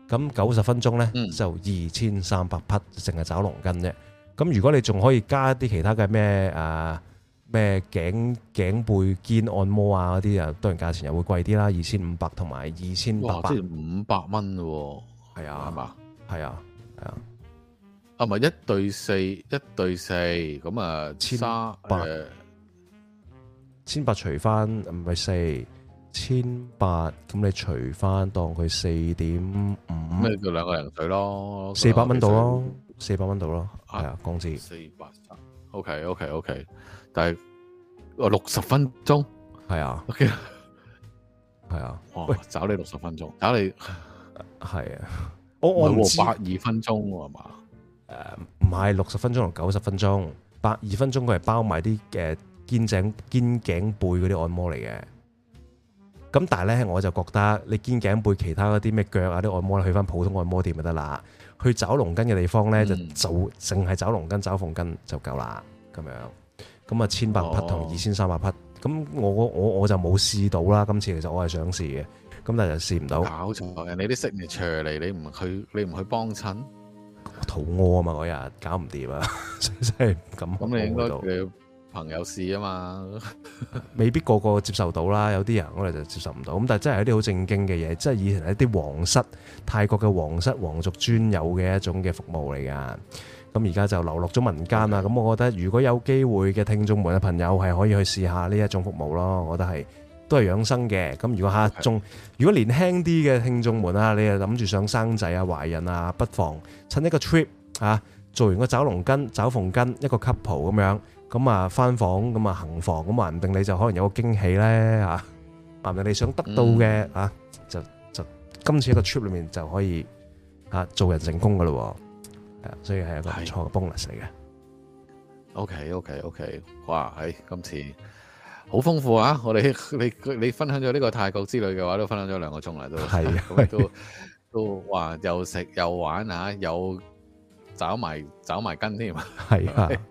咁九十分鐘呢就二千三百匹，淨係抓龍筋啫。咁如果你仲可以加一啲其他嘅咩啊咩頸頸背肩按摩啊嗰啲啊，當然價錢又會貴啲啦，二千五百同埋二千八百，五百蚊嘅喎，係啊，係嘛，係啊，係啊，啊咪一對四一對四咁啊，千八。千八除翻唔係四千八，咁你除翻當佢四點五，咁咪叫兩個人除咯，四百蚊度咯，四百蚊度咯，係啊工資。四百，OK OK OK，但係六十分鐘，係啊，OK，係啊，哇，找你六十分鐘，找你係啊，我我百二分鐘係嘛？誒，唔係六十分鐘同九十分鐘，百二分鐘佢係包埋啲嘅。肩頸肩頸背嗰啲按摩嚟嘅，咁但係咧我就覺得你肩頸背其他嗰啲咩腳啊啲按摩咧，去翻普通按摩店咪得啦，去走龍筋嘅地方咧就做淨係走龍筋找鳳筋就夠啦，咁樣，咁啊千八匹同二千三百匹，咁我我我就冇試到啦，今次其實我係想試嘅，咁但係就試唔到。搞錯，你啲息嚟除嚟，你唔去你唔去幫襯，肚屙啊嘛嗰日搞唔掂啊，真係咁唔敢。朋友試啊嘛， 未必個個接受到啦，有啲人我哋就接受唔到。咁但係真係一啲好正經嘅嘢，即係以前係一啲皇室泰國嘅皇室皇族專有嘅一種嘅服務嚟㗎。咁而家就流落咗民間啦。咁的我覺得如果有機會嘅聽眾們嘅朋友係可以去試下呢一種服務咯。我覺得係都係養生嘅。咁如果下中，的如果年輕啲嘅聽眾們想想啊，你又諗住想生仔啊、懷孕啊，不妨趁一個 trip 啊，做完個找龍筋、找鳳筋一個 couple 咁樣。咁啊，翻房咁啊，行房咁啊，唔定你就可能有個驚喜咧話，唔定你想得到嘅啊，嗯、就就今次喺個 trip 裏面就可以嚇做人成功噶咯，係所以係一個唔錯嘅 bonus 嚟嘅。OK，OK，OK，okay, okay, okay, 哇！係、哎、今次好豐富啊！我哋你你分享咗呢個泰國之旅嘅話，都分享咗兩個鐘啦，的都係的都都哇！又食又玩啊，又找埋找埋跟添啊，啊的！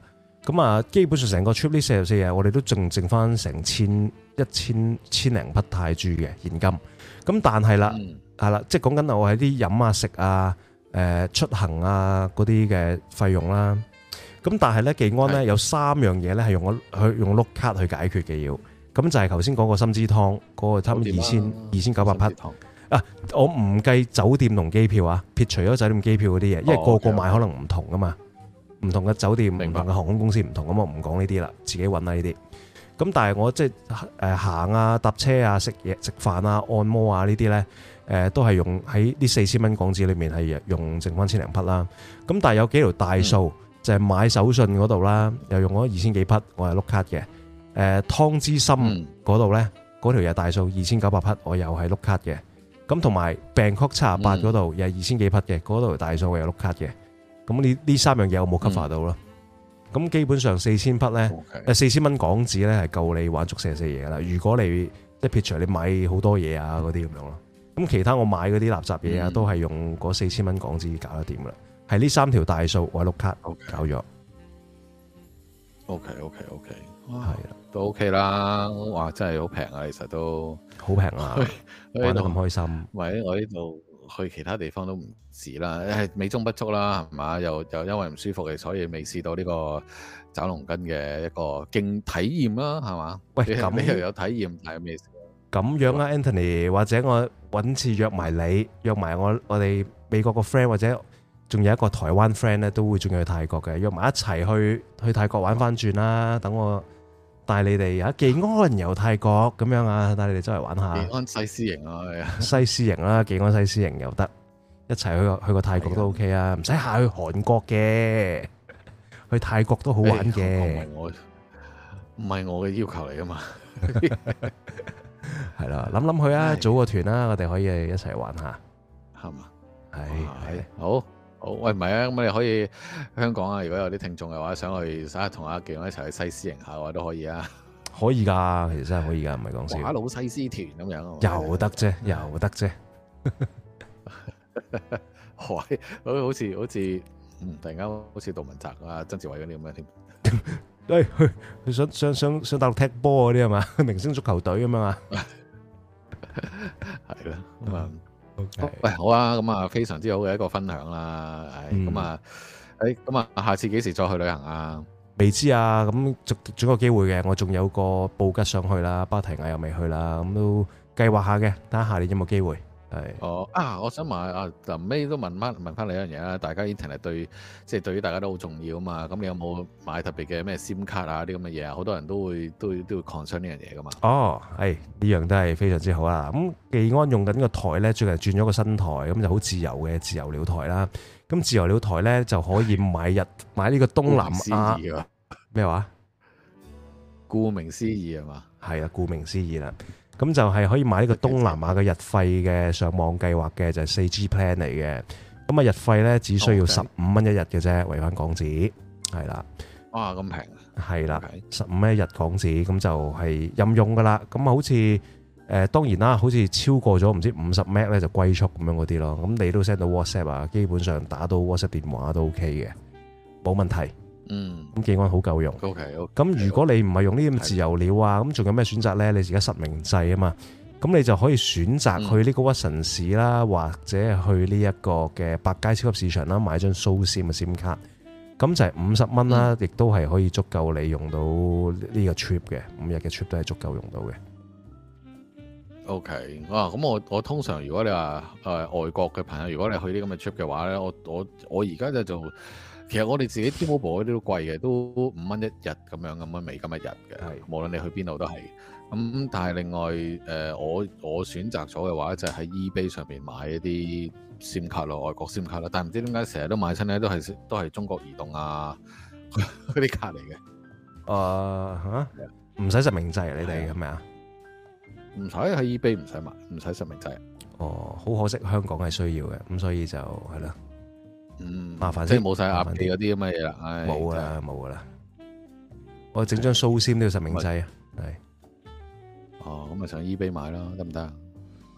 咁啊，基本上成個 trip 呢四十四日，我哋都仲剩翻成千一千千零匹泰銖嘅現金。咁但係啦，係啦、嗯，即係講緊我喺啲飲啊食啊，誒出行啊嗰啲嘅費用啦。咁但係咧，技安咧有三樣嘢咧係用去用碌卡去解決嘅要。咁就係頭先講個心之湯嗰個差唔多二千二千九百匹。2, 啊，我唔計酒店同機票啊，撇除咗酒店機票嗰啲嘢，因為個個買可能唔同啊嘛。唔同嘅酒店、唔白同嘅航空公司唔同，咁我唔講呢啲啦，自己揾啦呢啲。咁但係我即係誒行啊、搭車啊、食嘢、食飯啊、按摩啊呢啲呢，誒、呃、都係用喺呢四千蚊港紙裏面係用剩翻千零匹啦。咁但係有幾條大數、嗯、就係買手信嗰度啦，又用咗二千幾匹，我係碌卡嘅。誒、呃、湯之森嗰度呢，嗰條又大數二千九百匹，我又係碌卡嘅。咁同埋 BangKok78 嗰度又係二千幾匹嘅，嗰度、嗯、大數我又碌卡嘅。咁你呢三樣嘢有冇 cover 到咯？咁、嗯、基本上四千匹咧，四千蚊港紙咧係夠你玩足成四嘢啦。如果你即係撇除你買好多嘢啊嗰啲咁樣咯，咁其他我買嗰啲垃圾嘢啊，嗯、都係用嗰四千蚊港紙搞得掂噶啦。係呢三條大數，我係碌卡搞咗。O K O K O K，係啦，了都 O K 啦。哇，真係好平啊！其實都好平啊，玩到咁開心。喂，我呢度去其他地方都唔時啦，係美中不足啦，係嘛？又又因為唔舒服，所以未試到呢個走龍筋嘅一個勁體驗啦，係嘛？喂，咁又有體驗睇咁樣啊，Anthony，或者我揾次約埋你，約埋我，我哋美國個 friend，或者仲有一個台灣 friend 咧，都會鍾意去泰國嘅，約埋一齊去去泰國玩翻轉啦。等、嗯、我帶你哋阿技安人遊泰國咁樣啊，帶你哋周圍玩下。技安西斯營啊，細私、啊、營啦、啊，技安西斯營又得。一齊去去過泰國都 OK 啊，唔使下去韓國嘅，去泰國都好玩嘅。唔係我，唔係我嘅要求嚟㗎嘛。係啦，諗諗去啊，組個團啦，我哋可以一齊玩下，係嘛？係，好好喂，唔係啊，咁你可以香港啊。如果有啲聽眾嘅話，想去，想同阿健一齊去西施營下嘅話，都可以啊。可以㗎，其實真係可以㗎，唔係講笑。華老西施團咁樣，又得啫，又得啫。好，好似好似，嗯，突然間好似杜汶澤啊、曾志偉嗰啲咁樣添。誒，想想想想大陸踢波嗰啲係嘛，明星足球隊咁樣嘛，係啦。咁啊，喂，好啊，咁啊，非常之好嘅一個分享啦。咁啊，誒，咁啊，下次幾時再去旅行啊？未知啊，咁捉掌握機會嘅，我仲有個布吉想去啦，芭提雅又未去啦，咁都計劃下嘅，睇下下年有冇機會。係是哦啊！我想問啊，臨尾都問翻問翻你一樣嘢啦。大家 internet 對即係、就是、對於大家都好重要啊嘛。咁你有冇買特別嘅咩 SIM 卡啊啲咁嘅嘢啊？好多人都會都都會 concern 呢樣嘢噶嘛。哦，係、哎、呢樣都係非常之好啦。咁技安用緊個台咧，最近轉咗個新台，咁就好自由嘅自由鳥台啦。咁自由鳥台咧就可以買日買呢個東南亞咩話麼？顧名思義係嘛？係啊，顧名思義啦。咁就係可以買呢個東南亞嘅日費嘅上網計劃嘅，就係四 G plan 嚟嘅。咁啊，日費咧只需要十五蚊一日嘅啫，為翻港紙係啦。哇，咁平係啦，十五蚊一日港紙，咁就係任用噶啦。咁啊，好似誒當然啦，好似超過咗唔知五十 Mbps 咧就歸速咁樣嗰啲咯。咁你都 send 到 WhatsApp 啊，基本上打到 WhatsApp 電話都 OK 嘅，冇問題。嗯，咁技安好夠用。OK，咁 okay,、okay, 如果你唔係用呢啲自由料啊，咁仲是有咩選擇呢？你而家實名制啊嘛，咁你就可以選擇去呢個屈臣氏啦，嗯、或者去呢一個嘅百佳超級市場啦，買張 SoSim 嘅 SIM 卡，咁就係五十蚊啦，亦都係可以足夠你用到呢個 trip 嘅五日嘅 trip 都係足夠用到嘅。OK，哇、啊！咁、嗯、我我通常如果你話、呃、外國嘅朋友，如果你去呢咁嘅 trip 嘅話呢，我我我而家就做。其實我哋自己 T-Mobile 嗰啲都貴嘅，都五蚊一日咁樣，五蚊美金一日嘅，係是的 無論你去邊度都係。咁、嗯、但係另外誒、呃，我我選擇咗嘅話就喺 eBay 上面買一啲 SIM 卡咯，外國 SIM 卡啦。但係唔知點解成日都買親咧，都係都係中國移動啊嗰啲 卡嚟嘅。誒嚇，唔使實名制，你哋係咪啊？唔使喺 eBay 唔使買，唔使實名制。哦，好可惜香港係需要嘅，咁所以就係啦。嗯，麻煩先，即係冇晒壓地嗰啲咁嘅嘢啦，唉，冇啦，冇啦，我整張蘇先都要實名制啊，係，哦，咁咪上 eBay 買啦，得唔得啊？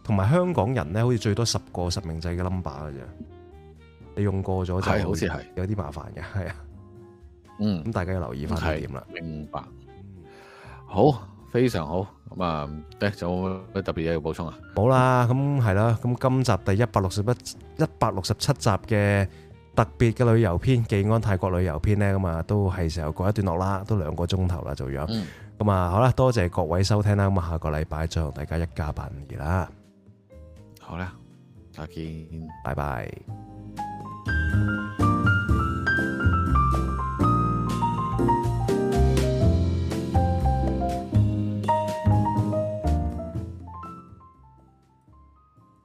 同埋香港人咧，好似最多十個實名制嘅 number 嘅啫，你用過咗就係，好似係有啲麻煩嘅，係啊，嗯，咁大家要留意翻呢點啦，明白，好，非常好，咁啊，得仲有冇咩特別嘢要補充啊，冇啦，咁係啦，咁今集第一百六十一一百六十七集嘅，特別嘅旅遊篇，技安泰國旅遊篇咧，咁啊都係時候過一段落啦，都兩個鐘頭啦，就樣。咁啊，好啦，多謝各位收聽啦，咁啊，下個禮拜再同大家一家852啦。好啦，再見，拜拜。